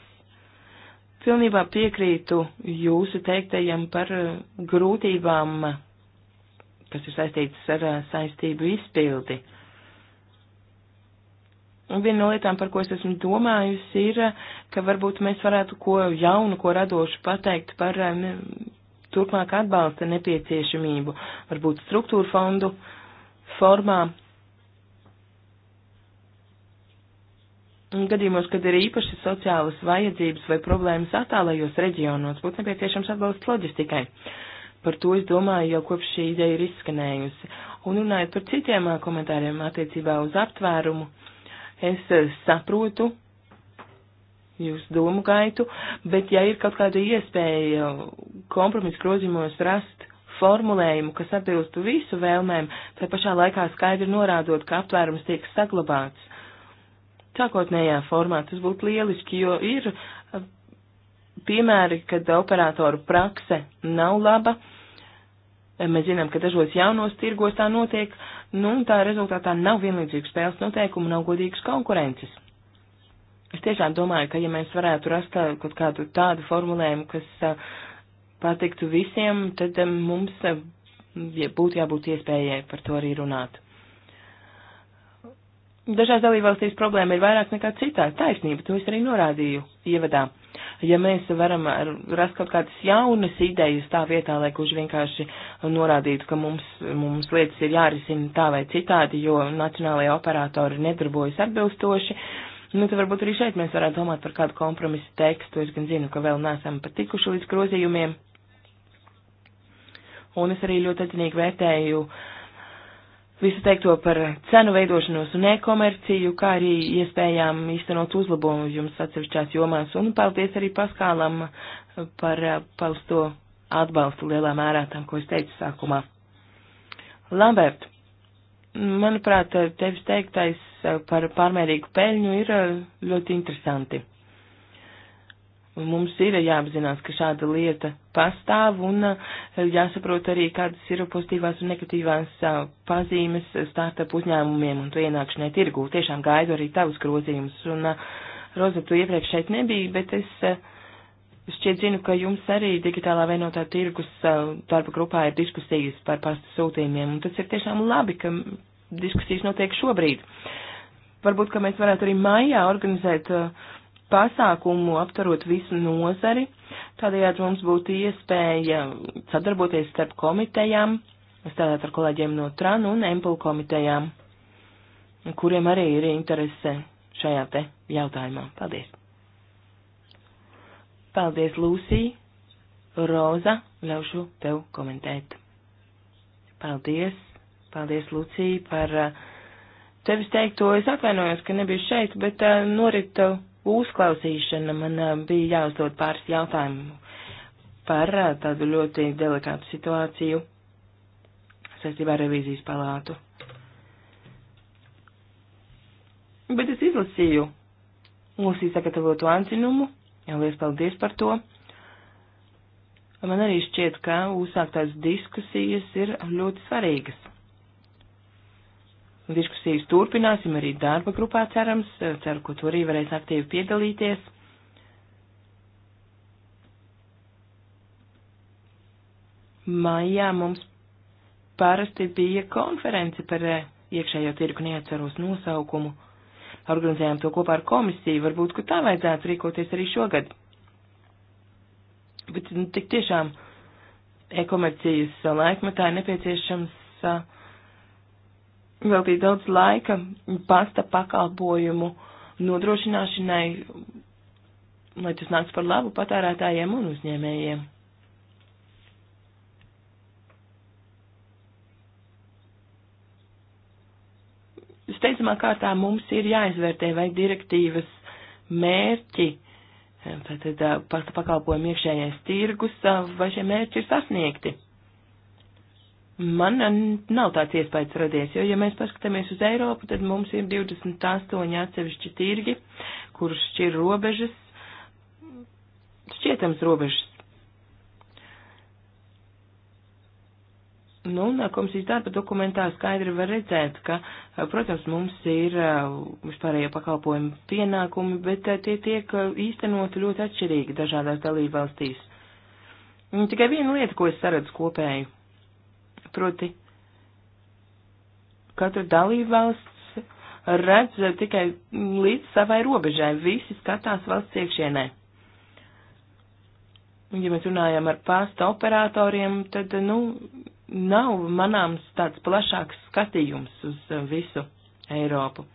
Pilnībā piekrītu jūsu teiktajam par uh, grūtībām, kas ir saistītas ar uh, saistību izpildi. Un viena no lietām, par ko es esmu domājusi, ir, ka varbūt mēs varētu ko jaunu, ko radošu pateikt par uh, turpmāk atbalsta nepieciešamību, varbūt struktūra fondu formā Gadījumos, kad ir īpaši sociālas vajadzības vai problēmas attālajos reģionos, būtu nepieciešams atbalsts loģistikai. Par to es domāju jau kopš šī ideja ir izskanējusi. Un runājot par citiem komentāriem attiecībā uz aptvērumu, es saprotu jūsu domu gaitu, bet ja ir kaut kāda iespēja kompromisu grozījumos rast formulējumu, kas atbilstu visu vēlmēm, tai pašā laikā skaidri norādot, ka aptvērums tiek saglabāts sākotnējā formā. Tas būtu lieliski, jo ir eh, piemēri, kad operatoru prakse nav laba. Eh, mēs zinām, ka dažos jaunos tirgos tā notiek, nu, un tā rezultātā nav vienlīdzīgu spēles noteikumu, nav godīgas konkurences. Es tiešām domāju, ka ja mēs varētu rast kaut kādu tādu formulējumu, kas uh, patiktu visiem, tad um, mums uh, būtu jābūt iespējai par to arī runāt. Dažās dalībvalstīs problēma ir vairāk nekā citās. Taisnība, to es arī norādīju ievadā. Ja mēs varam rast kaut kādas jaunas idejas tā vietā, lai kurš vienkārši norādītu, ka mums, mums lietas ir jārisina tā vai citādi, jo nacionālajie operatori nedarbojas atbilstoši, nu tad varbūt arī šeit mēs varētu domāt par kādu kompromisu tekstu. Es gan zinu, ka vēl neesam patikuši līdz grozījumiem. Un es arī ļoti atzinīgi vērtēju uh, visu teikto par cenu veidošanos un e-komerciju, kā arī iespējām īstenot uzlabojumus atsevišķās jomās, un paldies arī Paskālam par eh, pausto atbalstu lielā mērā tam, ko es teicu sākumā. Lambert, manuprāt, tevis teiktais par pārmērīgu peļņu ir eh, ļoti interesanti. Mums ir jāapzinās, ka šāda lieta pastāv un eh, jāsaprot arī, kādas ir pozitīvās un negatīvās eh, pazīmes startup uzņēmumiem un to ienākšanai tirgū. Tiešām gaidu arī tavus grozījumus. Un, eh, Roza, tu iepriekš šeit nebija, bet es šķiet zinu, ka jums arī digitālā vienotā tirgus darba grupā ir diskusijas par pastu sūtījumiem, un tas ir tiešām labi, ka diskusijas notiek šobrīd. Varbūt, ka mēs varētu arī maijā organizēt uh, pasākumu aptarot visu nozari. Tādējādi mums būtu iespēja sadarboties starp komitejām, strādāt ar kolēģiem no TRAN un EMPL komitejām, kuriem arī ir interese šajā te jautājumā. Paldies! Paldies, Lūsija! Roza, ļaušu tev komentēt. Paldies! Paldies, Lucija, par eh, tevis teikto. Es atvainojos, ka nebiju šeit, bet eh, norita uzklausīšana man eh, bija jāuzdod pāris jautājumu par eh, tādu ļoti delikātu situāciju saistībā ar revīzijas palātu. Bet es izlasīju mūsu sagatavotu atzinumu, jau liels paldies par to. Man arī šķiet, ka uzsāktās diskusijas ir ļoti svarīgas. Diskusijas turpināsim arī darba grupā, cerams. Eh, ceru, ka tur arī varēs aktīvi piedalīties. Maijā mums parasti bija konference par eh, iekšējo tirgu neatceros nosaukumu. Organizējām to kopā ar komisiju, varbūt, ka tā vajadzētu rīkoties arī šogad. Bet nu, tik tiešām e-komercijas laikmetā ir nepieciešams uh, veltīt daudz laika pasta pakalpojumu nodrošināšanai, lai tas nāks par labu patērētājiem un uzņēmējiem. Steidzamā kārtā mums ir jāizvērtē, vai direktīvas mērķi, tātad eh, pasta pakalpojumu iekšējais tirgus, eh, vai šie mērķi ir sasniegti. Man nav tāds iespējas radies, jo, ja mēs paskatāmies uz Eiropu, tad mums ir 28 atsevišķi tirgi, kurus šķir robežas, šķietams robežas. Nu, un uh, komisijas darba dokumentā skaidri var redzēt, ka, uh, protams, mums ir uh, vispārējo pakalpojumu pienākumi, bet tie tiek īstenoti ļoti atšķirīgi dažādās dalībvalstīs. Tikai viena lieta, ko es saredzu kopēju Proti, katra dalībvalsts redz tikai līdz savai robežai, visi skatās valsts iekšienē. Un, ja mēs runājam ar pasta operatoriem, tad, nu, nav manāms tāds plašāks skatījums uz visu Eiropu.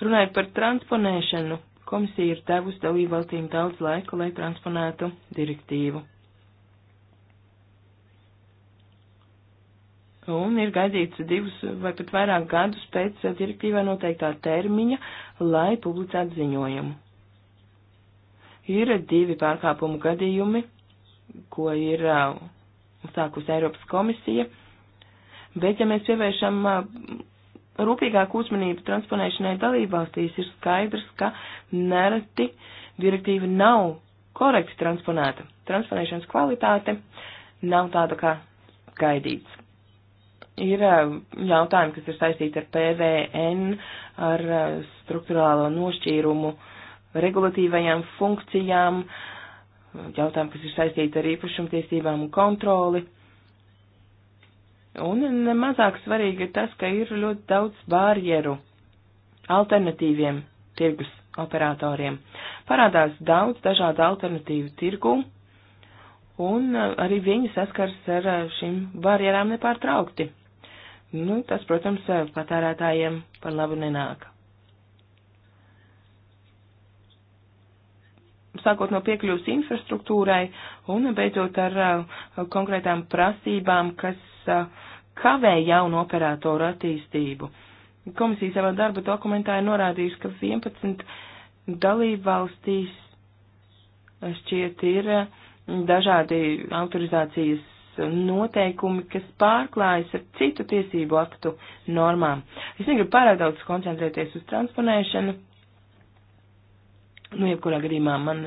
Runājot par transponēšanu, komisija ir devusi dalībvalstīm daudz laika, lai transponētu direktīvu. un ir gaidīts divus vai pat vairāk gadus pēc direktīvā noteiktā termiņa, lai publicētu ziņojumu. Ir divi pārkāpumu gadījumi, ko ir uzsākusi uh, Eiropas komisija, bet ja mēs pievēršam uh, rūpīgāku uzmanību transponēšanai dalībvalstīs, ir skaidrs, ka nereti direktīva nav korekti transponēta. Transponēšanas kvalitāte nav tāda, kā gaidīts ir eh, jautājumi, kas ir saistīti ar PVN, ar eh, struktūrālo nošķīrumu regulatīvajām funkcijām, jautājumi, kas ir saistīti ar īpašumtiesībām un kontroli. Un nemazāk svarīgi ir tas, ka ir ļoti daudz bārjeru alternatīviem tirgus operatoriem. Parādās daudz dažādu alternatīvu tirgu, un eh, arī viņi saskars ar šīm barjerām nepārtraukti. Nu, tas, protams, patērētājiem par labu nenāk. Sākot no piekļuvas infrastruktūrai un beidzot ar uh, konkrētām prasībām, kas uh, kavē jaunu operatoru attīstību. Komisija savā darba dokumentā ir norādījusi, ka 11 dalībvalstīs uh, šķiet ir dažādi autorizācijas noteikumi, kas pārklājas ar citu tiesību aktu normām. Es negribu pārāk daudz koncentrēties uz transponēšanu. Nu, jebkurā gadījumā man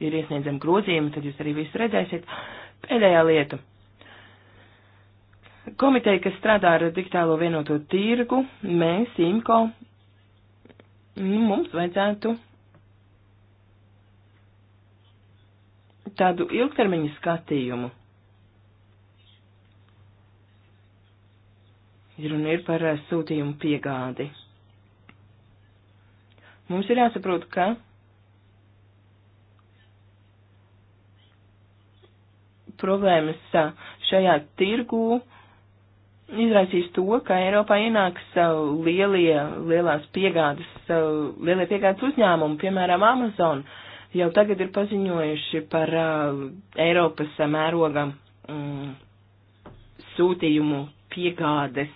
ir iesniedzami grozījumi, tad jūs arī visu redzēsiet. Pēdējā lieta. Komiteja, kas strādā ar digitālo vienoto tirgu, mēs, IMCO, nu, mums vajadzētu tādu ilgtermiņu skatījumu ja runa ir par eh, sūtījumu piegādi. Mums ir jāsaprot, ka problēmas eh, šajā tirgū izraisīs to, ka Eiropā ienāks eh, lielie, lielās piegādes, lielie piegādes uzņēmumi, piemēram, Amazon, jau tagad ir paziņojuši par uh, Eiropas mēroga um, mm, sūtījumu piegādes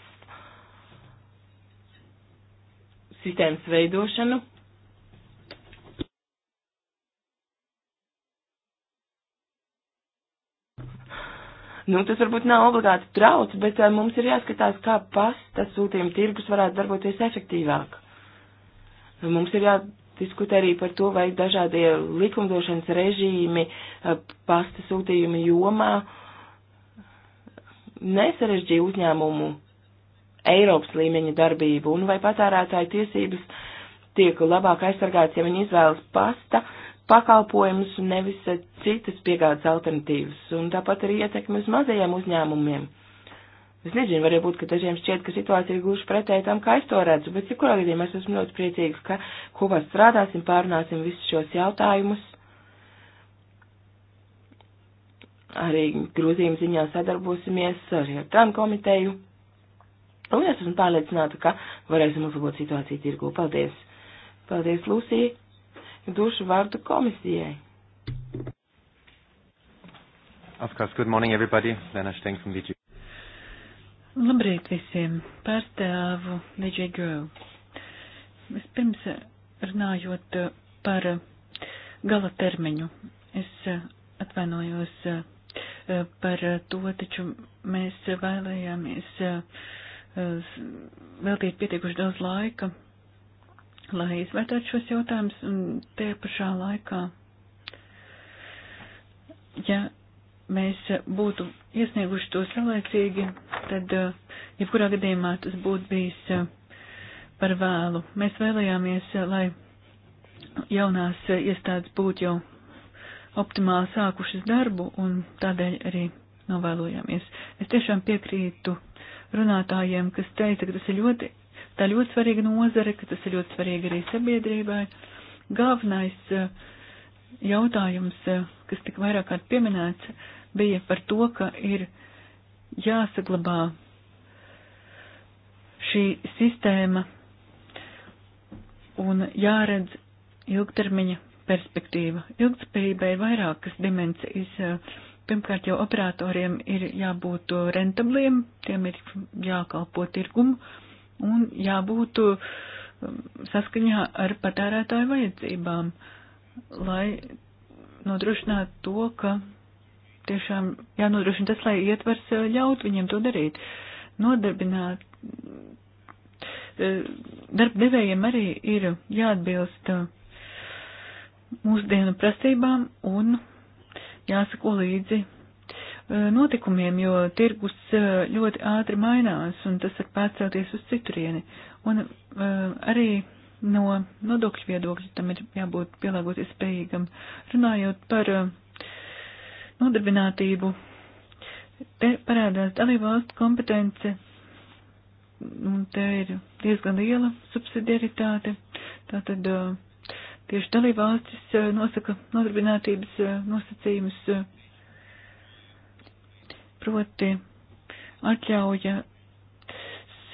sistēmas veidošanu. Nu, tas varbūt nav obligāti trauc, bet eh, mums ir jāskatās, kā pasta sūtījuma tirgus varētu darboties efektīvāk. Nu, mums ir jādiskutē arī par to, vai dažādie likumdošanas režīmi eh, pasta sūtījuma jomā nesarežģīja uzņēmumu Eiropas līmeņa darbību, un vai patērētāju tiesības tiek labāk aizsargāts, ja viņi izvēlas pasta pakalpojumus, nevis citas piegādes alternatīvas, un tāpat arī ietekmi uz mazajiem uzņēmumiem. Es nezinu, varbūt, ka dažiem šķiet, ka situācija ir gluži pretēji tam, kā es to redzu, bet jebkurā gadījumā es esmu ļoti priecīgs, ka kopā strādāsim, pārunāsim visus šos jautājumus. Arī grūzījumu ziņā sadarbosimies arī ar TRAN komiteju. Un es esmu pārliecināta, ka varēsim uzlabot situāciju tirgu. Paldies! Paldies, Lūsija! Došu vārdu komisijai.
Of course, good morning everybody. Lena Steng from DG.
Labrīt
visiem! Pārstāvu DJ Grow. Vispirms runājot par gala termiņu, es atvainojos par to, taču mēs vēlējāmies uh, veltīt pietiekuši daudz laika, lai izvērtētu šos jautājumus, un tie pašā laikā, ja mēs būtu iesnieguši to saulēcīgi, tad, eh, ja kurā gadījumā tas būtu bijis eh, par vēlu, mēs vēlējāmies, eh, lai jaunās iestādes būtu jau optimāli sākušas darbu, un tādēļ arī novēlojāmies. Es tiešām piekrītu uh, runātājiem, kas teica, ka tas ir ļoti, tā ļoti svarīga nozare, ka tas ir ļoti svarīgi arī sabiedrībai. Galvenais eh, jautājums, eh, kas tik vairāk kārt pieminēts, bija par to, ka ir jāsaglabā šī sistēma un jāredz ilgtermiņa perspektīva. Ilgtspējībai ir vairākas dimensijas eh, Pirmkārt, jau operatoriem ir jābūt rentabliem, tiem ir jākalpo tirgumu un jābūt um, saskaņā ar patērētāju vajadzībām, lai nodrošinātu to, ka tiešām jānodrošina tas, lai ietvers uh, ļaut viņiem to darīt. Nodarbināt uh, darba devējiem arī ir jāatbilst uh, mūsdienu prasībām un jāsako līdzi e, notikumiem, jo tirgus e, ļoti ātri mainās un tas var pārcelties uz citurieni. Un e, arī no nodokļu viedokļa tam ir jābūt pielāgoties spējīgam. Runājot par nodarbinātību, te parādās dalībvalstu kompetence, un te ir diezgan liela subsidiaritāte, tātad uh, Tieši dalībvalstis eh, nosaka nodarbinātības eh, nosacījumus, eh, proti atļauja,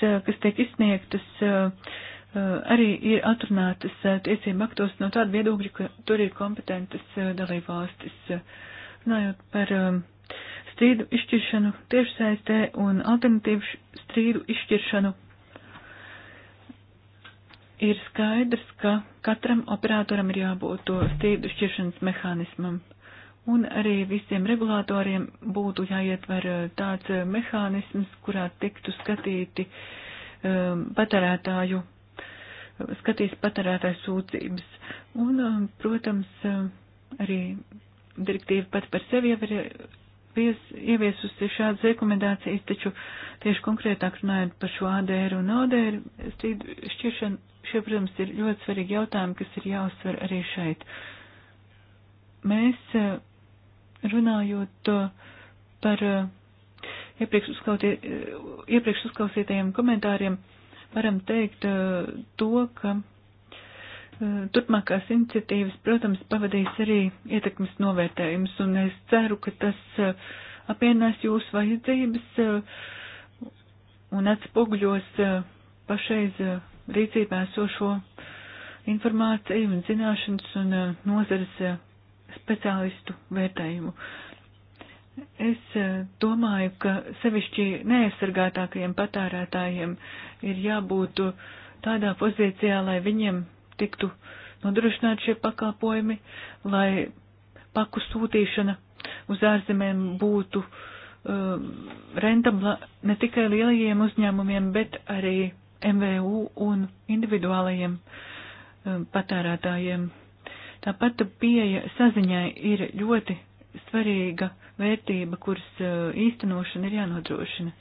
kas tiek izsniegtas, arī ir atrunātas tiesību aktos no tāda viedokļa, ka tur ir kompetentas dalībvalstis. Runājot par strīdu izšķiršanu tiešsaistē un alternatīvu strīdu izšķiršanu ir skaidrs, ka katram operatoram ir jābūt to strīdu šķiršanas mehānismam. Un arī visiem regulātoriem būtu jāietver eh, tāds eh, mehānisms, kurā tiktu skatīti um, patērētāju, eh, skatīs patērētāju sūdzības. Un, um, protams, arī direktīva pat par sevi jau ir ieviesusi šādas rekomendācijas, taču tieši konkrētāk runājot par šo ADR un ODR strīdu šķiršanu, šie, protams, ir ļoti svarīgi jautājumi, kas ir jāuzsver arī šeit. Mēs eh, runājot eh, par eh, iepriekš, uzklautie, iepriekš uzklausītajiem komentāriem, varam teikt to, ka Turpmākās iniciatīvas, protams, pavadīs arī ietekmes novērtējums, un es ceru, ka tas uh, apvienās jūsu vajadzības uh, un atspoguļos uh, pašreiz rīcībā esošo informāciju un zināšanas un nozares speciālistu vērtējumu. Es domāju, ka sevišķi neaizsargātākajiem patērētājiem ir jābūt tādā pozīcijā, lai viņiem tiktu nodrošināt šie pakalpojumi, lai paku sūtīšana uz ārzemēm būtu um, rentabla ne tikai lielajiem uzņēmumiem, bet arī MVU un individuālajiem um, patērētājiem. Tāpat pieeja saziņai ir ļoti svarīga vērtība, kuras uh, īstenošana ir jānodrošina.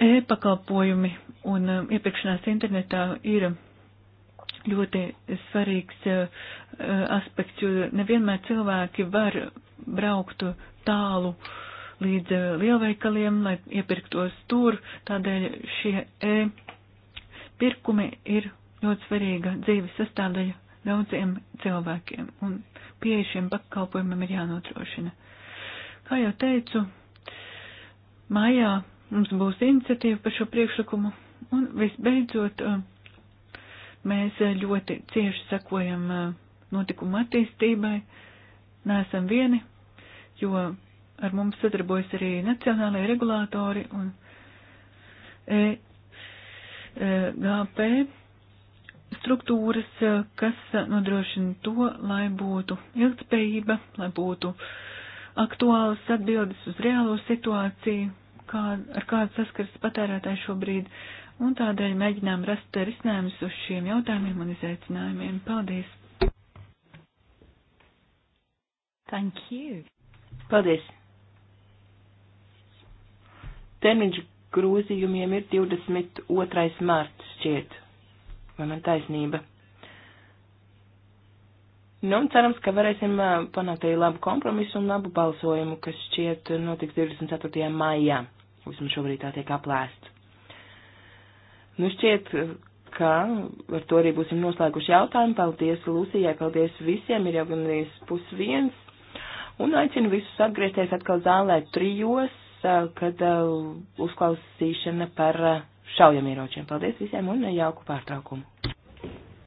E-pakalpojumi Un um, iepirkšanās internetā ir ļoti svarīgs uh, uh, aspekts, jo nevienmēr cilvēki var braukt tālu līdz uh, lielveikaliem, lai iepirktos tur. Tādēļ šie e-pirkumi ir ļoti svarīga dzīves sastāvdaļa daudziem cilvēkiem, un pieeja šiem pakalpojumiem ir jānodrošina. Kā jau teicu, mājā mums būs iniciatīva par šo priekšlikumu, Un visbeidzot, uh, mēs uh, ļoti cieši sekojam uh, notikuma attīstībai, neesam vieni, jo ar mums sadarbojas arī nacionālajie regulātori un EGP struktūras, kas nodrošina to, lai būtu ilgspējība, lai būtu aktuāls atbildes uz reālo situāciju, kā, ar kādu saskaras patērētāji šobrīd. Uh, un tādēļ mēģinām rast risinājumus uz šiem jautājumiem un izaicinājumiem. Paldies!
Thank you! Paldies! Termiņš grozījumiem ir 22. mārts šķiet. Vai man taisnība? Nu, un cerams, ka varēsim panākt arī labu kompromisu un labu balsojumu, kas šķiet notiks 24. maijā. Vismaz šobrīd tā tiek aplēsts. Nu šķiet, ka ar to arī būsim noslēguši jautājumu. Paldies Lūsijai, paldies visiem, ir jau gandrīz pusviens. Un aicinu visus atgriezties atkal zālē trijos, eh, kad eh, uzklausīšana par eh, šaujamieročiem. Paldies visiem un jauku pārtraukumu!